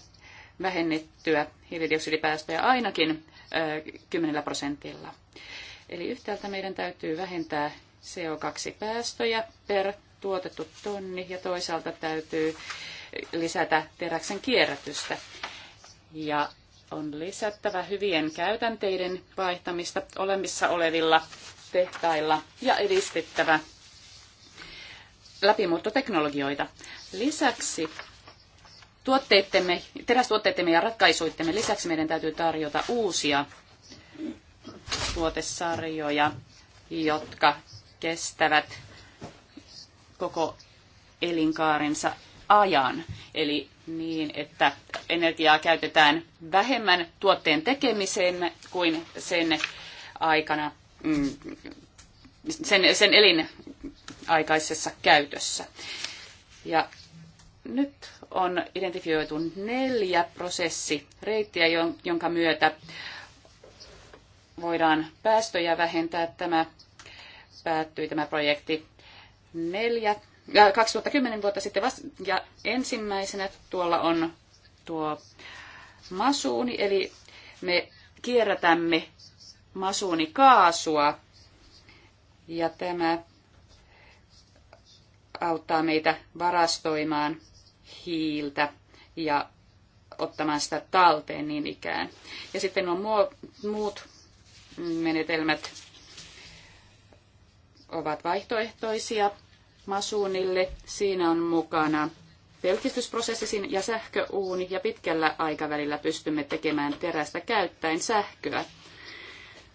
vähennettyä hiilidioksidipäästöjä ainakin 10 prosentilla. Eli yhtäältä meidän täytyy vähentää CO2-päästöjä per tuotettu tonni ja toisaalta täytyy lisätä teräksen kierrätystä. Ja on lisättävä hyvien käytänteiden vaihtamista olemissa olevilla tehtailla ja edistettävä läpimurtoteknologioita. Lisäksi Tuotteittemme, terästuotteittemme ja ratkaisuittemme lisäksi meidän täytyy tarjota uusia tuotesarjoja, jotka kestävät koko elinkaarensa ajan. Eli niin, että energiaa käytetään vähemmän tuotteen tekemiseen kuin sen aikana, mm, sen, sen elinaikaisessa käytössä. Ja nyt on identifioitu neljä prosessireittiä, jonka myötä voidaan päästöjä vähentää. Tämä päättyi tämä projekti neljä, 2010 äh, vuotta sitten vasta, ja ensimmäisenä tuolla on tuo masuuni, eli me kierrätämme masuunikaasua ja tämä auttaa meitä varastoimaan hiiltä ja ottamaan sitä talteen niin ikään. Ja sitten nuo muut menetelmät ovat vaihtoehtoisia masuunille. Siinä on mukana pelkistysprosessin ja sähköuuni ja pitkällä aikavälillä pystymme tekemään terästä käyttäen sähköä.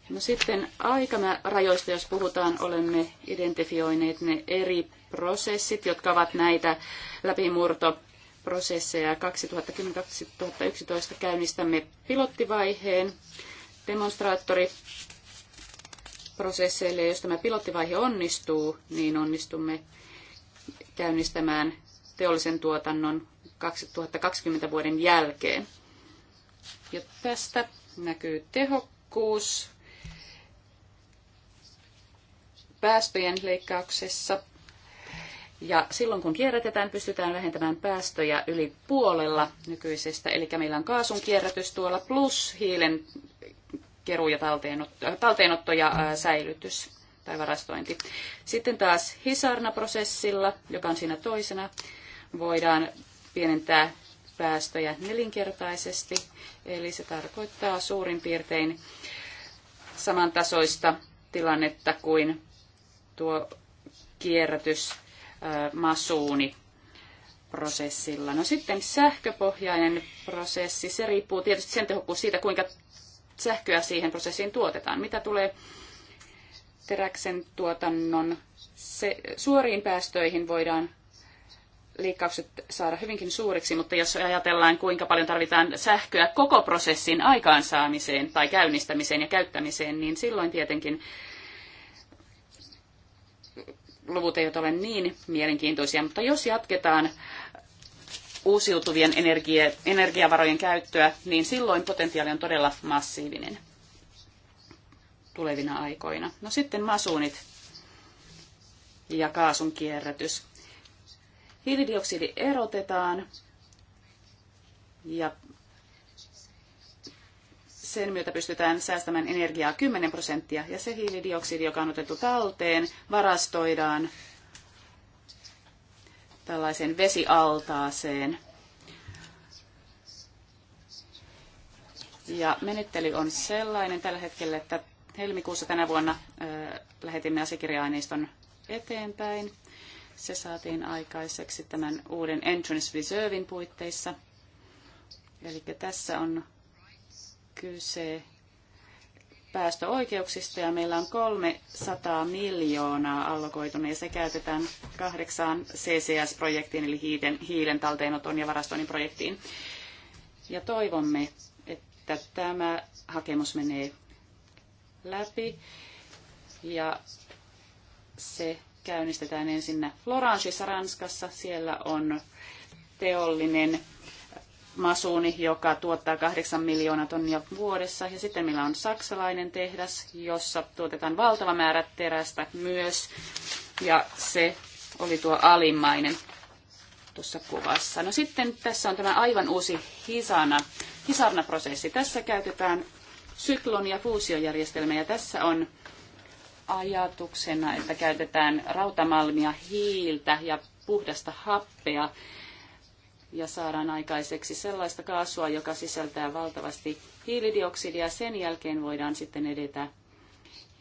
No sitten aikamäärajoista, jos puhutaan, olemme identifioineet ne eri prosessit, jotka ovat näitä läpimurtoprosesseja. 2010-2011 käynnistämme pilottivaiheen demonstraattori prosesseille. Ja jos tämä pilottivaihe onnistuu, niin onnistumme käynnistämään teollisen tuotannon 2020 vuoden jälkeen. Ja tästä näkyy tehokkuus päästöjen leikkauksessa ja silloin kun kierrätetään, pystytään vähentämään päästöjä yli puolella nykyisestä. Eli meillä on kaasun kierrätys tuolla plus hiilen keru ja talteenotto, äh, talteenotto ja äh, säilytys tai varastointi. Sitten taas Hisarna-prosessilla, joka on siinä toisena, voidaan pienentää päästöjä nelinkertaisesti. Eli se tarkoittaa suurin piirtein samantasoista tilannetta kuin tuo kierrätys masuuni prosessilla. No sitten sähköpohjainen prosessi, se riippuu tietysti sen tehokkuus siitä, kuinka sähköä siihen prosessiin tuotetaan. Mitä tulee teräksen tuotannon se, suoriin päästöihin voidaan liikkaukset saada hyvinkin suuriksi, mutta jos ajatellaan, kuinka paljon tarvitaan sähköä koko prosessin aikaansaamiseen tai käynnistämiseen ja käyttämiseen, niin silloin tietenkin luvut eivät ole niin mielenkiintoisia, mutta jos jatketaan uusiutuvien energia, energiavarojen käyttöä, niin silloin potentiaali on todella massiivinen tulevina aikoina. No sitten masuunit ja kaasun kierrätys. Hiilidioksidi erotetaan ja sen myötä pystytään säästämään energiaa 10 prosenttia ja se hiilidioksidi, joka on otettu talteen, varastoidaan tällaiseen vesialtaaseen. Ja menettely on sellainen tällä hetkellä, että helmikuussa tänä vuonna äh, lähetimme asiakirja-aineiston eteenpäin. Se saatiin aikaiseksi tämän uuden Entrance Reservin puitteissa. Eli tässä on kyse päästöoikeuksista ja meillä on 300 miljoonaa allokoituneet ja se käytetään kahdeksaan CCS-projektiin eli hiilen, hiilen talteenoton ja varastoinnin projektiin. Ja toivomme, että tämä hakemus menee läpi ja se käynnistetään ensinnä Florangeissa Ranskassa. Siellä on teollinen masuuni, joka tuottaa 8 miljoonaa tonnia vuodessa. Ja sitten meillä on saksalainen tehdas, jossa tuotetaan valtava määrä terästä myös. Ja se oli tuo alimmainen tuossa kuvassa. No sitten tässä on tämä aivan uusi hisana, hisarna-prosessi. Tässä käytetään syklon- ja fuusiojärjestelmä ja tässä on ajatuksena, että käytetään rautamalmia, hiiltä ja puhdasta happea ja saadaan aikaiseksi sellaista kaasua, joka sisältää valtavasti hiilidioksidia. Sen jälkeen voidaan sitten edetä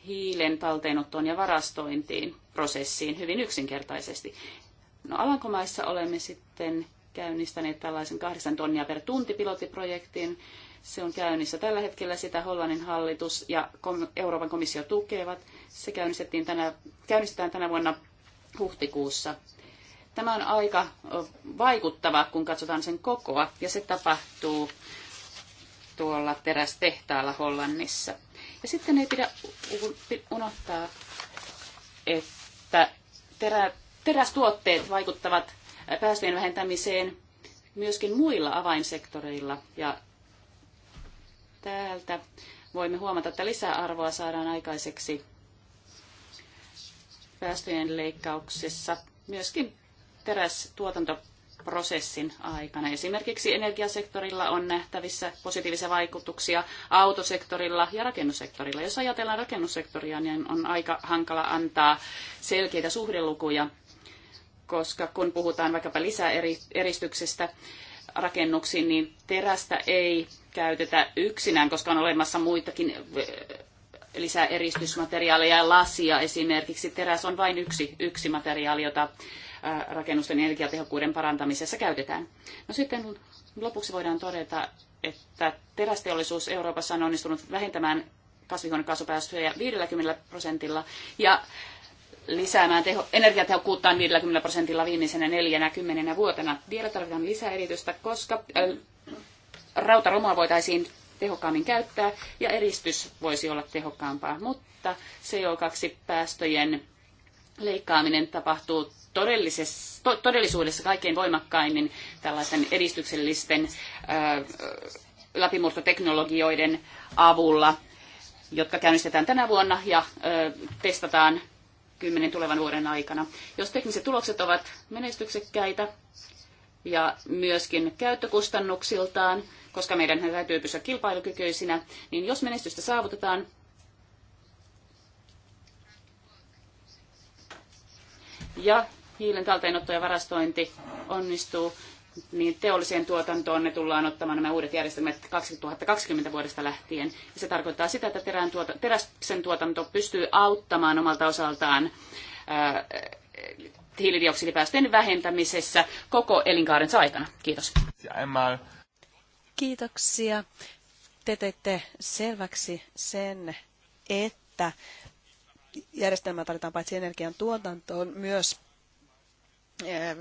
hiilen talteenottoon ja varastointiin prosessiin hyvin yksinkertaisesti. No Alankomaissa olemme sitten käynnistäneet tällaisen kahdeksan tonnia per tunti pilottiprojektin. Se on käynnissä tällä hetkellä, sitä Hollannin hallitus ja Euroopan komissio tukevat. Se käynnistettiin tänä, käynnistetään tänä vuonna huhtikuussa Tämä on aika vaikuttava, kun katsotaan sen kokoa, ja se tapahtuu tuolla terästehtaalla Hollannissa. Ja sitten ei pidä unohtaa, että terä, terästuotteet vaikuttavat päästöjen vähentämiseen myöskin muilla avainsektoreilla. Ja täältä voimme huomata, että lisäarvoa saadaan aikaiseksi päästöjen leikkauksessa myöskin terästuotantoprosessin aikana. Esimerkiksi energiasektorilla on nähtävissä positiivisia vaikutuksia autosektorilla ja rakennussektorilla. Jos ajatellaan rakennussektoria, niin on aika hankala antaa selkeitä suhdelukuja, koska kun puhutaan vaikkapa lisäeristyksestä, rakennuksiin, niin terästä ei käytetä yksinään, koska on olemassa muitakin eh, lisää eristysmateriaaleja ja lasia esimerkiksi. Teräs on vain yksi, yksi materiaali, jota rakennusten energiatehokkuuden parantamisessa käytetään. No sitten lopuksi voidaan todeta, että terästeollisuus Euroopassa on onnistunut vähentämään kasvihuonekaasupäästöjä 50 prosentilla ja lisäämään teho, energiatehokkuuttaan 50 prosentilla viimeisenä neljänä kymmenenä vuotena. Vielä tarvitaan lisää eritystä, koska rautaromaa voitaisiin tehokkaammin käyttää ja eristys voisi olla tehokkaampaa, mutta CO2-päästöjen leikkaaminen tapahtuu todellisessa, todellisuudessa kaikkein voimakkaimmin tällaisten edistyksellisten ää, läpimurtoteknologioiden avulla, jotka käynnistetään tänä vuonna ja ää, testataan kymmenen tulevan vuoden aikana. Jos tekniset tulokset ovat menestyksekkäitä ja myöskin käyttökustannuksiltaan, koska meidän täytyy pysyä kilpailukykyisinä, niin jos menestystä saavutetaan, ja hiilen talteenotto ja varastointi onnistuu, niin teolliseen tuotantoon ne tullaan ottamaan nämä uudet järjestelmät 2020 vuodesta lähtien. Ja se tarkoittaa sitä, että terän tuota, teräksen tuotanto pystyy auttamaan omalta osaltaan ää, äh, hiilidioksidipäästöjen vähentämisessä koko elinkaarensa aikana. Kiitos. Kiitoksia. Te teitte selväksi sen, että järjestelmää tarvitaan paitsi energian tuotantoon myös eh,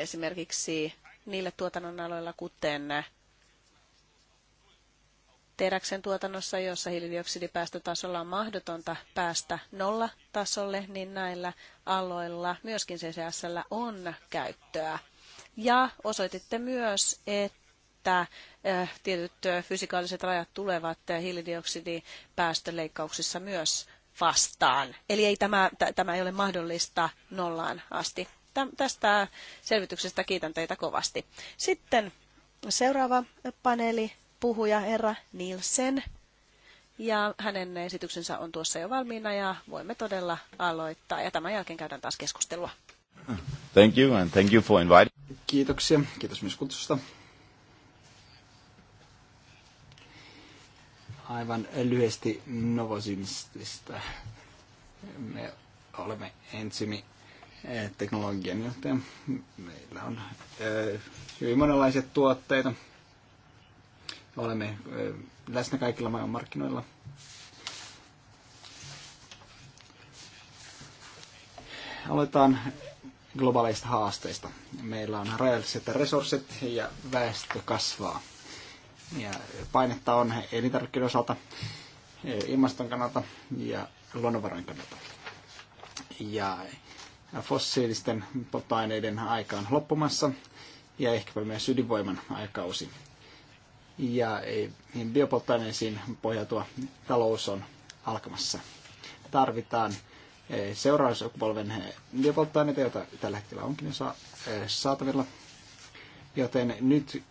esimerkiksi niillä tuotannon aloilla, kuten teräksen tuotannossa, jossa hiilidioksidipäästötasolla on mahdotonta päästä nolla tasolle, niin näillä aloilla myöskin CCS on käyttöä. Ja osoititte myös, että eh, tietyt eh, fysikaaliset rajat tulevat hiilidioksidipäästöleikkauksissa myös vastaan. Eli ei tämä, tämä ei ole mahdollista nollaan asti. Tästä selvityksestä kiitän teitä kovasti. Sitten seuraava paneeli puhuja herra Nielsen. Ja hänen esityksensä on tuossa jo valmiina ja voimme todella aloittaa. Ja tämän jälkeen käydään taas keskustelua. Thank you and thank you for inviting. Kiitoksia. Kiitos myös kutsusta. Aivan lyhyesti Novosymististä. Me olemme ensimi eh, teknologian johtaja. Meillä on eh, hyvin monenlaisia tuotteita. Olemme eh, läsnä kaikilla maailman markkinoilla. Aloitetaan globaaleista haasteista. Meillä on rajalliset resurssit ja väestö kasvaa ja painetta on elintarvikkeiden osalta, e, ilmaston kannalta ja luonnonvarojen kannalta. Ja fossiilisten polttoaineiden aika on loppumassa ja ehkäpä myös ydinvoiman aikausi. Ja e, niin biopolttoaineisiin pohjautua talous on alkamassa. Tarvitaan e, seuraavan sukupolven biopolttoaineita, joita tällä hetkellä onkin saatavilla. Joten nyt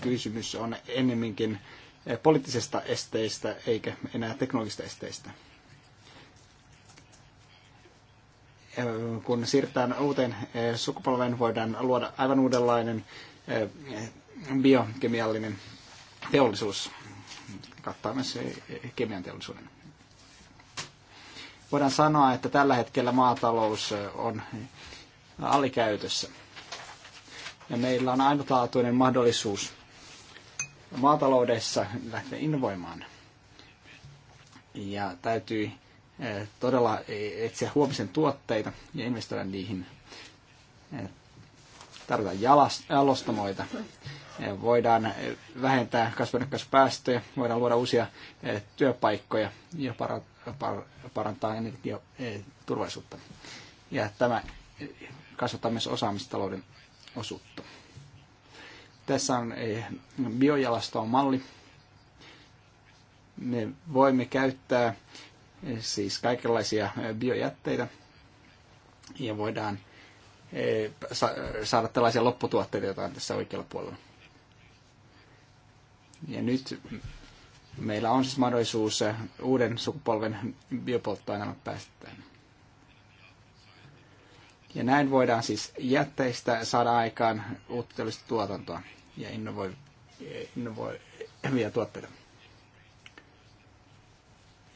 kysymys on ennemminkin eh, poliittisesta esteistä eikä enää teknologisista esteistä. Eh, kun siirrytään uuteen eh, sukupolveen, voidaan luoda aivan uudenlainen biokemiallinen teollisuus, kattaa myös kemian teollisuuden. Voidaan sanoa, että tällä hetkellä maatalous on alikäytössä. Ja meillä on ainutlaatuinen mahdollisuus maataloudessa lähteä innovoimaan. Ja täytyy eh, todella etsiä huomisen tuotteita ja investoida niihin. Eh, Tarvitaan jalostamoita. Eh, voidaan vähentää kasvihuonekaasupäästöjä, voidaan luoda uusia työpaikkoja ja parantaa energiaturvallisuutta. Ja tämä kasvattaa myös osaamistalouden osuutta. Tässä on eh, biojalastoon malli. Me voimme käyttää eh, siis kaikenlaisia eh, biojätteitä ja voidaan saada tällaisia lopputuotteita, joita on tässä oikealla puolella. Ja nyt meillä on siis mahdollisuus uuden sukupolven biopolttoaineella päästään. Ja näin voidaan siis jätteistä saada aikaan uutta tuotantoa ja innovoivia tuotteita.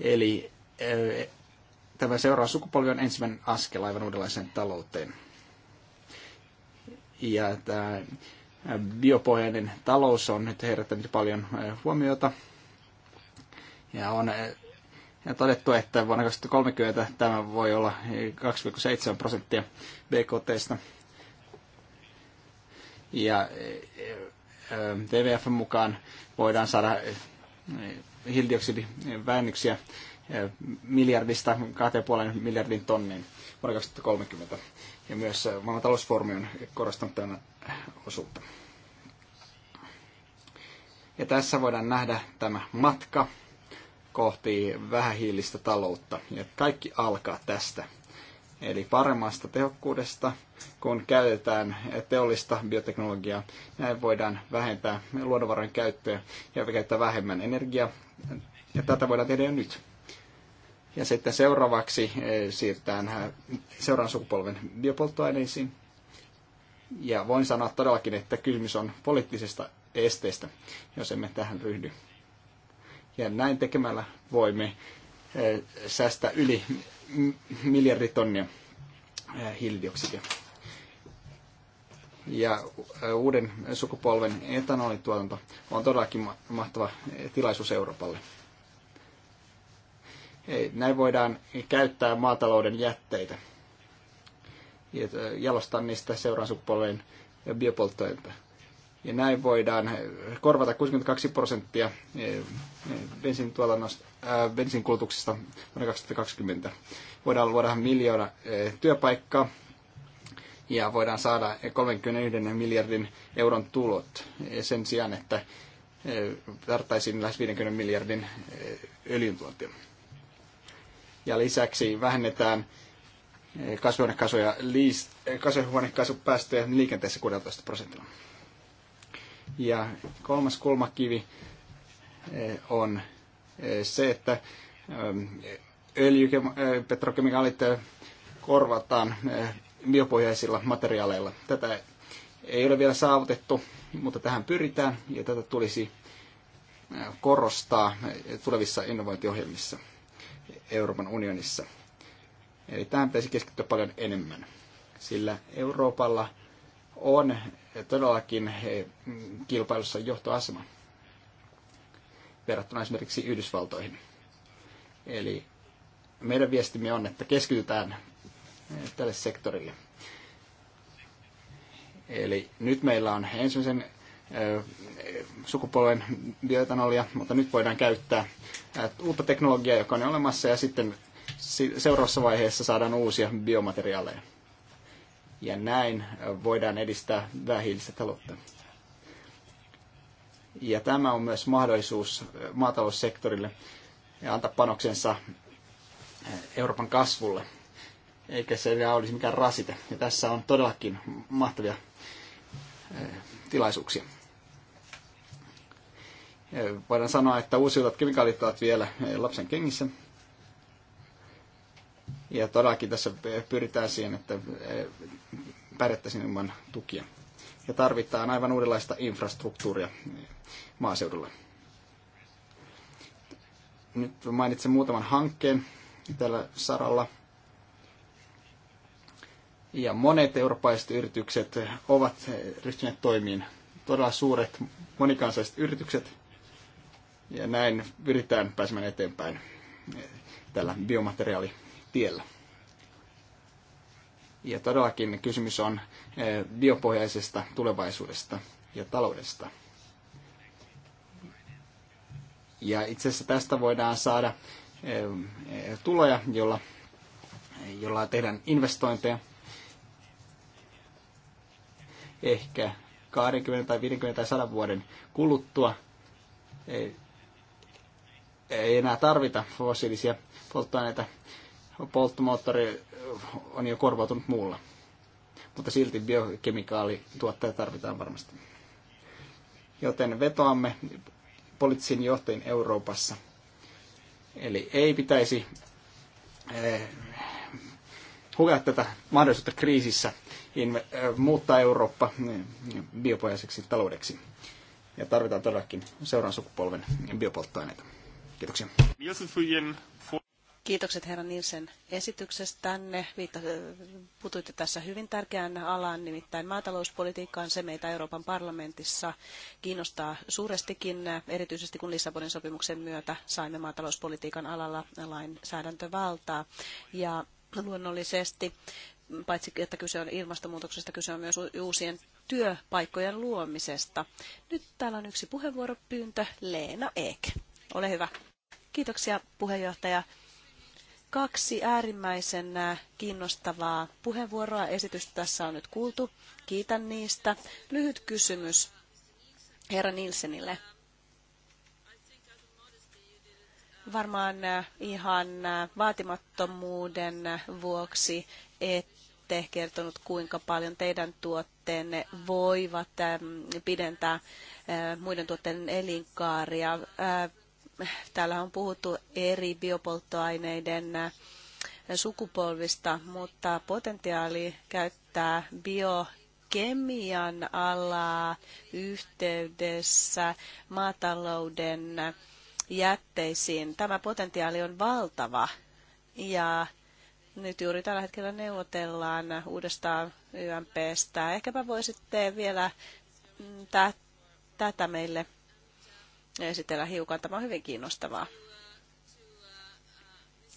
Eli eh, tämä seuraava sukupolvi on ensimmäinen askel aivan uudenlaiseen talouteen. Ja tämä biopohjainen talous on nyt herättänyt paljon eh, huomiota ja on eh, ja todettu, että vuonna 2030 tämä voi olla 2,7 prosenttia BKTstä. Ja TVF e, e, mukaan voidaan saada e, hiilidioksidivähennyksiä miljardista 2,5 miljardin tonniin vuonna 2030. Ja myös maailman talousfoorumi on korostanut tämän osuutta. Ja tässä voidaan nähdä tämä matka, kohti vähähiilistä taloutta. Ja kaikki alkaa tästä. Eli paremmasta tehokkuudesta, kun käytetään teollista bioteknologiaa. Näin voidaan vähentää luonnonvarojen käyttöä ja käyttää vähemmän energiaa. Ja tätä voidaan tehdä jo nyt. Ja sitten seuraavaksi eh, siirrytään eh, seuraavan sukupolven biopolttoaineisiin. Ja voin sanoa todellakin, että kysymys on poliittisesta esteestä, jos emme tähän ryhdy. Ja näin tekemällä voimme eh, säästää yli miljarditonnia eh, hiilidioksidia. Ja eh, uuden sukupolven etanolituotanto on todellakin mahtava tilaisuus Euroopalle. Näin voidaan käyttää maatalouden jätteitä ja jalostaa niistä seuraan sukupolven biopolttoaineita ja näin voidaan korvata 62 prosenttia eh, eh, eh, bensiinkulutuksesta vuonna 2020. Voidaan luoda miljoona työpaikkaa ja voidaan saada 31 miljardin euron tulot sen sijaan, että tarttaisiin lähes 50 miljardin öljyntuontia. Ja lisäksi vähennetään kasvihuonekasvupäästöjä liikenteessä 16 prosentilla. Ja kolmas kulmakivi eh, on eh, se, että ehm, öljy, eh, petrokemikaalit korvataan biopohjaisilla materiaaleilla. Tätä ei ole vielä saavutettu, mutta tähän pyritään ja tätä tulisi korostaa tulevissa innovaatiohjelmissa Euroopan unionissa. Eli tähän pitäisi keskittyä paljon enemmän, sillä Euroopalla on todellakin mm, kilpailussa johtoasema verrattuna esimerkiksi Yhdysvaltoihin. Eli meidän viestimme on, että keskitytään eh, tälle sektorille. Eli nyt meillä on ensimmäisen eh, sukupolven bioetanolia, mutta nyt voidaan käyttää eh, uutta teknologiaa, joka on olemassa, ja sitten seuraavassa vaiheessa saadaan uusia biomateriaaleja ja näin voidaan edistää vähähiilistä taloutta. Ja tämä on myös mahdollisuus äh, maataloussektorille ja antaa panoksensa äh, Euroopan kasvulle, eikä se vielä olisi mikään rasite. Ja tässä on todellakin mahtavia äh, tilaisuuksia. Voidaan sanoa, että uusiutat kemikaalit ovat vielä lapsen kengissä, ja todellakin tässä pyritään siihen, että eh, pärjättäisiin ilman tukia. Ja tarvitaan aivan uudenlaista infrastruktuuria maaseudulla. Nyt mainitsen muutaman hankkeen tällä saralla. Ja monet eurooppalaiset yritykset ovat ryhtyneet toimiin. Todella suuret monikansalliset yritykset. Ja näin pyritään pääsemään eteenpäin tällä biomateriaali tiellä. Ja todellakin kysymys on eh, biopohjaisesta tulevaisuudesta ja taloudesta. Ja itse asiassa tästä voidaan saada eh, tuloja, jolla, jolla tehdään investointeja. Ehkä 20 tai 50 tai 100 vuoden kuluttua ei, eh, ei enää tarvita fossiilisia polttoaineita polttomoottori on jo korvautunut muulla. Mutta silti biokemikaalituotteita tarvitaan varmasti. Joten vetoamme poliittisiin johtajiin Euroopassa. Eli ei pitäisi eh, hukea tätä mahdollisuutta kriisissä eh, muuttaa Eurooppa niin, niin biopohjaiseksi taloudeksi. Ja tarvitaan todellakin seuraan sukupolven biopolttoaineita. Kiitoksia. Kiitokset herra Nielsen esityksestänne. Putuitte tässä hyvin tärkeään alaan, nimittäin maatalouspolitiikkaan. Se meitä Euroopan parlamentissa kiinnostaa suurestikin, erityisesti kun Lissabonin sopimuksen myötä saimme maatalouspolitiikan alalla lainsäädäntövaltaa. Ja luonnollisesti paitsi että kyse on ilmastonmuutoksesta, kyse on myös uusien työpaikkojen luomisesta. Nyt täällä on yksi puheenvuoropyyntö, Leena Eek. Ole hyvä. Kiitoksia puheenjohtaja kaksi äärimmäisen kiinnostavaa puheenvuoroa. Esitystä tässä on nyt kuultu. Kiitän niistä. Lyhyt kysymys herra Nilsenille. Varmaan ihan vaatimattomuuden vuoksi, ette kertonut kuinka paljon teidän tuotteenne voivat pidentää muiden tuotteiden elinkaaria. Täällä on puhuttu eri biopolttoaineiden äh, sukupolvista, mutta potentiaali käyttää biokemian alaa yhteydessä maatalouden äh, jätteisiin. Tämä potentiaali on valtava ja nyt juuri tällä hetkellä neuvotellaan uudestaan YMPstä. Ehkäpä voisitte vielä mm, tätä meille esitellä hiukan. Tämä on hyvin kiinnostavaa.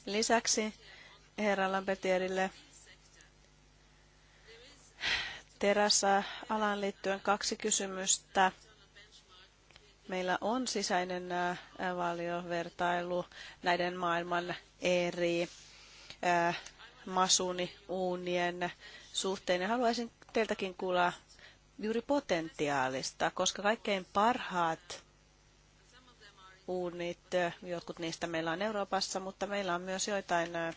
Lisäksi herra Lampetierille terässä alan liittyen kaksi kysymystä. Meillä on sisäinen valiovertailu näiden maailman eri masuniuunien suhteen. Ja haluaisin teiltäkin kuulla juuri potentiaalista, koska kaikkein parhaat uunit. Eh, jotkut niistä meillä on Euroopassa, mutta meillä on myös joitain, eh,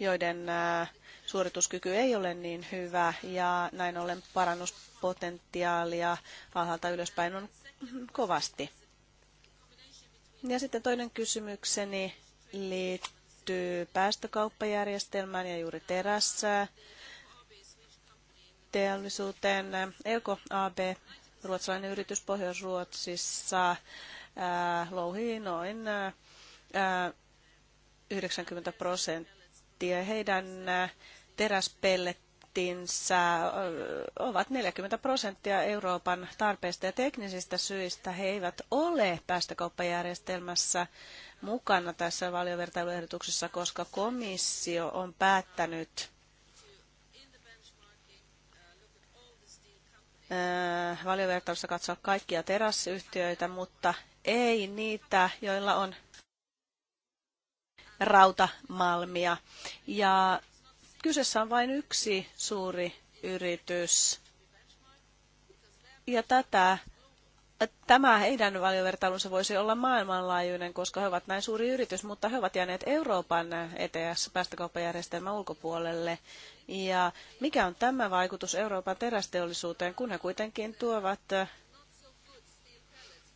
joiden eh, suorituskyky ei ole niin hyvä ja näin ollen parannuspotentiaalia alhaalta ylöspäin on kovasti. Ja sitten toinen kysymykseni liittyy päästökauppajärjestelmään ja juuri terässä teollisuuteen. Elko AB ruotsalainen yritys Pohjois-Ruotsissa äh, louhii noin 90 äh, äh, prosenttia. Heidän teräspellettinsä ovat 40 prosenttia Euroopan tarpeista ja teknisistä syistä. He eivät ole päästökauppajärjestelmässä mukana tässä valiovertailuehdotuksessa, koska komissio on päättänyt Äh, valiovertailussa katsoa kaikkia terassiyhtiöitä, mutta ei niitä, joilla on rautamalmia. Ja kyseessä on vain yksi suuri yritys. Ja tätä, tämä heidän valiovertailunsa voisi olla maailmanlaajuinen, koska he ovat näin suuri yritys, mutta he ovat jääneet Euroopan ETS-päästökauppajärjestelmän ulkopuolelle. Ja mikä on tämä vaikutus Euroopan terästeollisuuteen, kun he kuitenkin tuovat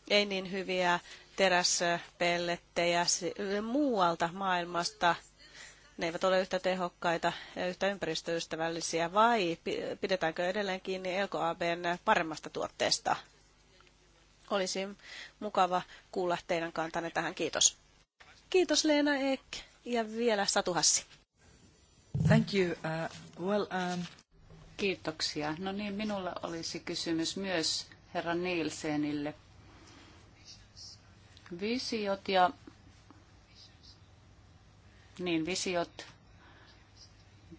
ei niin hyviä teräspellettejä muualta maailmasta. Ne eivät ole yhtä tehokkaita ja yhtä ympäristöystävällisiä, vai pidetäänkö edelleen kiinni LKABn paremmasta tuotteesta? Olisi mukava kuulla teidän kantanne tähän. Kiitos. Kiitos Leena Ek ja vielä Satu Hassi. Thank you. Uh, well, um... Kiitoksia. No niin, minulla olisi kysymys myös herra Nielsenille. Visiot ja niin, visiot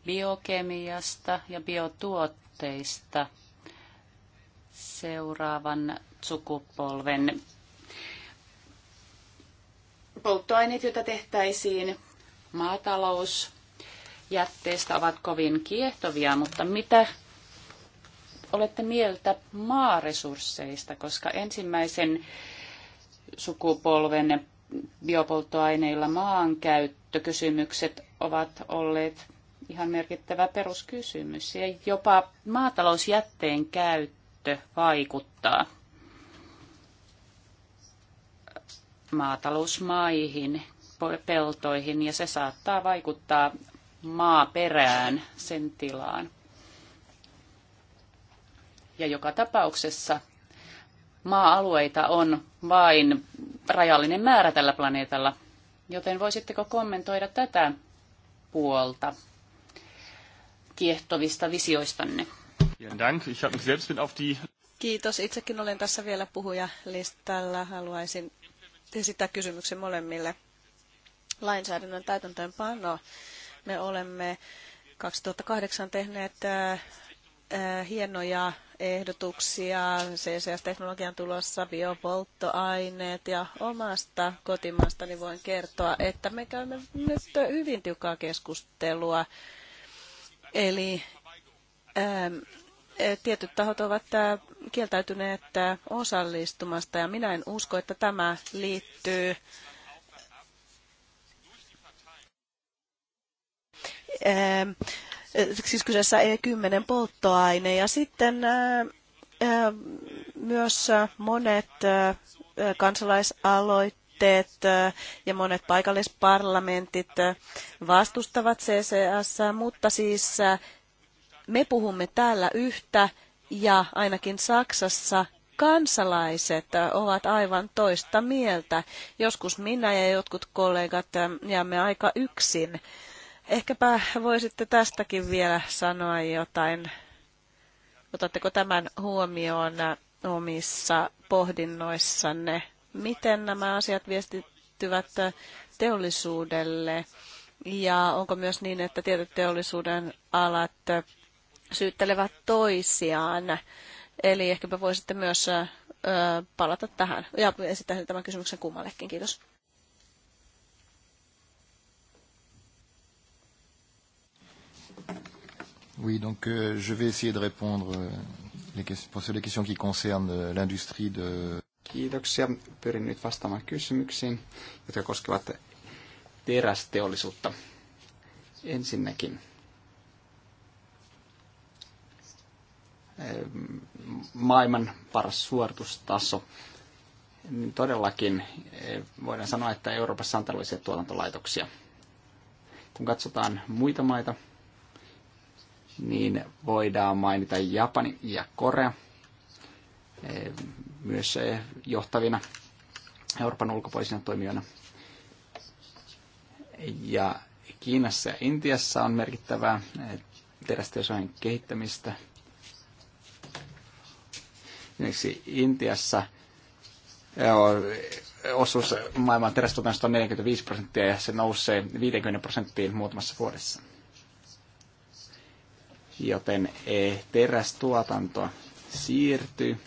biokemiasta ja biotuotteista seuraavan sukupolven polttoaineet, joita tehtäisiin, maatalous, jätteistä ovat kovin kiehtovia, mutta mitä olette mieltä maaresursseista, koska ensimmäisen sukupolven biopolttoaineilla maankäyttökysymykset ovat olleet ihan merkittävä peruskysymys. Ja jopa maatalousjätteen käyttö vaikuttaa maatalousmaihin, peltoihin ja se saattaa vaikuttaa maaperään, sen tilaan. Ja joka tapauksessa maa-alueita on vain rajallinen määrä tällä planeetalla, joten voisitteko kommentoida tätä puolta kiehtovista visioistanne? Kiitos. Itsekin olen tässä vielä puhujalistalla. Haluaisin esittää kysymyksen molemmille. Lainsäädännön täytäntöönpano me olemme 2008 tehneet äh, äh, hienoja ehdotuksia. CCS-teknologian tulossa biopolttoaineet ja omasta kotimaastani voin kertoa, että me käymme nyt hyvin tiukkaa keskustelua. Eli ähm, tietyt tahot ovat äh, kieltäytyneet osallistumasta ja minä en usko, että tämä liittyy siis kyseessä E10 polttoaine ja sitten ehm, ehm, myös eh, monet eh, kansalaisaloitteet eh, ja monet paikallisparlamentit vastustavat CCS, mutta siis me puhumme täällä yhtä ja ainakin Saksassa kansalaiset ovat aivan toista mieltä. Joskus minä ja jotkut kollegat jäämme aika yksin Ehkäpä voisitte tästäkin vielä sanoa jotain. Otatteko tämän huomioon omissa pohdinnoissanne? Miten nämä asiat viestittyvät teollisuudelle? Ja onko myös niin, että tietyt teollisuuden alat syyttelevät toisiaan? Eli ehkäpä voisitte myös palata tähän ja esittää tämän kysymyksen kummallekin. Kiitos. Oui, donc euh, je vais essayer de répondre euh, les questions, sur les questions qui concernent euh, l'industrie de... Kiitoksia. Pyrin nyt vastaamaan kysymyksiin, jotka koskevat terästeollisuutta. Ensinnäkin ähm, maailman paras suoritustaso. Niin todellakin äh, voidaan sanoa, että Euroopassa on tällaisia tuotantolaitoksia. Kun katsotaan muita maita, niin voidaan mainita Japani ja Korea eh, myös eh, johtavina Euroopan ulkopuolisina toimijoina. Ja Kiinassa ja Intiassa on merkittävää eh, terästeosojen kehittämistä. Esimerkiksi Intiassa osuus maailman terästuotannosta on 45 prosenttia ja se nousee 50 prosenttiin muutamassa vuodessa joten eh, terästuotanto siirtyy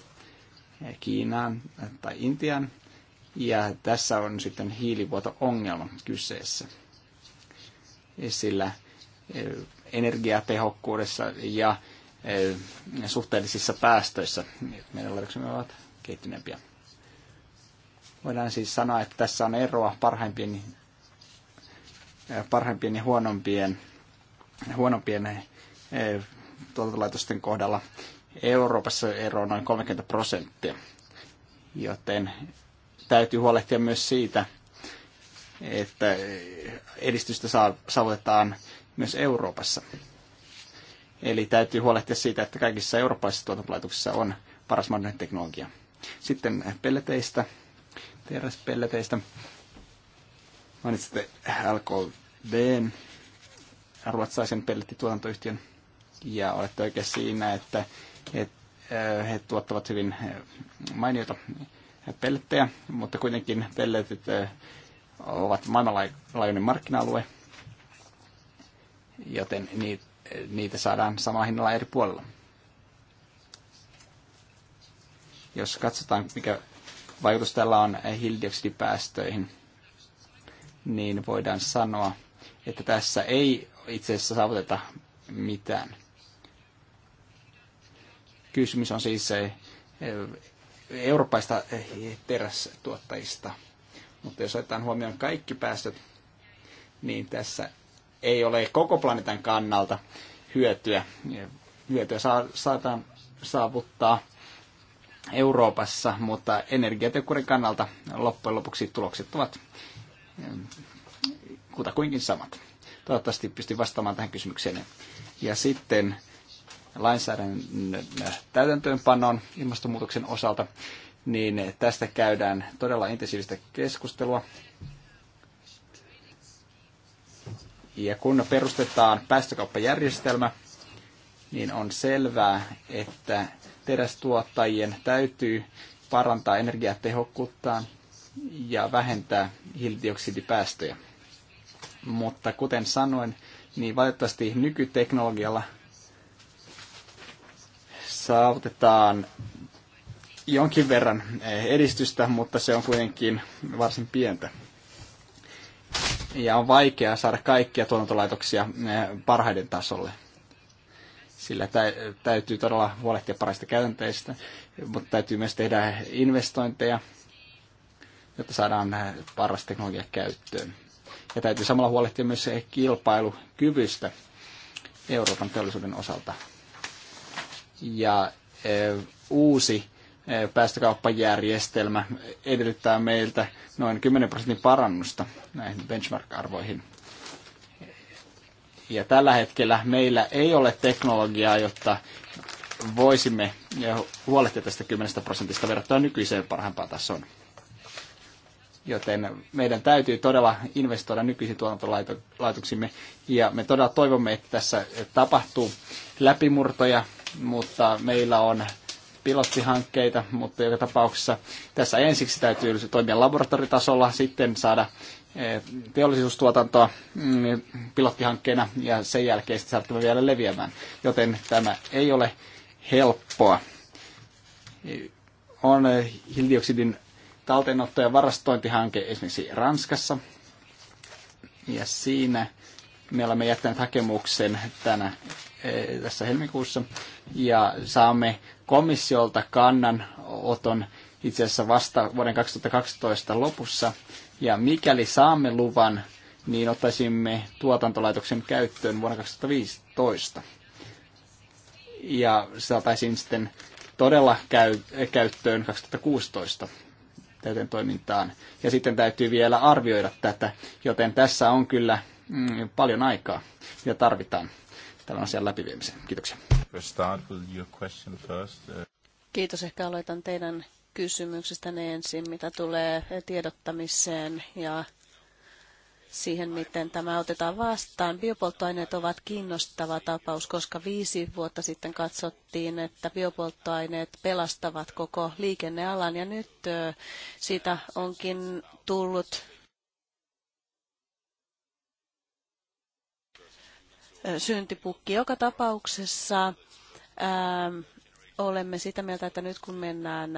eh, Kiinaan tai Intian, ja tässä on sitten hiilivuoto-ongelma kyseessä. Eh, sillä energiatehokkuudessa ja suhteellisissa päästöissä meidän laitoksemme ovat kehittyneempiä. Voidaan siis sanoa, että tässä on eroa parhaimpien, parhaimpien ja huonompien, huonompien E, tuotantolaitosten kohdalla. Euroopassa ero on noin 30 prosenttia, joten täytyy huolehtia myös siitä, että edistystä saavutetaan myös Euroopassa. Eli täytyy huolehtia siitä, että kaikissa eurooppalaisissa tuotantolaitoksissa on paras mahdollinen teknologia. Sitten pelleteistä, TRS-pelleteistä. Mainitsitte LKVn, ruotsalaisen pellettituotantoyhtiön ja olette oikein siinä, että he, äh, he tuottavat hyvin äh, mainiota äh, pellettejä, mutta kuitenkin pelletit ovat maailmanlaajuinen markkina-alue, joten niitä saadaan samalla hinnalla eri puolella. Jos katsotaan, mikä vaikutus tällä on hiilidioksidipäästöihin, niin voidaan sanoa, että tässä ei itse asiassa saavuteta mitään. Kysymys on siis eh, eh, eurooppaista eh, terästuottajista. Mutta jos otetaan huomioon kaikki päästöt, niin tässä ei ole koko planeetan kannalta hyötyä. Hyötyä saadaan saavuttaa Euroopassa, mutta energiatekurin kannalta loppujen lopuksi tulokset ovat kutakuinkin samat. Toivottavasti pystyn vastaamaan tähän kysymykseen. Ja sitten lainsäädännön täytäntöönpanon ilmastonmuutoksen osalta, niin tästä käydään todella intensiivistä keskustelua. Ja kun perustetaan päästökauppajärjestelmä, niin on selvää, että terästuottajien täytyy parantaa energiatehokkuuttaan ja vähentää hiilidioksidipäästöjä. Mutta kuten sanoin, niin valitettavasti nykyteknologialla – saavutetaan jonkin verran eh, edistystä, mutta se on kuitenkin varsin pientä. Ja on vaikea saada kaikkia tuotantolaitoksia eh, parhaiden tasolle. Sillä täytyy todella huolehtia parhaista käytänteistä, mutta täytyy myös tehdä investointeja, jotta saadaan eh, paras teknologia käyttöön. Ja täytyy samalla huolehtia myös kilpailukyvystä Euroopan teollisuuden osalta ja e, uusi e, päästökauppajärjestelmä edellyttää meiltä noin 10 prosentin parannusta näihin benchmark-arvoihin. Ja tällä hetkellä meillä ei ole teknologiaa, jotta voisimme huolehtia tästä 10 prosentista verrattuna nykyiseen parhaimpaan tasoon. Joten meidän täytyy todella investoida nykyisiin tuotantolaitoksimme ja me todella toivomme, että tässä tapahtuu läpimurtoja mutta meillä on pilottihankkeita, mutta joka tapauksessa tässä ensiksi täytyy toimia laboratoritasolla, sitten saada eh, teollisuustuotantoa mm, pilottihankkeena ja sen jälkeen sitten saattaa vielä leviämään. Joten tämä ei ole helppoa. On eh, hiilidioksidin talteenotto- ja varastointihanke esimerkiksi Ranskassa. Ja siinä me olemme jättäneet hakemuksen tänä Eh, tässä helmikuussa ja saamme komissiolta kannanoton itse asiassa vasta vuoden 2012 lopussa. Ja mikäli saamme luvan, niin ottaisimme tuotantolaitoksen käyttöön vuonna 2015. Ja saataisiin sitten todella käy, eh, käyttöön 2016 täyteen toimintaan. Ja sitten täytyy vielä arvioida tätä, joten tässä on kyllä mm, paljon aikaa, ja tarvitaan tämän asian läpiviemiseen. Kiitoksia. Uh, Kiitos. Ehkä aloitan teidän kysymyksestänne ensin, mitä tulee tiedottamiseen ja siihen, miten tämä otetaan vastaan. Biopolttoaineet ovat kiinnostava tapaus, koska viisi vuotta sitten katsottiin, että biopolttoaineet pelastavat koko liikennealan ja nyt siitä onkin tullut syntipukki. Joka tapauksessa olemme sitä mieltä, että nyt kun mennään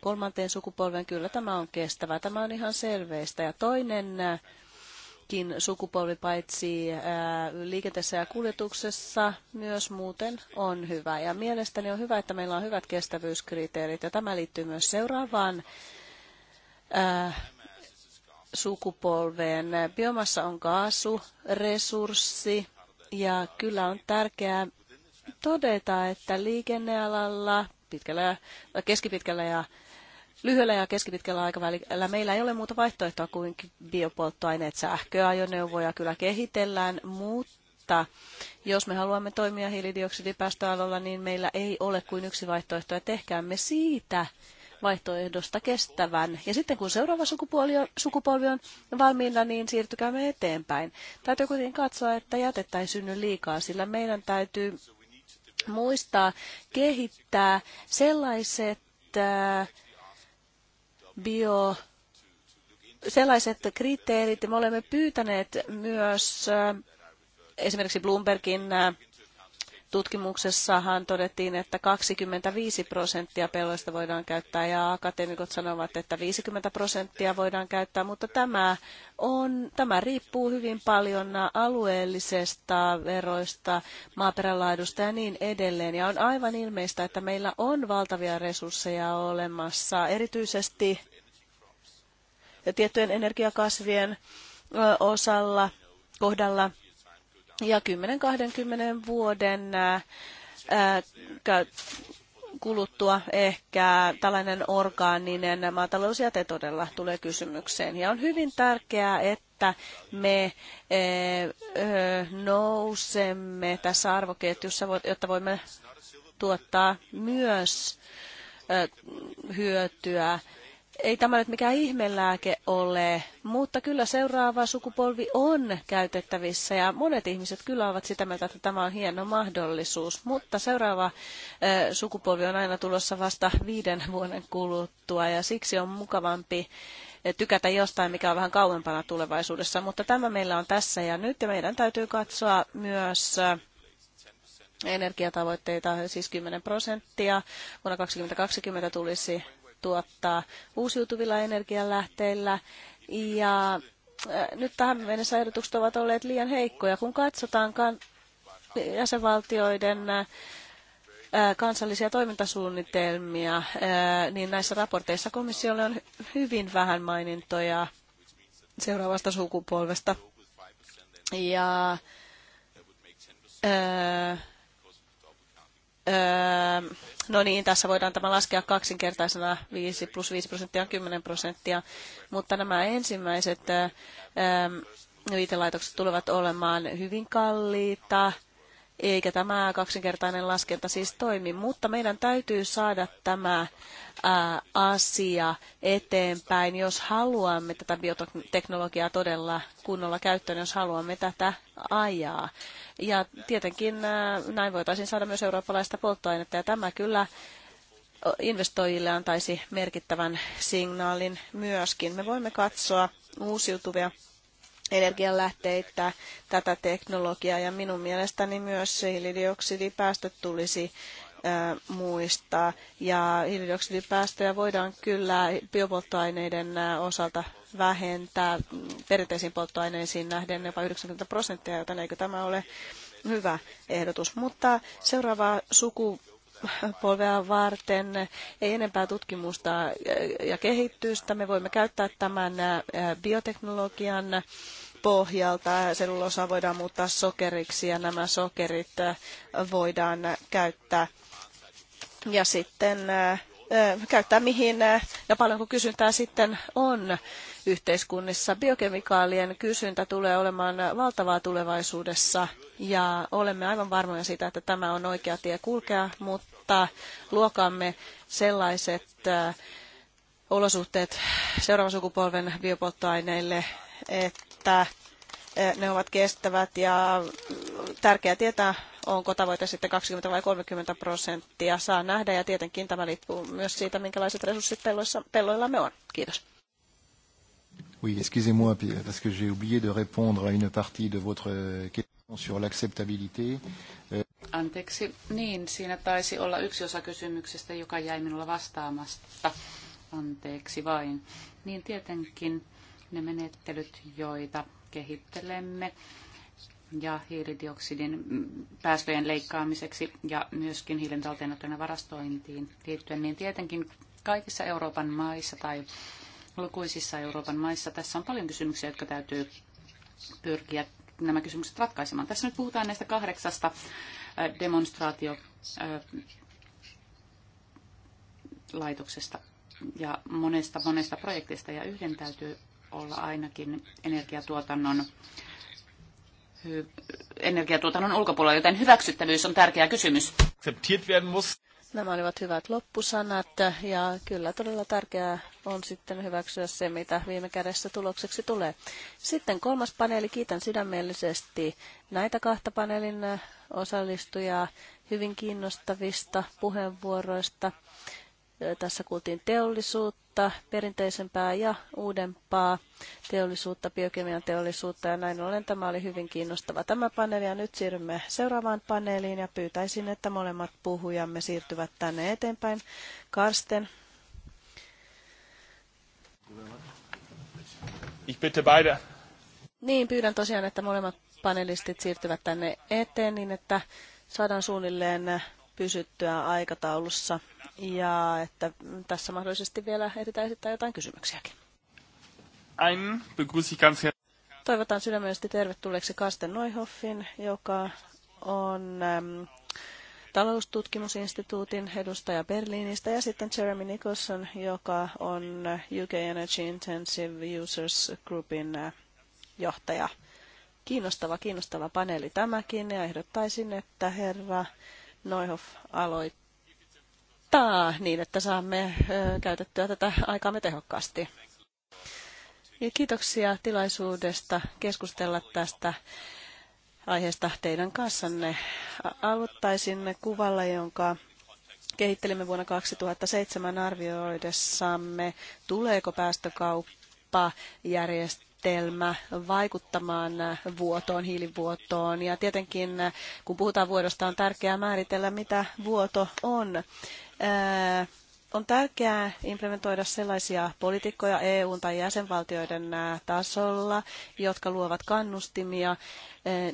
kolmanteen sukupolven, kyllä tämä on kestävä. Tämä on ihan selveistä. Ja toinen sukupolvi paitsi liikenteessä ja kuljetuksessa myös muuten on hyvä. Ja mielestäni on hyvä, että meillä on hyvät kestävyyskriteerit ja tämä liittyy myös seuraavaan sukupolveen. Biomassa on kaasuresurssi ja kyllä on tärkeää todeta, että liikennealalla pitkällä ja, keskipitkällä ja lyhyellä ja keskipitkällä aikavälillä meillä ei ole muuta vaihtoehtoa kuin biopolttoaineet, sähköajoneuvoja kyllä kehitellään, mutta jos me haluamme toimia hiilidioksidipäästöalalla, niin meillä ei ole kuin yksi vaihtoehto, ja tehkäämme siitä vaihtoehdosta kestävän. Ja sitten kun seuraava sukupolvi on, sukupolvi on valmiina, niin siirtykäämme eteenpäin. Täytyy kuitenkin katsoa, että jätettä ei synny liikaa, sillä meidän täytyy muistaa kehittää sellaiset äh, bio sellaiset kriteerit. Me olemme pyytäneet myös äh, esimerkiksi Bloombergin äh, tutkimuksessahan todettiin, että 25 prosenttia pelloista voidaan käyttää ja akateemikot sanovat, että 50 prosenttia voidaan käyttää, mutta tämä, on, tämä riippuu hyvin paljon alueellisesta veroista, maaperälaadusta ja niin edelleen. Ja on aivan ilmeistä, että meillä on valtavia resursseja olemassa, erityisesti tiettyjen energiakasvien osalla, kohdalla – ja 10-20 vuoden äh, äh, kuluttua ehkä tällainen orgaaninen maatalousjäte todella tulee kysymykseen. Ja on hyvin tärkeää, että me äh, nousemme tässä arvoketjussa, jotta voimme tuottaa myös hyötyä ei tämä nyt mikään ihmelääke ole, mutta kyllä seuraava sukupolvi on käytettävissä ja monet ihmiset kyllä ovat sitä mieltä, että tämä on hieno mahdollisuus, mutta seuraava sukupolvi on aina tulossa vasta viiden vuoden kuluttua ja siksi on mukavampi tykätä jostain, mikä on vähän kauempana tulevaisuudessa, mutta tämä meillä on tässä ja nyt ja meidän täytyy katsoa myös energiatavoitteita, siis 10 prosenttia. Vuonna 2020 tulisi tuottaa uusiutuvilla energianlähteillä ja äh, nyt tähän mennessä ehdotukset ovat olleet liian heikkoja. Kun katsotaan jäsenvaltioiden äh, kansallisia toimintasuunnitelmia, äh, niin näissä raporteissa komissiolle on hyvin vähän mainintoja seuraavasta sukupolvesta. Ja Öö, no niin, tässä voidaan tämä laskea kaksinkertaisena 5 plus 5 prosenttia on 10 prosenttia, mutta nämä ensimmäiset öö, öö, viitelaitokset tulevat olemaan hyvin kalliita eikä tämä kaksinkertainen laskenta siis toimi, mutta meidän täytyy saada tämä ää, asia eteenpäin, jos haluamme tätä bioteknologiaa todella kunnolla käyttöön, jos haluamme tätä ajaa. Ja tietenkin ää, näin voitaisiin saada myös eurooppalaista polttoainetta, ja tämä kyllä investoijille antaisi merkittävän signaalin myöskin. Me voimme katsoa uusiutuvia energianlähteitä, tätä teknologiaa ja minun mielestäni myös hiilidioksidipäästöt tulisi muistaa. Ja hiilidioksidipäästöjä voidaan kyllä biopolttoaineiden osalta vähentää mm, perinteisiin polttoaineisiin nähden jopa 90 prosenttia, joten eikö tämä ole hyvä ehdotus. Mutta seuraavaa suku polvea varten. Ei enempää tutkimusta ja kehitystä. Me voimme käyttää tämän bioteknologian pohjalta. Sellulosaa voidaan muuttaa sokeriksi ja nämä sokerit voidaan käyttää ja sitten käyttää mihin ja paljonko kysyntää sitten on yhteiskunnissa. Biokemikaalien kysyntä tulee olemaan valtavaa tulevaisuudessa ja olemme aivan varmoja siitä, että tämä on oikea tie kulkea, mutta luokamme sellaiset äh, olosuhteet seuraavan sukupolven biopolttoaineille, että äh, ne ovat kestävät ja tärkeää tietää, onko tavoite sitten 20 vai 30 prosenttia. Saa nähdä ja tietenkin tämä liittyy myös siitä, minkälaiset resurssit pelloissa, pelloillamme on. Kiitos. Oui, excusez-moi parce que j'ai oublié de répondre à une partie de votre euh, question sur l'acceptabilité. Euh, Anteeksi, niin siinä taisi olla yksi osa kysymyksestä, joka jäi minulla vastaamasta. Anteeksi vain. Niin tietenkin ne menettelyt, joita kehittelemme ja hiilidioksidin päästöjen leikkaamiseksi ja myöskin hiilen talteenottojen varastointiin liittyen, niin tietenkin kaikissa Euroopan maissa tai lukuisissa Euroopan maissa. Tässä on paljon kysymyksiä, jotka täytyy pyrkiä nämä kysymykset ratkaisemaan. Tässä nyt puhutaan näistä kahdeksasta äh, demonstraatiolaitoksesta äh, ja monesta monesta projektista ja yhden täytyy olla ainakin energiatuotannon energiatuotannon ulkopuolella, joten hyväksyttävyys on tärkeä kysymys. Nämä olivat hyvät loppusanat ja kyllä todella tärkeää on sitten hyväksyä se, mitä viime kädessä tulokseksi tulee. Sitten kolmas paneeli. Kiitän sydämellisesti näitä kahta paneelin osallistujaa hyvin kiinnostavista puheenvuoroista. Tässä kuultiin teollisuutta uutta, perinteisempää ja uudempaa teollisuutta, biokemian teollisuutta ja näin ollen tämä oli hyvin kiinnostava tämä paneeli ja nyt siirrymme seuraavaan paneeliin ja pyytäisin, että molemmat puhujamme siirtyvät tänne eteenpäin. Karsten. Ich bitte beide. Niin, pyydän tosiaan, että molemmat panelistit siirtyvät tänne eteen niin, että saadaan suunnilleen pysyttyä aikataulussa ja että tässä mahdollisesti vielä ehditään esittää jotain kysymyksiäkin. Ein ganz Toivotan sydämellisesti tervetulleeksi Karsten Neuhoffin, joka on ähm, taloustutkimusinstituutin edustaja Berliinistä, ja sitten Jeremy Nicholson, joka on UK Energy Intensive Users Groupin äh, johtaja. Kiinnostava, kiinnostava paneeli tämäkin, ja ehdottaisin, että herra Neuhoff aloittaa niin, että saamme käytettyä tätä aikaamme tehokkaasti. Ja kiitoksia tilaisuudesta keskustella tästä aiheesta teidän kanssanne. Aloittaisin kuvalla, jonka kehittelimme vuonna 2007 arvioidessamme, tuleeko päästökauppa järjestää menetelmä vaikuttamaan vuotoon, hiilivuotoon. Ja tietenkin, kun puhutaan vuodosta, on tärkeää määritellä, mitä vuoto on. On tärkeää implementoida sellaisia poliitikkoja EUn tai jäsenvaltioiden tasolla, jotka luovat kannustimia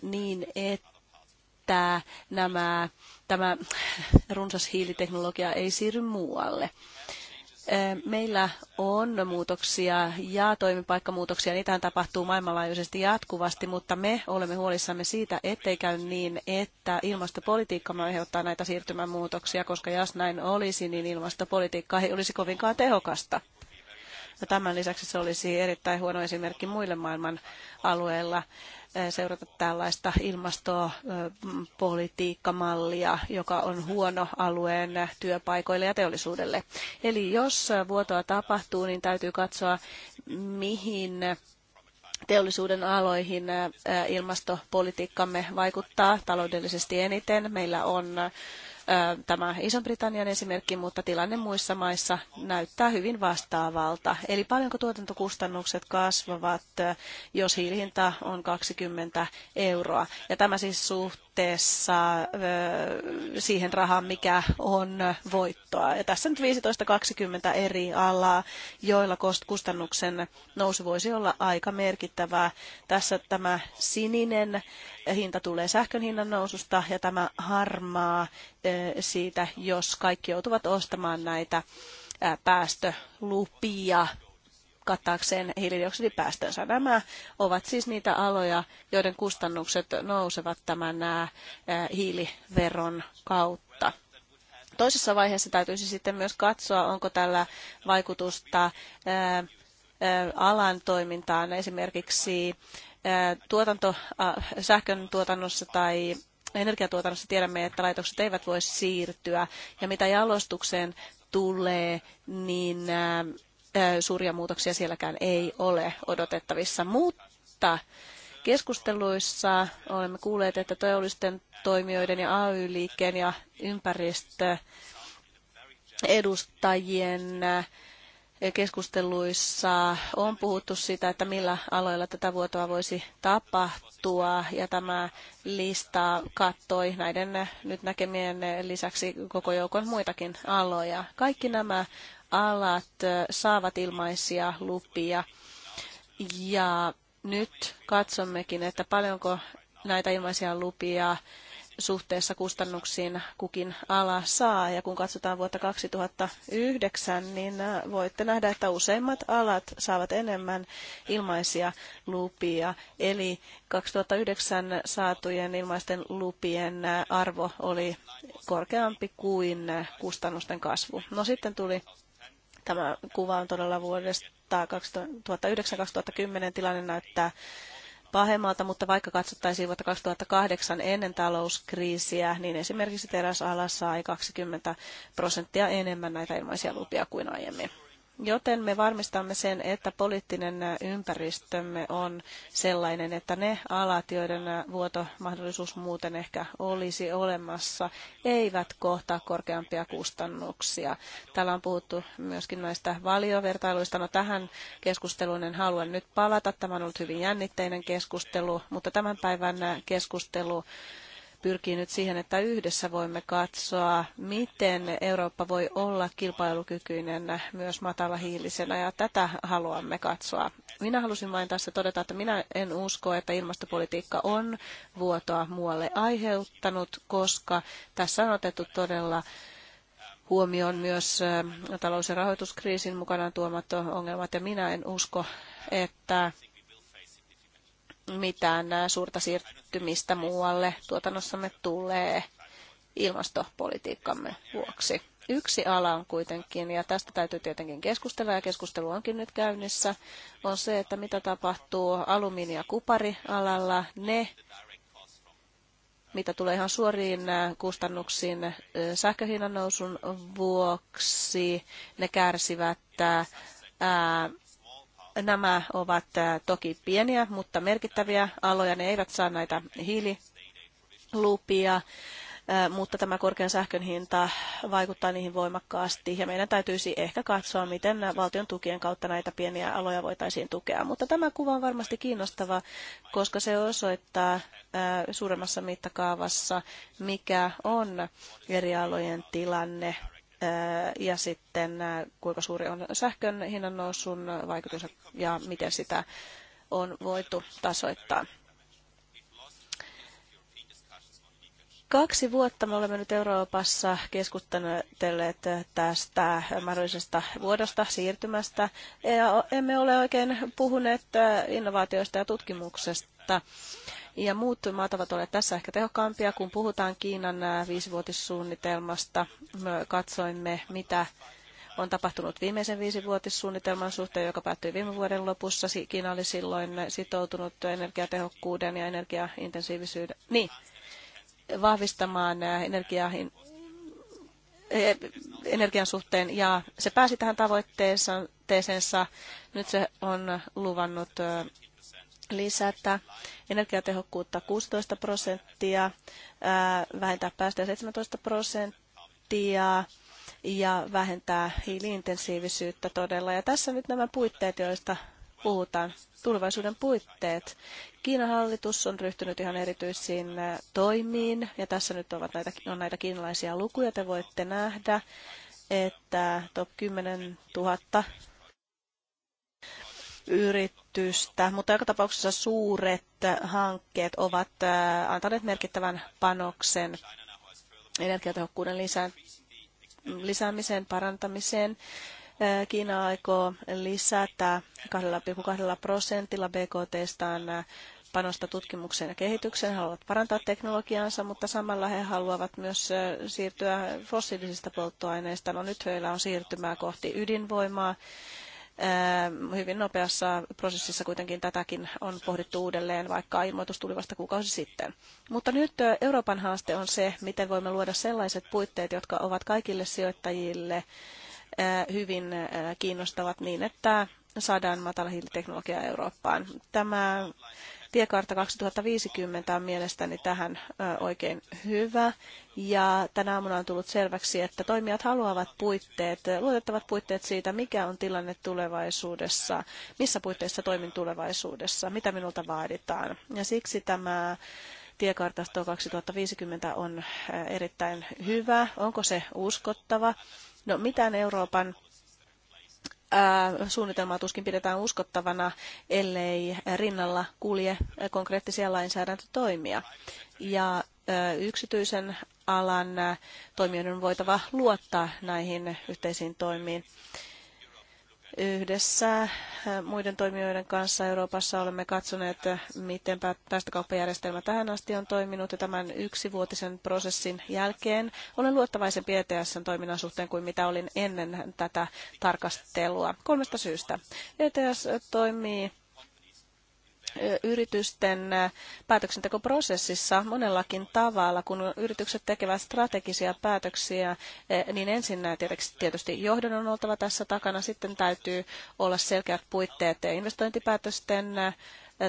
niin, että nämä, tämä runsas hiiliteknologia ei siirry muualle. Meillä on muutoksia ja toimipaikkamuutoksia, niitähän tapahtuu maailmanlaajuisesti jatkuvasti, mutta me olemme huolissamme siitä, ettei käy niin, että ilmastopolitiikka aiheuttaa näitä siirtymän muutoksia, koska jos näin olisi, niin ilmastopolitiikka ei olisi kovinkaan tehokasta. Ja tämän lisäksi se olisi erittäin huono esimerkki muille maailman alueilla seurata tällaista ilmastopolitiikkamallia, joka on huono alueen työpaikoille ja teollisuudelle. Eli jos vuotoa tapahtuu, niin täytyy katsoa, mihin teollisuuden aloihin ilmastopolitiikkamme vaikuttaa taloudellisesti eniten. Meillä on tämä Iso-Britannian esimerkki, mutta tilanne muissa maissa näyttää hyvin vastaavalta. Eli paljonko tuotantokustannukset kasvavat, jos hiilihinta on 20 euroa. Ja tämä siis suhteessa siihen rahaan, mikä on voittoa. Ja tässä nyt 15-20 eri alaa, joilla kustannuksen nousu voisi olla aika merkittävää. Tässä tämä sininen hinta tulee sähkön hinnan noususta ja tämä harmaa Eh, siitä, jos kaikki joutuvat ostamaan näitä eh, päästölupia kattaakseen hiilidioksidipäästönsä. Nämä ovat siis niitä aloja, joiden kustannukset nousevat tämän eh, hiiliveron kautta. Toisessa vaiheessa täytyisi sitten myös katsoa, onko tällä vaikutusta alan toimintaan esimerkiksi tuotanto, ah, sähkön tuotannossa tai energiatuotannossa tiedämme, että laitokset eivät voi siirtyä. Ja mitä jalostukseen tulee, niin suuria muutoksia sielläkään ei ole odotettavissa. Mutta keskusteluissa olemme kuulleet, että teollisten toimijoiden ja AY-liikkeen ja ympäristöedustajien edustajien keskusteluissa on puhuttu sitä, että millä aloilla tätä vuotoa voisi tapahtua, ja tämä lista kattoi näiden nyt näkemien lisäksi koko joukon muitakin aloja. Kaikki nämä alat saavat ilmaisia lupia, ja nyt katsommekin, että paljonko näitä ilmaisia lupia suhteessa kustannuksiin kukin ala saa. Ja kun katsotaan vuotta 2009, niin äh, voitte nähdä, että useimmat alat saavat enemmän ilmaisia lupia. Eli 2009 saatujen ilmaisten lupien äh, arvo oli korkeampi kuin äh, kustannusten kasvu. No sitten tuli tämä kuva on todella vuodesta 2009-2010 tilanne näyttää pahemmalta, mutta vaikka katsottaisiin vuotta 2008 ennen talouskriisiä, niin esimerkiksi teräsala sai 20 prosenttia enemmän näitä ilmaisia lupia kuin aiemmin. Joten me varmistamme sen, että poliittinen ympäristömme on sellainen, että ne alat, joiden vuotomahdollisuus muuten ehkä olisi olemassa, eivät kohtaa korkeampia kustannuksia. Täällä on puhuttu myöskin näistä valiovertailuista. No tähän keskusteluun en halua nyt palata. Tämä on ollut hyvin jännitteinen keskustelu, mutta tämän päivän keskustelu pyrkii nyt siihen, että yhdessä voimme katsoa, miten Eurooppa voi olla kilpailukykyinen myös matalahiilisenä, ja tätä haluamme katsoa. Minä halusin vain tässä todeta, että minä en usko, että ilmastopolitiikka on vuotoa muualle aiheuttanut, koska tässä on otettu todella huomioon myös talous- ja rahoituskriisin mukanaan tuomat ongelmat, ja minä en usko, että mitään suurta siirtymistä muualle tuotannossamme tulee ilmastopolitiikkamme vuoksi. Yksi ala on kuitenkin, ja tästä täytyy tietenkin keskustella, ja keskustelu onkin nyt käynnissä, on se, että mitä tapahtuu alumiini- ja kuparialalla. Ne, mitä tulee ihan suoriin äh, kustannuksiin äh, sähköhinnan nousun vuoksi, ne kärsivät ää, äh, Nämä ovat toki pieniä, mutta merkittäviä aloja. Ne eivät saa näitä hiililupia mutta tämä korkean sähkön hinta vaikuttaa niihin voimakkaasti ja meidän täytyisi ehkä katsoa, miten valtion tukien kautta näitä pieniä aloja voitaisiin tukea. Mutta tämä kuva on varmasti kiinnostava, koska se osoittaa suuremmassa mittakaavassa, mikä on eri alojen tilanne ja sitten kuinka suuri on sähkön hinnan nousun vaikutus ja miten sitä on voitu tasoittaa. Kaksi vuotta me olemme nyt Euroopassa keskustelleet tästä mahdollisesta vuodosta, siirtymästä. emme ole oikein puhuneet innovaatioista ja tutkimuksesta. Ja muut maat ovat olleet tässä ehkä tehokkaampia, kun puhutaan Kiinan viisivuotissuunnitelmasta. Me katsoimme, mitä on tapahtunut viimeisen viisivuotissuunnitelman suhteen, joka päättyi viime vuoden lopussa. Kiina oli silloin sitoutunut energiatehokkuuden ja energiaintensiivisyyden, niin, vahvistamaan energiaa, e-, energian suhteen ja se pääsi tähän tavoitteeseensa. Nyt se on luvannut lisätä energiatehokkuutta 16 prosenttia, vähentää päästöjä 17 prosenttia ja vähentää hiiliintensiivisyyttä todella. Ja tässä nyt nämä puitteet, joista puhutaan, tulevaisuuden puitteet. Kiinan hallitus on ryhtynyt ihan erityisiin toimiin, ja tässä nyt ovat näitä, on näitä kiinalaisia lukuja. Te voitte nähdä, että top 10 000 yrit, kehitystä, mutta joka tapauksessa suuret hankkeet ovat äh, antaneet merkittävän panoksen energiatehokkuuden lisään, lisäämiseen, parantamiseen. Äh, Kiina aikoo lisätä 2,2 prosentilla BKTstaan äh, panosta tutkimukseen ja kehitykseen, haluavat parantaa teknologiaansa, mutta samalla he haluavat myös siirtyä fossiilisista polttoaineista. No nyt heillä on siirtymää kohti ydinvoimaa Hyvin nopeassa prosessissa kuitenkin tätäkin on pohdittu uudelleen, vaikka ilmoitus tuli vasta kuukausi sitten. Mutta nyt Euroopan haaste on se, miten voimme luoda sellaiset puitteet, jotka ovat kaikille sijoittajille hyvin kiinnostavat niin, että saadaan matala hiiliteknologia Eurooppaan. Tämä Tiekartta 2050 on mielestäni tähän oikein hyvä. Ja tänä aamuna on tullut selväksi, että toimijat haluavat puitteet, luotettavat puitteet siitä, mikä on tilanne tulevaisuudessa, missä puitteissa toimin tulevaisuudessa, mitä minulta vaaditaan. Ja siksi tämä tiekartasto 2050 on erittäin hyvä. Onko se uskottava? No mitään Euroopan suunnitelmaa tuskin pidetään uskottavana, ellei rinnalla kulje konkreettisia lainsäädäntötoimia. Ja yksityisen alan toimijoiden on voitava luottaa näihin yhteisiin toimiin. Yhdessä äh, muiden toimijoiden kanssa Euroopassa olemme katsoneet, äh, miten päästökauppajärjestelmä tähän asti on toiminut ja tämän yksivuotisen prosessin jälkeen olen luottavaisempi ETSn toiminnan suhteen kuin mitä olin ennen tätä tarkastelua. Kolmesta syystä. ETS toimii yritysten päätöksentekoprosessissa monellakin tavalla, kun yritykset tekevät strategisia päätöksiä, niin ensin tietysti johdon on oltava tässä takana, sitten täytyy olla selkeät puitteet investointipäätösten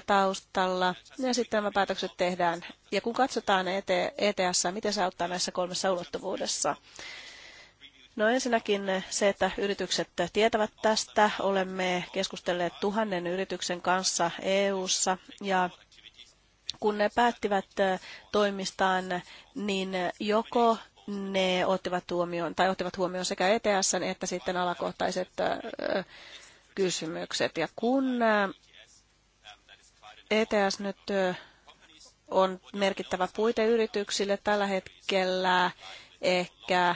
taustalla ja sitten nämä päätökset tehdään. Ja kun katsotaan ETS, e miten se auttaa näissä kolmessa ulottuvuudessa, No ensinnäkin se, että yritykset tietävät tästä. Olemme keskustelleet tuhannen yrityksen kanssa EU:ssa ja kun ne päättivät toimistaan, niin joko ne ottivat huomioon, tai ottivat huomioon sekä ETS että sitten alakohtaiset kysymykset. Ja kun ETS nyt on merkittävä puite yrityksille tällä hetkellä, ehkä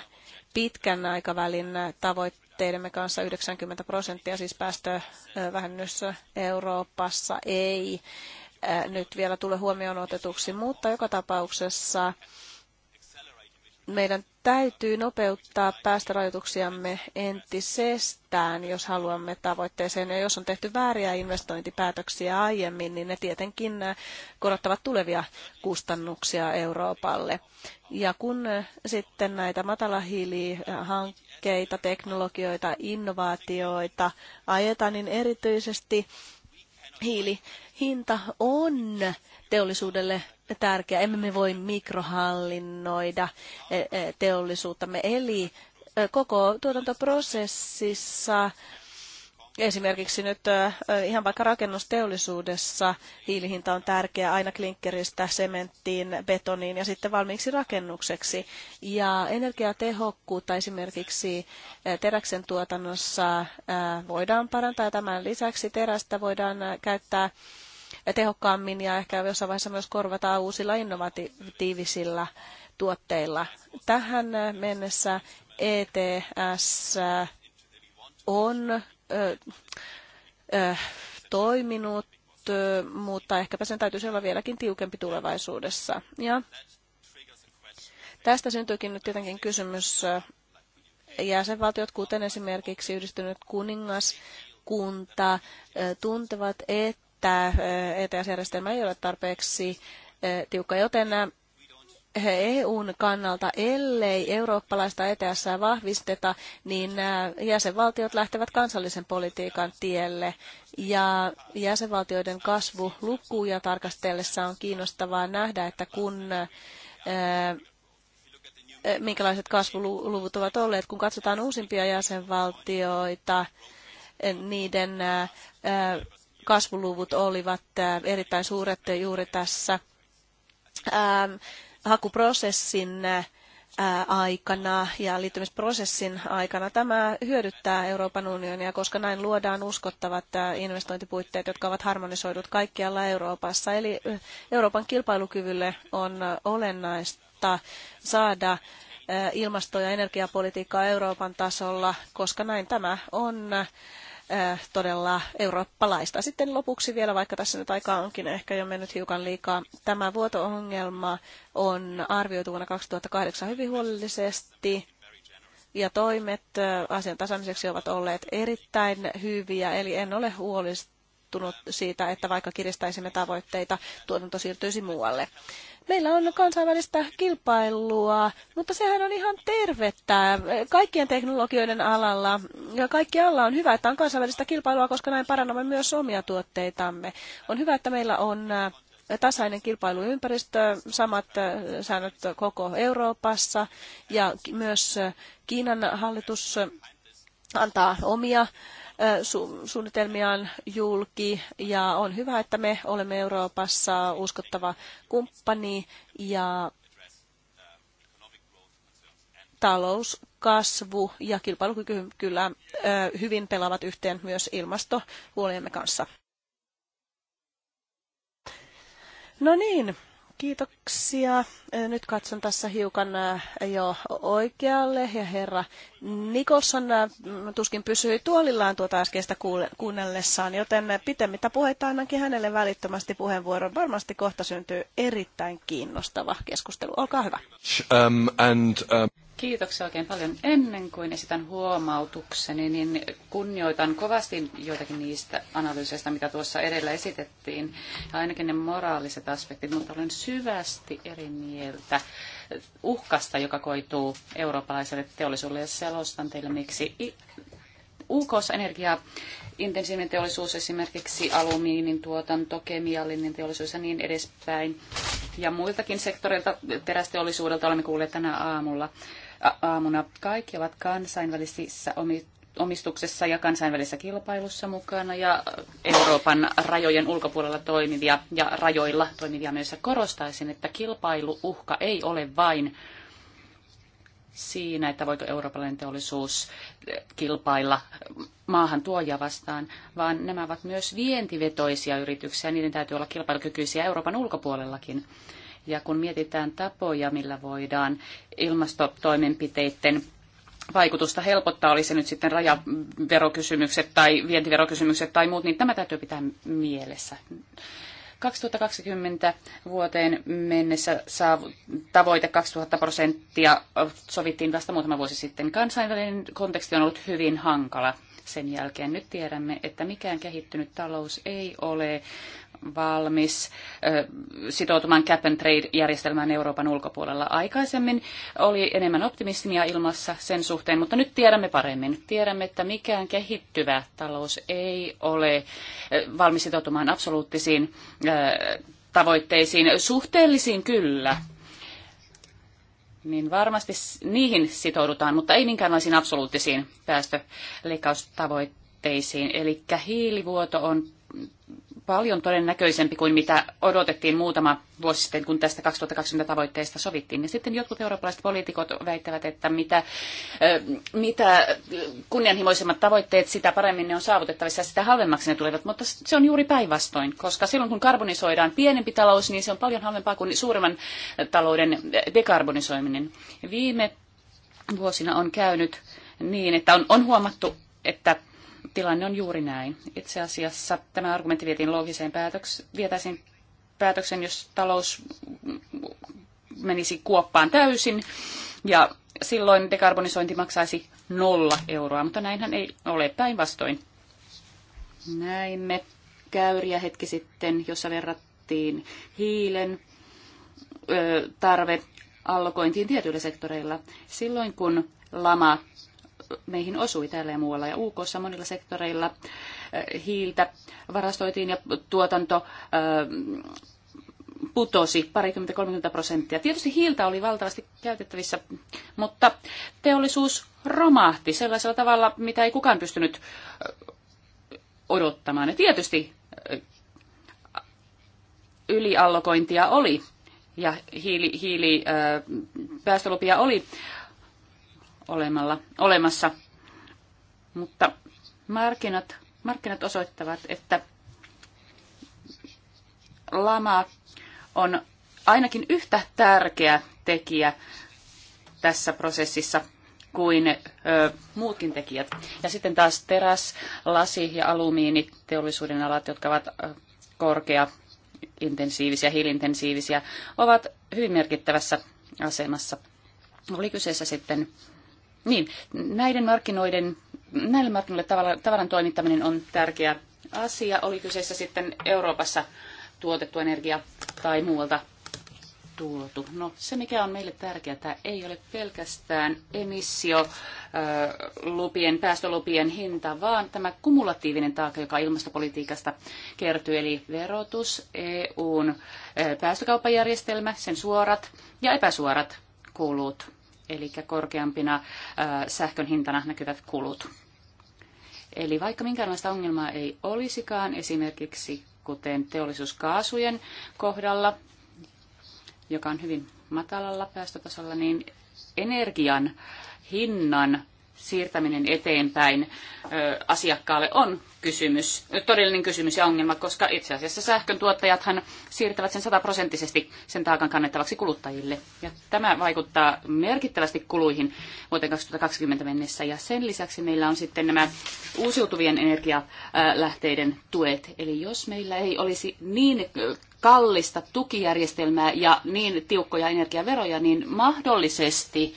pitkän aikavälin tavoitteidemme kanssa 90 prosenttia, siis päästövähennys Euroopassa ei nyt vielä tule huomioon otetuksi, mutta joka tapauksessa meidän täytyy nopeuttaa päästörajoituksiamme entisestään, jos haluamme tavoitteeseen. Ja jos on tehty vääriä investointipäätöksiä aiemmin, niin ne tietenkin äh, korottavat tulevia kustannuksia Euroopalle. Ja kun äh, sitten näitä matalahiilihankkeita, teknologioita, innovaatioita ajetaan, niin erityisesti hiilihinta on teollisuudelle tärkeä. Emme me voi mikrohallinnoida eh, eh, teollisuuttamme. Eli eh, koko tuotantoprosessissa Esimerkiksi nyt ihan vaikka rakennusteollisuudessa hiilihinta on tärkeä aina klinkkeristä sementtiin, betoniin ja sitten valmiiksi rakennukseksi. Ja energiatehokkuutta esimerkiksi teräksen tuotannossa voidaan parantaa. Tämän lisäksi terästä voidaan käyttää tehokkaammin ja ehkä jossain vaiheessa myös korvataan uusilla innovatiivisilla tuotteilla. Tähän mennessä ETS on ö, ö, toiminut, mutta ehkäpä sen täytyisi olla vieläkin tiukempi tulevaisuudessa. Ja tästä syntyykin nyt tietenkin kysymys jäsenvaltiot, kuten esimerkiksi yhdistynyt kuningaskunta, tuntevat, että että ETS-järjestelmä eh, e ei ole tarpeeksi eh, tiukka, joten EUn eh, e kannalta, ellei eurooppalaista ETS vahvisteta, niin jäsenvaltiot lähtevät kansallisen politiikan tielle. Ja jäsenvaltioiden kasvulukuja tarkastellessa on kiinnostavaa nähdä, että kun minkälaiset kasvuluvut ovat olleet, kun katsotaan uusimpia jäsenvaltioita, niiden kasvuluvut olivat erittäin suuret juuri tässä hakuprosessin aikana ja liittymisprosessin aikana. Tämä hyödyttää Euroopan unionia, koska näin luodaan uskottavat investointipuitteet, jotka ovat harmonisoidut kaikkialla Euroopassa. Eli Euroopan kilpailukyvylle on olennaista saada ilmasto- ja energiapolitiikkaa Euroopan tasolla, koska näin tämä on Äh, todella eurooppalaista. Sitten lopuksi vielä, vaikka tässä nyt aikaa onkin ehkä jo mennyt hiukan liikaa, tämä vuoto-ongelma on arvioitu vuonna 2008 hyvin huolellisesti ja toimet äh, asian tasaamiseksi ovat olleet erittäin hyviä, eli en ole huolestunut siitä, että vaikka kiristäisimme tavoitteita, tuotanto siirtyisi muualle. Meillä on kansainvälistä kilpailua, mutta sehän on ihan tervettä. Kaikkien teknologioiden alalla ja kaikki alla on hyvä, että on kansainvälistä kilpailua, koska näin parannamme myös omia tuotteitamme. On hyvä, että meillä on äh, tasainen kilpailuympäristö, samat äh, säännöt koko Euroopassa ja myös äh, Kiinan hallitus antaa omia su- suunnitelmiaan julki ja on hyvä, että me olemme Euroopassa uskottava kumppani ja talouskasvu ja kilpailukyky kyllä hyvin pelaavat yhteen myös ilmastohuoliemme kanssa. No niin, Kiitoksia. Nyt katson tässä hiukan jo oikealle ja herra Nikolson tuskin pysyi tuolillaan tuota äskeistä kuunnellessaan, joten pitemmittä puheita annankin hänelle välittömästi puheenvuoron. Varmasti kohta syntyy erittäin kiinnostava keskustelu. Olkaa hyvä. Um, and, um... Kiitoksia oikein paljon. Ennen kuin esitän huomautukseni, niin kunnioitan kovasti joitakin niistä analyyseista, mitä tuossa edellä esitettiin, ja ainakin ne moraaliset aspektit, mutta olen syvästi eri mieltä uhkasta, joka koituu eurooppalaiselle teollisuudelle, ja selostan teille, miksi UKssa energia intensiivinen teollisuus, esimerkiksi alumiinin tuotanto, kemiallinen teollisuus ja niin edespäin. Ja muiltakin sektoreilta, terästeollisuudelta olemme kuulleet tänä aamulla aamuna. Kaikki ovat kansainvälisissä omistuksessa ja kansainvälisessä kilpailussa mukana ja Euroopan rajojen ulkopuolella toimivia ja rajoilla toimivia myös. Korostaisin, että kilpailuuhka ei ole vain siinä, että voiko eurooppalainen teollisuus kilpailla maahan tuoja vastaan, vaan nämä ovat myös vientivetoisia yrityksiä. Niiden täytyy olla kilpailukykyisiä Euroopan ulkopuolellakin. Ja kun mietitään tapoja, millä voidaan ilmastotoimenpiteiden vaikutusta helpottaa, oli se nyt sitten rajaverokysymykset tai vientiverokysymykset tai muut, niin tämä täytyy pitää mielessä. 2020 vuoteen mennessä tavoite 2000 prosenttia sovittiin vasta muutama vuosi sitten. Kansainvälinen konteksti on ollut hyvin hankala sen jälkeen. Nyt tiedämme, että mikään kehittynyt talous ei ole valmis sitoutumaan cap and trade-järjestelmään Euroopan ulkopuolella. Aikaisemmin oli enemmän optimismia ilmassa sen suhteen, mutta nyt tiedämme paremmin. Tiedämme, että mikään kehittyvä talous ei ole valmis sitoutumaan absoluuttisiin tavoitteisiin, suhteellisiin kyllä, niin varmasti niihin sitoudutaan, mutta ei minkäänlaisiin absoluuttisiin päästöleikkaustavoitteisiin. Eli hiilivuoto on paljon todennäköisempi kuin mitä odotettiin muutama vuosi sitten, kun tästä 2020 tavoitteesta sovittiin. Ja sitten jotkut eurooppalaiset poliitikot väittävät, että mitä, mitä kunnianhimoisemmat tavoitteet, sitä paremmin ne on saavutettavissa ja sitä halvemmaksi ne tulevat. Mutta se on juuri päinvastoin, koska silloin kun karbonisoidaan pienempi talous, niin se on paljon halvempaa kuin suuremman talouden dekarbonisoiminen. Viime vuosina on käynyt niin, että on, on huomattu, että tilanne on juuri näin. Itse asiassa tämä argumentti vietiin loogiseen päätökseen, vietäisiin päätöksen, jos talous menisi kuoppaan täysin ja silloin dekarbonisointi maksaisi nolla euroa, mutta näinhän ei ole päinvastoin. Näimme käyriä hetki sitten, jossa verrattiin hiilen ö, tarve allokointiin tietyillä sektoreilla. Silloin kun lama meihin osui täällä ja muualla. Ja UK monilla sektoreilla eh, hiiltä varastoitiin ja tuotanto eh, putosi parikymmentä 30 prosenttia. Tietysti hiiltä oli valtavasti käytettävissä, mutta teollisuus romahti sellaisella tavalla, mitä ei kukaan pystynyt eh, odottamaan. Ja tietysti yliallokointia oli ja hiili, hiili, päästölupia oli olemalla, olemassa. Mutta markkinat, markkinat osoittavat, että lama on ainakin yhtä tärkeä tekijä tässä prosessissa kuin ö, muutkin tekijät. Ja sitten taas teräs, lasi ja alumiini, teollisuuden alat, jotka ovat korkea intensiivisiä, hiilintensiivisiä, ovat hyvin merkittävässä asemassa. Oli kyseessä sitten niin, näiden markkinoiden, näille markkinoille tavaran, tavaran toimittaminen on tärkeä asia, oli kyseessä sitten Euroopassa tuotettu energia tai muualta tuotu. No se mikä on meille tärkeää, tämä ei ole pelkästään emissiolupien, päästölupien hinta, vaan tämä kumulatiivinen taakka, joka ilmastopolitiikasta kertyy, eli verotus, EUn päästökauppajärjestelmä, sen suorat ja epäsuorat kulut eli korkeampina sähkön hintana näkyvät kulut. Eli vaikka minkäänlaista ongelmaa ei olisikaan, esimerkiksi kuten teollisuuskaasujen kohdalla, joka on hyvin matalalla päästötasolla, niin energian hinnan siirtäminen eteenpäin asiakkaalle on kysymys, todellinen kysymys ja ongelma, koska itse asiassa sähkön tuottajathan siirtävät sen sataprosenttisesti sen taakan kannettavaksi kuluttajille. Ja tämä vaikuttaa merkittävästi kuluihin vuoteen 2020 mennessä. Ja sen lisäksi meillä on sitten nämä uusiutuvien energialähteiden tuet. Eli jos meillä ei olisi niin kallista tukijärjestelmää ja niin tiukkoja energiaveroja, niin mahdollisesti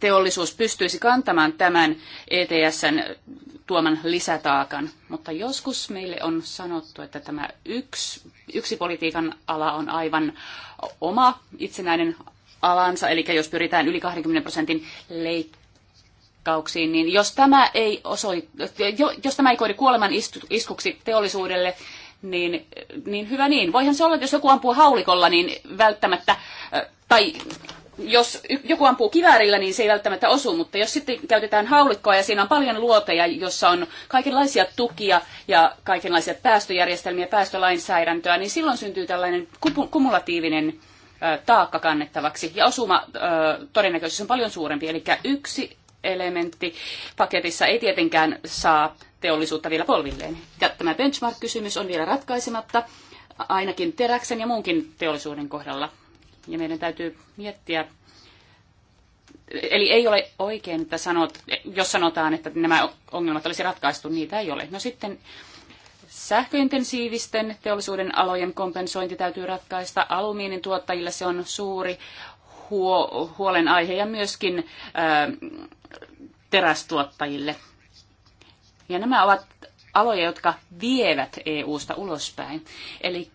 teollisuus pystyisi kantamaan tämän ETSn tuoman lisätaakan. Mutta joskus meille on sanottu, että tämä yksi, yksi politiikan ala on aivan oma itsenäinen alansa, eli jos pyritään yli 20 prosentin leikkauksiin, niin jos tämä ei, osoi, jos tämä ei koidu kuoleman iskuksi teollisuudelle, niin, niin hyvä niin. Voihan se olla, että jos joku ampuu haulikolla, niin välttämättä, tai jos joku ampuu kiväärillä, niin se ei välttämättä osu, mutta jos sitten käytetään haulikkoa ja siinä on paljon luoteja, jossa on kaikenlaisia tukia ja kaikenlaisia päästöjärjestelmiä, päästölainsäädäntöä, niin silloin syntyy tällainen kumulatiivinen taakka kannettavaksi ja osuma todennäköisesti on paljon suurempi. Eli yksi elementti paketissa ei tietenkään saa teollisuutta vielä polvilleen. Ja tämä benchmark-kysymys on vielä ratkaisematta ainakin teräksen ja muunkin teollisuuden kohdalla ja meidän täytyy miettiä, Eli ei ole oikein, että sanot, jos sanotaan, että nämä ongelmat olisi ratkaistu, niitä ei ole. No sitten sähköintensiivisten teollisuuden alojen kompensointi täytyy ratkaista. Alumiinin tuottajille se on suuri huo, huolenaihe ja myöskin ää, terästuottajille. Ja nämä ovat aloja, jotka vievät EU-sta ulospäin. Eli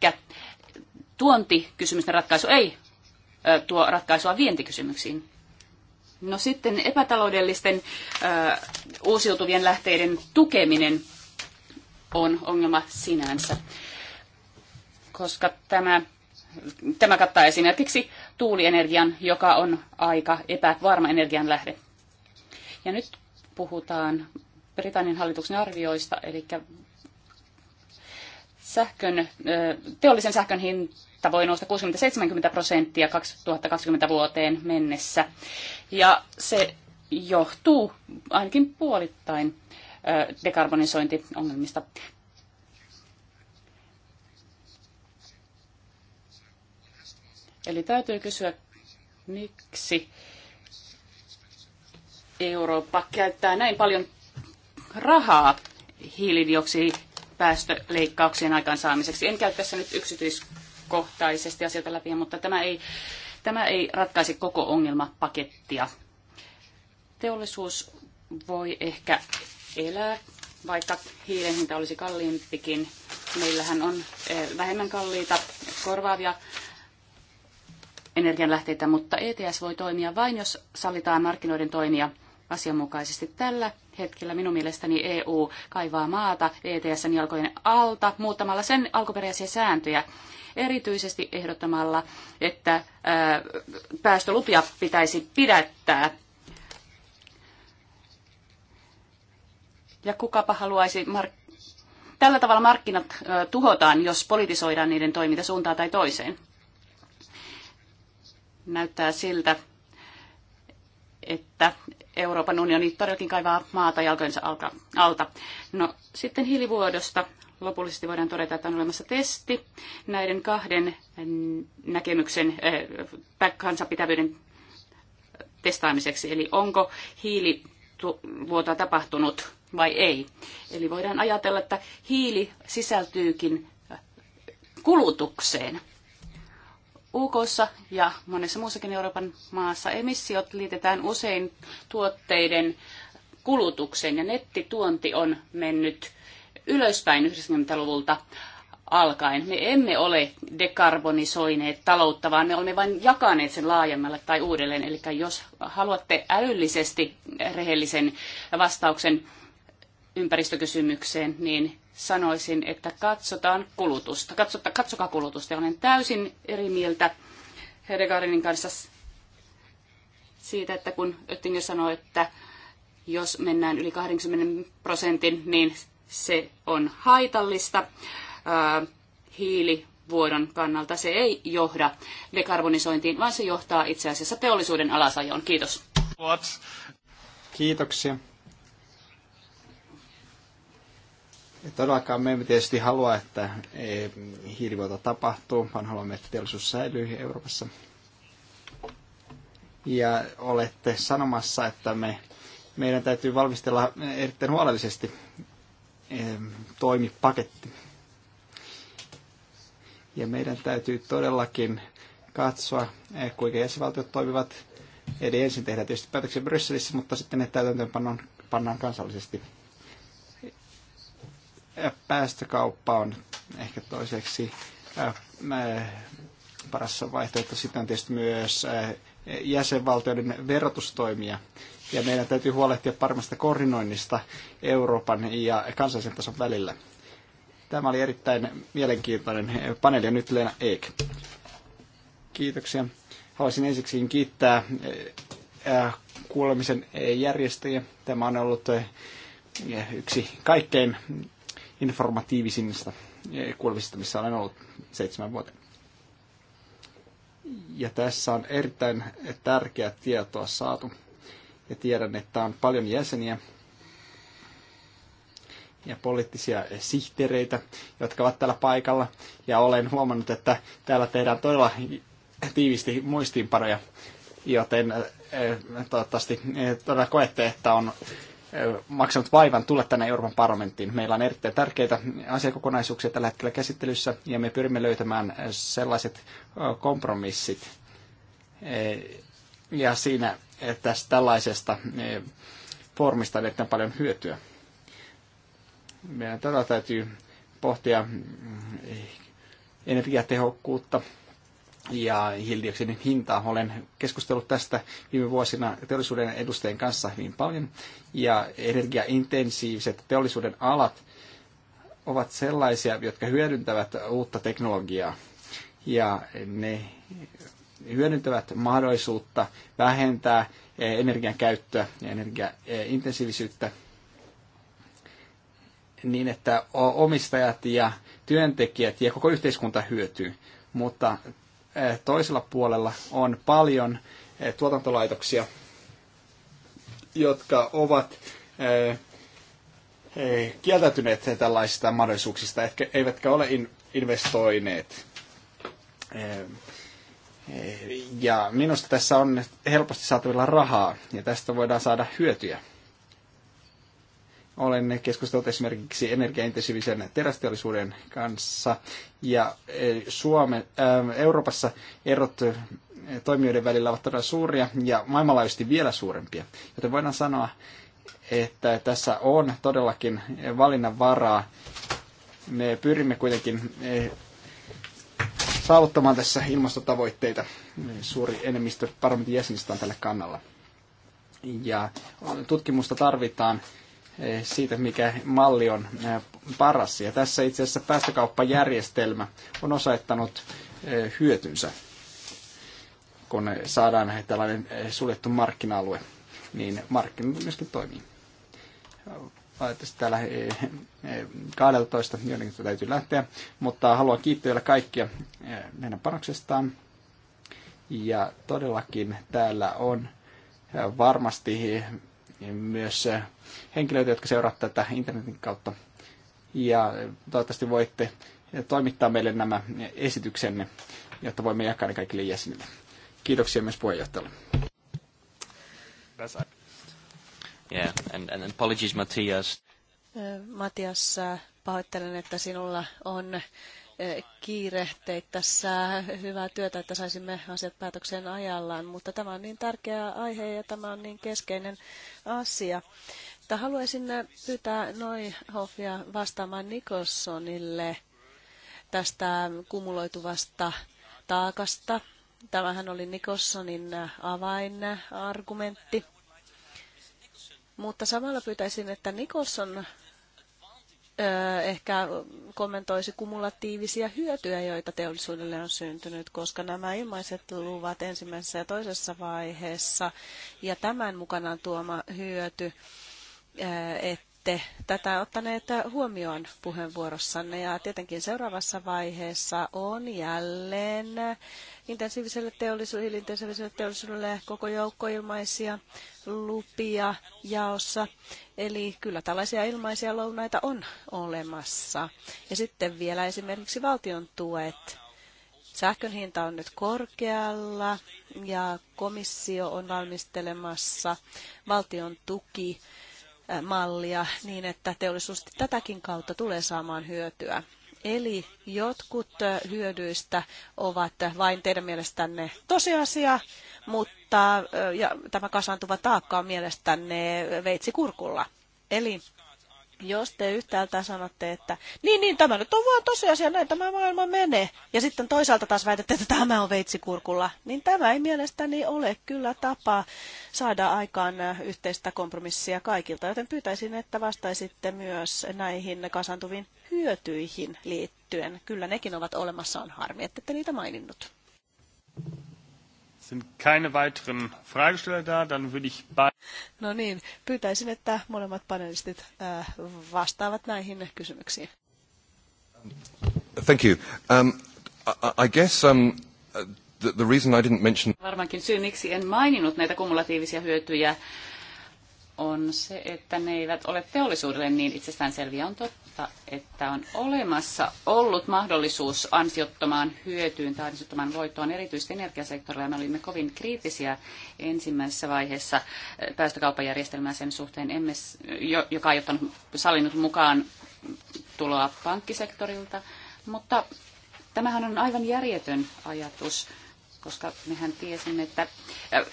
tuontikysymysten ratkaisu ei tuo ratkaisua vientikysymyksiin. No sitten epätaloudellisten ö, uusiutuvien lähteiden tukeminen on ongelma sinänsä, koska tämä, tämä kattaa esimerkiksi tuulienergian, joka on aika epävarma energianlähde. Ja nyt puhutaan Britannian hallituksen arvioista, eli sähkön, teollisen sähkön hinta että voi nousta 60-70 prosenttia 2020 vuoteen mennessä. Ja se johtuu ainakin puolittain dekarbonisointiongelmista. Eli täytyy kysyä, miksi Eurooppa käyttää näin paljon rahaa hiilidioksidipäästöleikkauksien aikaansaamiseksi. En käy tässä nyt yksityiskohtaisesti yksityiskohtaisesti asioita läpi, mutta tämä ei, tämä ei ratkaise koko ongelmapakettia. Teollisuus voi ehkä elää, vaikka hiilen hinta olisi kalliimpikin. Meillähän on eh, vähemmän kalliita korvaavia energianlähteitä, mutta ETS voi toimia vain, jos sallitaan markkinoiden toimia – asianmukaisesti. Tällä hetkellä minun mielestäni EU kaivaa maata ETSn jalkojen alta muuttamalla sen alkuperäisiä sääntöjä, erityisesti ehdottamalla, että ää, päästölupia pitäisi pidättää. Ja kukapa haluaisi markkinoida tällä tavalla markkinat tuhotaan, jos politisoidaan niiden toiminta suuntaan tai toiseen. Näyttää siltä, että Euroopan unioni todellakin kaivaa maata jalkojensa alta. No sitten hiilivuodosta lopullisesti voidaan todeta, että on olemassa testi näiden kahden näkemyksen äh, kansanpitävyyden testaamiseksi, eli onko hiilivuotoa tapahtunut vai ei. Eli voidaan ajatella, että hiili sisältyykin kulutukseen UK ja monessa muussakin Euroopan maassa emissiot liitetään usein tuotteiden kulutukseen ja nettituonti on mennyt ylöspäin 90-luvulta alkaen. Me emme ole dekarbonisoineet taloutta, vaan me olemme vain jakaneet sen laajemmalle tai uudelleen. Eli jos haluatte älyllisesti rehellisen vastauksen ympäristökysymykseen, niin sanoisin, että katsotaan kulutusta. Katsota, katsokaa kulutusta. Ja olen täysin eri mieltä Hedegaardinin kanssa siitä, että kun Öttinger sanoi, että jos mennään yli 20 prosentin, niin se on haitallista hiilivuodon kannalta. Se ei johda dekarbonisointiin, vaan se johtaa itse asiassa teollisuuden alasajoon. Kiitos. Kiitoksia. Ja todellakaan me emme tietysti halua, että eh, hiilivuoto tapahtuu, vaan haluamme, että teollisuus säilyy Euroopassa. Ja olette sanomassa, että me, meidän täytyy valmistella erittäin huolellisesti eh, toimipaketti. Ja meidän täytyy todellakin katsoa, eh, kuinka jäsenvaltiot toimivat. Eli ensin tehdään tietysti päätöksiä Brysselissä, mutta sitten ne täytäntöön pannaan, pannaan kansallisesti päästökauppa on ehkä toiseksi äh, äh, parassa vaihtoehto. Sitten on tietysti myös äh, jäsenvaltioiden verotustoimia. Ja meidän täytyy huolehtia paremmasta koordinoinnista Euroopan ja kansallisen tason välillä. Tämä oli erittäin mielenkiintoinen paneeli ja nyt Leena Eek. Kiitoksia. Haluaisin ensiksikin kiittää kuulemisen järjestäjiä. Tämä on ollut yksi kaikkein informatiivisimmista e, kuulemisista, missä olen ollut seitsemän vuoteen. Ja tässä on erittäin tärkeää tietoa saatu. Ja tiedän, että on paljon jäseniä ja poliittisia sihteereitä, jotka ovat täällä paikalla. Ja olen huomannut, että täällä tehdään todella tiivisti muistiinpanoja, joten e, toivottavasti e, todella koette, että on maksanut vaivan tulla tänne Euroopan parlamenttiin. Meillä on erittäin tärkeitä asiakokonaisuuksia tällä hetkellä käsittelyssä ja me pyrimme löytämään sellaiset kompromissit. Ja siinä että tästä tällaisesta formista on paljon hyötyä. Meidän todella täytyy pohtia mm, energiatehokkuutta, ja hiilidioksidin hintaa. Olen keskustellut tästä viime vuosina teollisuuden edustajien kanssa hyvin paljon. Ja energiaintensiiviset teollisuuden alat ovat sellaisia, jotka hyödyntävät uutta teknologiaa. Ja ne hyödyntävät mahdollisuutta vähentää energian käyttöä ja energiaintensiivisyyttä niin, että omistajat ja työntekijät ja koko yhteiskunta hyötyy. Mutta Eh, toisella puolella on paljon eh, tuotantolaitoksia, jotka ovat eh, kieltäytyneet tällaisista mahdollisuuksista, eivätkä ole investoineet. Ja minusta tässä on helposti saatavilla rahaa, ja tästä voidaan saada hyötyjä. Olen keskustellut esimerkiksi energiaintensiivisen terästeollisuuden kanssa ja e, Suome, äh, Euroopassa erot e, toimijoiden välillä ovat todella suuria ja maailmanlaajuisesti vielä suurempia. Joten voidaan sanoa, että tässä on todellakin valinnanvaraa. Me pyrimme kuitenkin e, saavuttamaan tässä ilmastotavoitteita. Suuri enemmistö parlamentin jäsenistä on tälle kannalla. Ja tutkimusta tarvitaan Eh, siitä, mikä malli on eh, paras. Ja tässä itse asiassa päästökauppajärjestelmä on osoittanut eh, hyötynsä, kun saadaan tällainen suljettu markkina-alue, niin markkinat myöskin toimii. Valitettavasti täällä 12, joidenkin täytyy lähteä, mutta haluan kiittää kaikkia meidän panoksestaan. Ja todellakin täällä on varmasti myös henkilöitä, jotka seuraavat tätä internetin kautta. Ja toivottavasti voitte toimittaa meille nämä esityksenne, jotta voimme jakaa ne kaikille jäsenille. Kiitoksia myös puheenjohtajalle. Yeah, and, and apologies, Matthias. Matias, äh, pahoittelen, että sinulla on äh, kiire tässä hyvää työtä, että saisimme asiat päätökseen ajallaan, mutta tämä on niin tärkeä aihe ja tämä on niin keskeinen asia. Mutta haluaisin äh, pyytää Noihoffia vastaamaan Nikossonille tästä kumuloituvasta taakasta. Tämähän oli Nikossonin äh, avainargumentti. Mutta samalla pyytäisin, että Nikosson äh, ehkä kommentoisi kumulatiivisia hyötyjä, joita teollisuudelle on syntynyt, koska nämä ilmaiset luvat ensimmäisessä ja toisessa vaiheessa ja tämän mukanaan tuoma hyöty Äh, ette tätä ottaneet huomioon puheenvuorossanne ja tietenkin seuraavassa vaiheessa on jälleen intensiiviselle teollisuudelle, teollisuudelle koko joukko ilmaisia lupia jaossa. Eli kyllä tällaisia ilmaisia lounaita on olemassa. Ja sitten vielä esimerkiksi valtion tuet. Sähkön hinta on nyt korkealla ja komissio on valmistelemassa valtion tuki mallia niin, että teollisuus tätäkin kautta tulee saamaan hyötyä. Eli jotkut hyödyistä ovat vain teidän mielestänne tosiasia, mutta ja tämä kasaantuva taakka on mielestänne veitsi kurkulla. Eli jos te yhtäältä sanotte, että niin, niin, tämä nyt on vaan tosiasia, näin tämä maailma menee, ja sitten toisaalta taas väitätte, että tämä on veitsikurkulla, niin tämä ei mielestäni ole kyllä tapa saada aikaan äh, yhteistä kompromissia kaikilta, joten pyytäisin, että vastaisitte myös näihin kasantuviin hyötyihin liittyen. Kyllä nekin ovat olemassa, on harmi, että te niitä maininnut sind keine weiteren Fragesteller da, dann würde ich... No niin, pyytäisin, että molemmat panelistit äh, vastaavat näihin kysymyksiin. Thank you. Um, I, I guess um, the, the reason I didn't mention... Varmaankin syy, miksi en maininnut näitä kumulatiivisia hyötyjä on se, että ne eivät ole teollisuudelle niin itsestäänselviä. On totta, että on olemassa ollut mahdollisuus ansiottomaan hyötyyn tai ansiottomaan voittoon erityisesti energiasektorilla. Me olimme kovin kriittisiä ensimmäisessä vaiheessa eh, päästökauppajärjestelmää sen suhteen, joka ei ottanut sallinut mukaan tuloa pankkisektorilta. Mutta tämähän on aivan järjetön ajatus koska mehän tiesimme, että eh,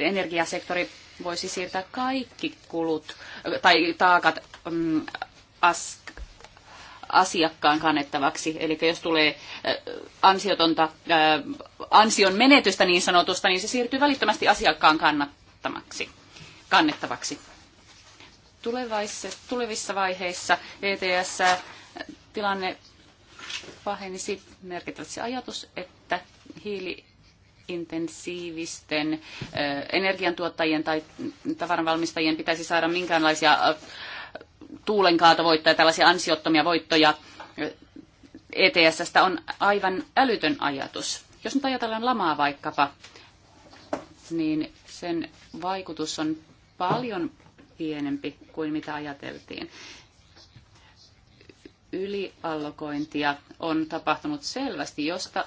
energiasektori voisi siirtää kaikki kulut äh, tai taakat mm, as, asiakkaan kannettavaksi. Eli jos tulee äh, ansiotonta, äh, ansion menetystä niin sanotusta, niin se siirtyy välittömästi asiakkaan kannattamaksi, kannettavaksi. Tulevissa vaiheissa ETS tilanne pahenisi merkittävästi ajatus, että hiili intensiivisten energiantuottajien tai tavaranvalmistajien pitäisi saada minkäänlaisia tuulenkaatovoittoja, tällaisia ansiottomia voittoja. ETSstä on aivan älytön ajatus. Jos nyt ajatellaan lamaa vaikkapa, niin sen vaikutus on paljon pienempi kuin mitä ajateltiin yliallokointia on tapahtunut selvästi, josta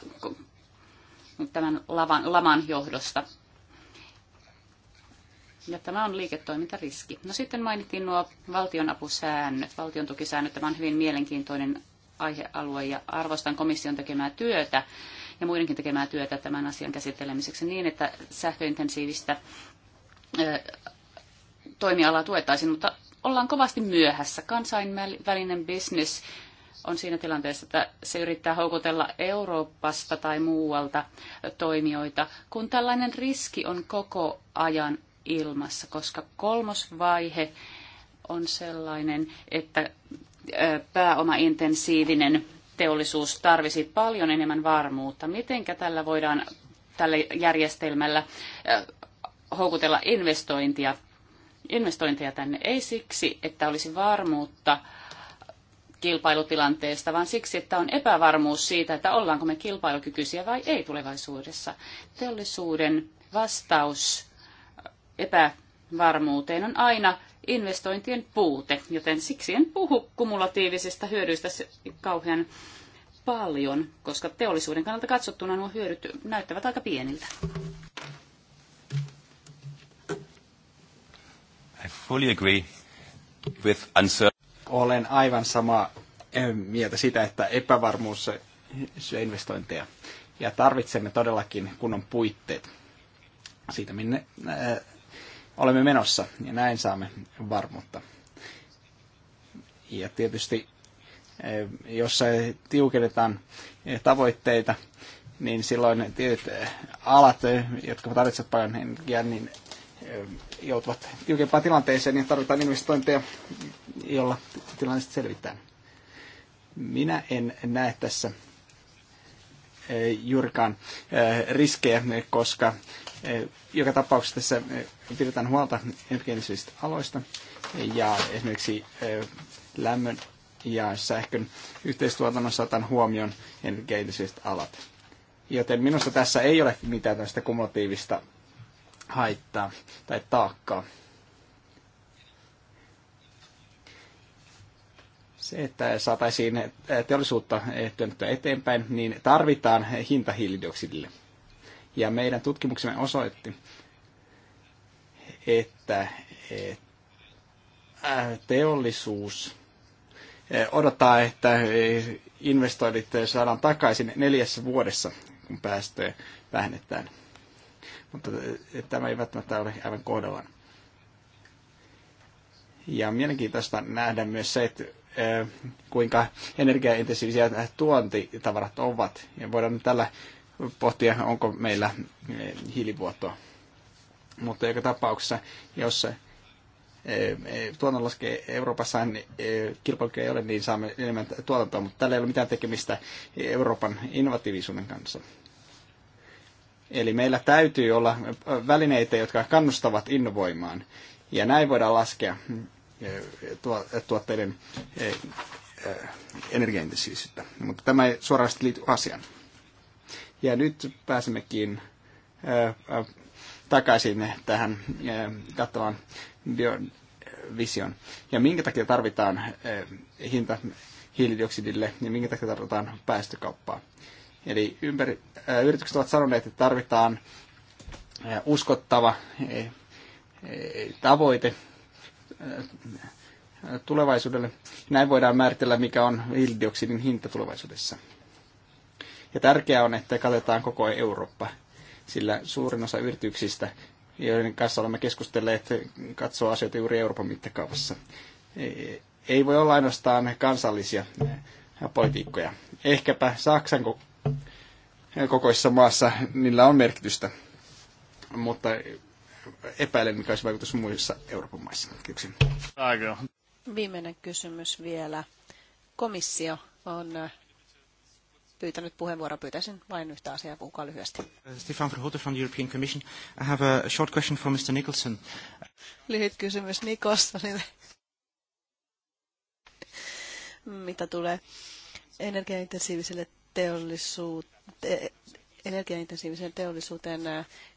tämän lavan, laman johdosta. Ja tämä on liiketoimintariski. No sitten mainittiin nuo valtionapusäännöt, valtiontukisäännöt. Tämä on hyvin mielenkiintoinen aihealue ja arvostan komission tekemää työtä ja muidenkin tekemää työtä tämän asian käsittelemiseksi niin, että sähköintensiivistä toimialaa tuettaisiin, mutta ollaan kovasti myöhässä. Kansainvälinen business on siinä tilanteessa, että se yrittää houkutella Euroopasta tai muualta toimijoita, kun tällainen riski on koko ajan ilmassa, koska kolmosvaihe on sellainen, että pääomaintensiivinen teollisuus tarvisi paljon enemmän varmuutta. Mitenkä tällä voidaan tällä järjestelmällä houkutella investointia, investointeja tänne? Ei siksi, että olisi varmuutta kilpailutilanteesta, vaan siksi, että on epävarmuus siitä, että ollaanko me kilpailukykyisiä vai ei tulevaisuudessa. Teollisuuden vastaus epävarmuuteen on aina investointien puute, joten siksi en puhu kumulatiivisista hyödyistä kauhean paljon, koska teollisuuden kannalta katsottuna nuo hyödyt näyttävät aika pieniltä. I fully agree with uncertainty olen aivan samaa eh, mieltä sitä, että epävarmuus syö investointeja. Ja tarvitsemme todellakin kunnon puitteet siitä, minne eh, olemme menossa. Ja näin saamme varmuutta. Ja tietysti, eh, jos tiukennetaan tavoitteita, niin silloin tietyt alat, jotka tarvitsevat paljon energiaa, niin Eh, joutuvat tiukempaan tilanteeseen, niin tarvitaan investointeja, jolla tilannesta selvitään. Minä en näe tässä eh, juurikaan eh, riskejä, koska joka tapauksessa tässä pidetään huolta energiallisista aloista ja esimerkiksi lämmön ja sähkön yhteistuotannossa otan huomioon energiallisista alat. Joten minusta tässä ei ole mitään tästä kumulatiivista haittaa tai taakkaa. Se, että saataisiin teollisuutta työnnettyä eteenpäin, niin tarvitaan hinta hiilidioksidille. Ja meidän tutkimuksemme osoitti, että teollisuus odottaa, että investoinnit saadaan takaisin neljässä vuodessa, kun päästöjä vähennetään mutta eh, eh, tämä ei välttämättä ole aivan kohdallaan. Ja mielenkiintoista nähdä myös se, että eh, kuinka energiaintensiivisiä tuontitavarat ovat. Ja voidaan tällä pohtia, onko meillä hiilivuotoa. Mutta joka tapauksessa, jos tuotanto laskee Euroopassa, niin kilpailukykyä ei ole, niin saamme enemmän tuotantoa, mutta tällä ei ole mitään tekemistä Euroopan innovatiivisuuden kanssa. Eli meillä täytyy olla välineitä, jotka kannustavat innovoimaan. Ja näin voidaan laskea eh, eh, tuotteiden eh, energiaintensiivisyyttä. Mutta tämä ei suoraan liity asiaan. Ja nyt pääsemmekin takaisin tähän kattavaan biovision. Ja minkä takia tarvitaan hinta hiilidioksidille ja niin minkä takia tarvitaan päästökauppaa. Eli ympäri, äh, yritykset ovat sanoneet, että tarvitaan äh, uskottava äh, äh, tavoite äh, tulevaisuudelle. Näin voidaan määritellä, mikä on hiilidioksidin hinta tulevaisuudessa. Ja tärkeää on, että katsotaan koko Eurooppa, sillä suurin osa yrityksistä, joiden kanssa olemme keskustelleet, katsoo asioita juuri Euroopan mittakaavassa. Ei voi olla ainoastaan kansallisia äh, politiikkoja. Ehkäpä Saksan kokoisessa maassa niillä on merkitystä, mutta epäilen, mikä olisi vaikutus muissa Euroopan maissa. Kiitoksia. Viimeinen kysymys vielä. Komissio on äh, pyytänyt puheenvuoroa. Pyytäisin vain yhtä asiaa, puhukaa lyhyesti. Uh, Stefan Verhoeven from the European Commission. I have a short question for Mr. Nicholson. Lyhyt kysymys Nikosta. Mitä tulee energiaintensiiviselle teollisuut, energiaintensiiviseen teollisuuteen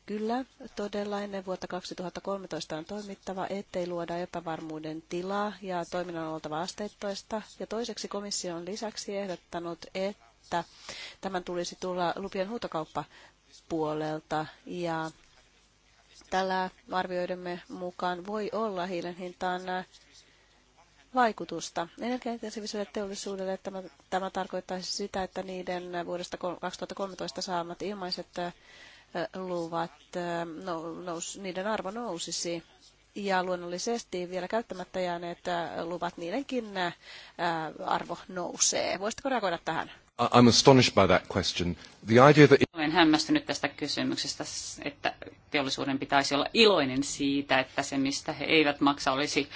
kyllä todella ennen vuotta 2013 on toimittava, ettei luoda epävarmuuden tilaa ja toiminnan oltava asteittoista. Ja toiseksi komissio on lisäksi ehdottanut, että tämän tulisi tulla lupien huutokauppa puolelta ja tällä arvioidemme mukaan voi olla hiilen hintaan vaikutusta. Energiaintensiiviselle teollisuudelle tämä, tämä tarkoittaisi sitä, että niiden vuodesta 2013 saamat ilmaiset luvat, nous, niiden arvo nousisi. Ja luonnollisesti vielä käyttämättä jääneet luvat, niidenkin arvo nousee. Voisitko reagoida tähän? I'm astonished by that question. The idea that... Olen hämmästynyt tästä kysymyksestä, että teollisuuden pitäisi olla iloinen siitä, että se, mistä he eivät maksa, olisi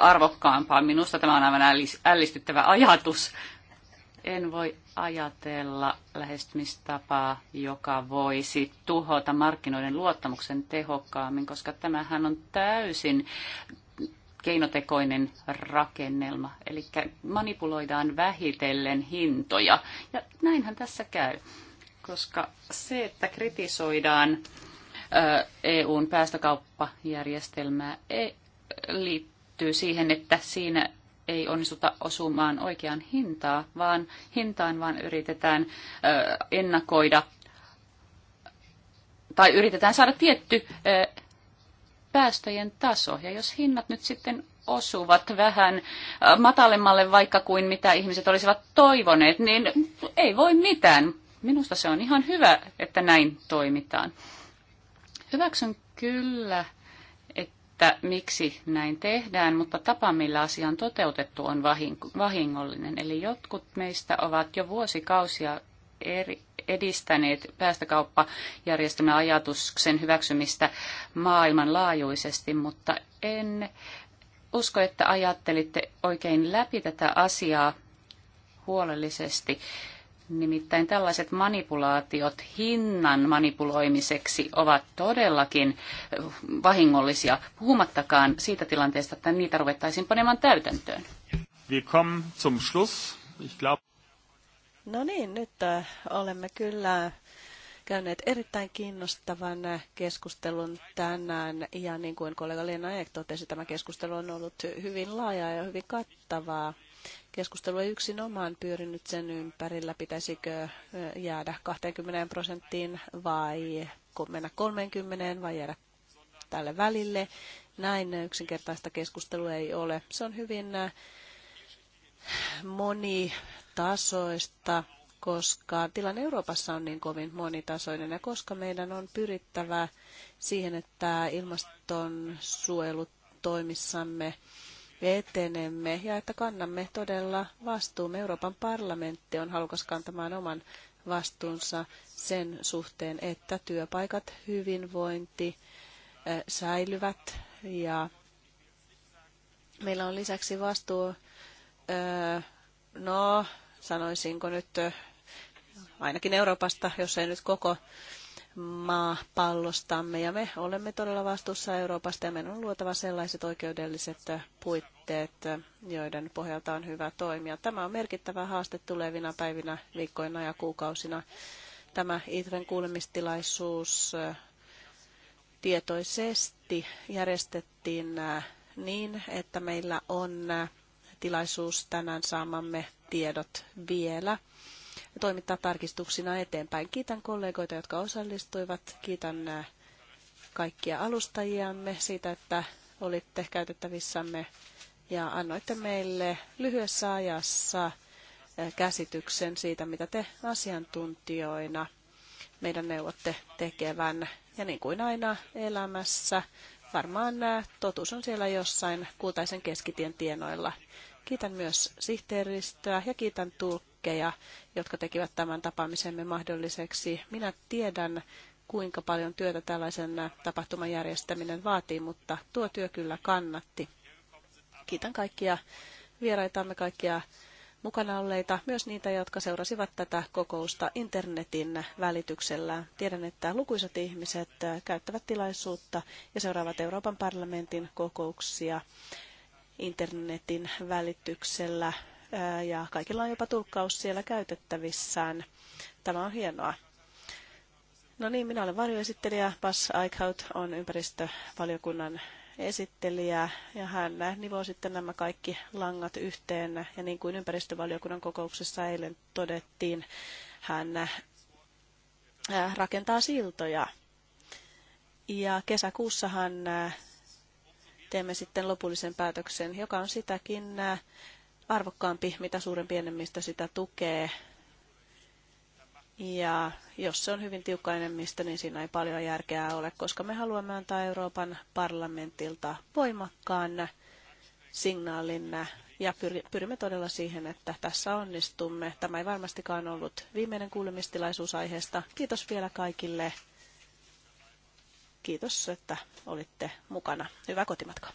arvokkaampaa. Minusta tämä on aivan ällistyttävä ajatus. En voi ajatella lähestymistapaa, joka voisi tuhota markkinoiden luottamuksen tehokkaammin, koska tämähän on täysin keinotekoinen rakennelma, eli manipuloidaan vähitellen hintoja. Ja näinhän tässä käy, koska se, että kritisoidaan EUn päästökauppajärjestelmää liittyy siihen, että siinä ei onnistuta osumaan oikeaan hintaa, vaan hintaan vaan yritetään ennakoida tai yritetään saada tietty päästöjen taso. Ja jos hinnat nyt sitten osuvat vähän äh, matalemmalle vaikka kuin mitä ihmiset olisivat toivoneet, niin ei voi mitään. Minusta se on ihan hyvä, että näin toimitaan. Hyväksyn kyllä, että miksi näin tehdään, mutta tapa, millä asia on toteutettu, on vahingollinen. Eli jotkut meistä ovat jo vuosikausia eri, edistäneet päästökauppajärjestelmän ajatuksen hyväksymistä maailmanlaajuisesti, mutta en usko, että ajattelitte oikein läpi tätä asiaa huolellisesti. Nimittäin tällaiset manipulaatiot hinnan manipuloimiseksi ovat todellakin vahingollisia, puhumattakaan siitä tilanteesta, että niitä ruvettaisiin panemaan täytäntöön. Wir kommen zum Schluss. Ich glaub... No niin, nyt äh, olemme kyllä käyneet erittäin kiinnostavan äh, keskustelun tänään. Ja niin kuin kollega Leena Eek totesi, tämä keskustelu on ollut hyvin laajaa ja hyvin kattavaa. Keskustelu ei yksinomaan pyörinyt sen ympärillä, pitäisikö äh, jäädä 20 prosenttiin vai mennä 30 vai jäädä tälle välille. Näin yksinkertaista keskustelua ei ole. Se on hyvin monitasoista, koska tilanne Euroopassa on niin kovin monitasoinen ja koska meidän on pyrittävä siihen, että ilmastonsuojelutoimissamme etenemme ja että kannamme todella vastuumme. Euroopan parlamentti on halukas kantamaan oman vastuunsa sen suhteen, että työpaikat, hyvinvointi eh, säilyvät ja meillä on lisäksi vastuu no, sanoisinko nyt ainakin Euroopasta, jos ei nyt koko maapallostamme. Ja me olemme todella vastuussa Euroopasta ja meidän on luotava sellaiset oikeudelliset puitteet, joiden pohjalta on hyvä toimia. Tämä on merkittävä haaste tulevina päivinä, viikkoina ja kuukausina. Tämä ITREn kuulemistilaisuus tietoisesti järjestettiin niin, että meillä on tilaisuus tänään saamamme tiedot vielä toimittaa tarkistuksina eteenpäin. Kiitän kollegoita, jotka osallistuivat. Kiitän äh, kaikkia alustajiamme siitä, että olitte käytettävissämme ja annoitte meille lyhyessä ajassa äh, käsityksen siitä, mitä te asiantuntijoina meidän neuvotte tekevän. Ja niin kuin aina elämässä, varmaan äh, totuus on siellä jossain kultaisen keskitien tienoilla. Kiitän myös sihteeristöä ja kiitän tulkkeja, jotka tekivät tämän tapaamisemme mahdolliseksi. Minä tiedän, kuinka paljon työtä tällaisen tapahtuman järjestäminen vaatii, mutta tuo työ kyllä kannatti. Kiitän kaikkia vieraitamme, kaikkia mukana olleita, myös niitä, jotka seurasivat tätä kokousta internetin välityksellä. Tiedän, että lukuisat ihmiset käyttävät tilaisuutta ja seuraavat Euroopan parlamentin kokouksia internetin välityksellä ja kaikilla on jopa tulkkaus siellä käytettävissään. Tämä on hienoa. No niin, minä olen varjoesittelijä. Bas Eichhout on ympäristövaliokunnan esittelijä ja hän nivoo sitten nämä kaikki langat yhteen. Ja niin kuin ympäristövaliokunnan kokouksessa eilen todettiin, hän rakentaa siltoja. Ja kesäkuussahan teemme sitten lopullisen päätöksen, joka on sitäkin äh, arvokkaampi, mitä suuren pienemmistä sitä tukee. Ja jos se on hyvin tiukka enemmistö, niin siinä ei paljon järkeä ole, koska me haluamme antaa Euroopan parlamentilta voimakkaan signaalin ja pyrimme todella siihen, että tässä onnistumme. Tämä ei varmastikaan ollut viimeinen kuulemistilaisuus aiheesta. Kiitos vielä kaikille Kiitos, että olitte mukana. Hyvää kotimatkaa.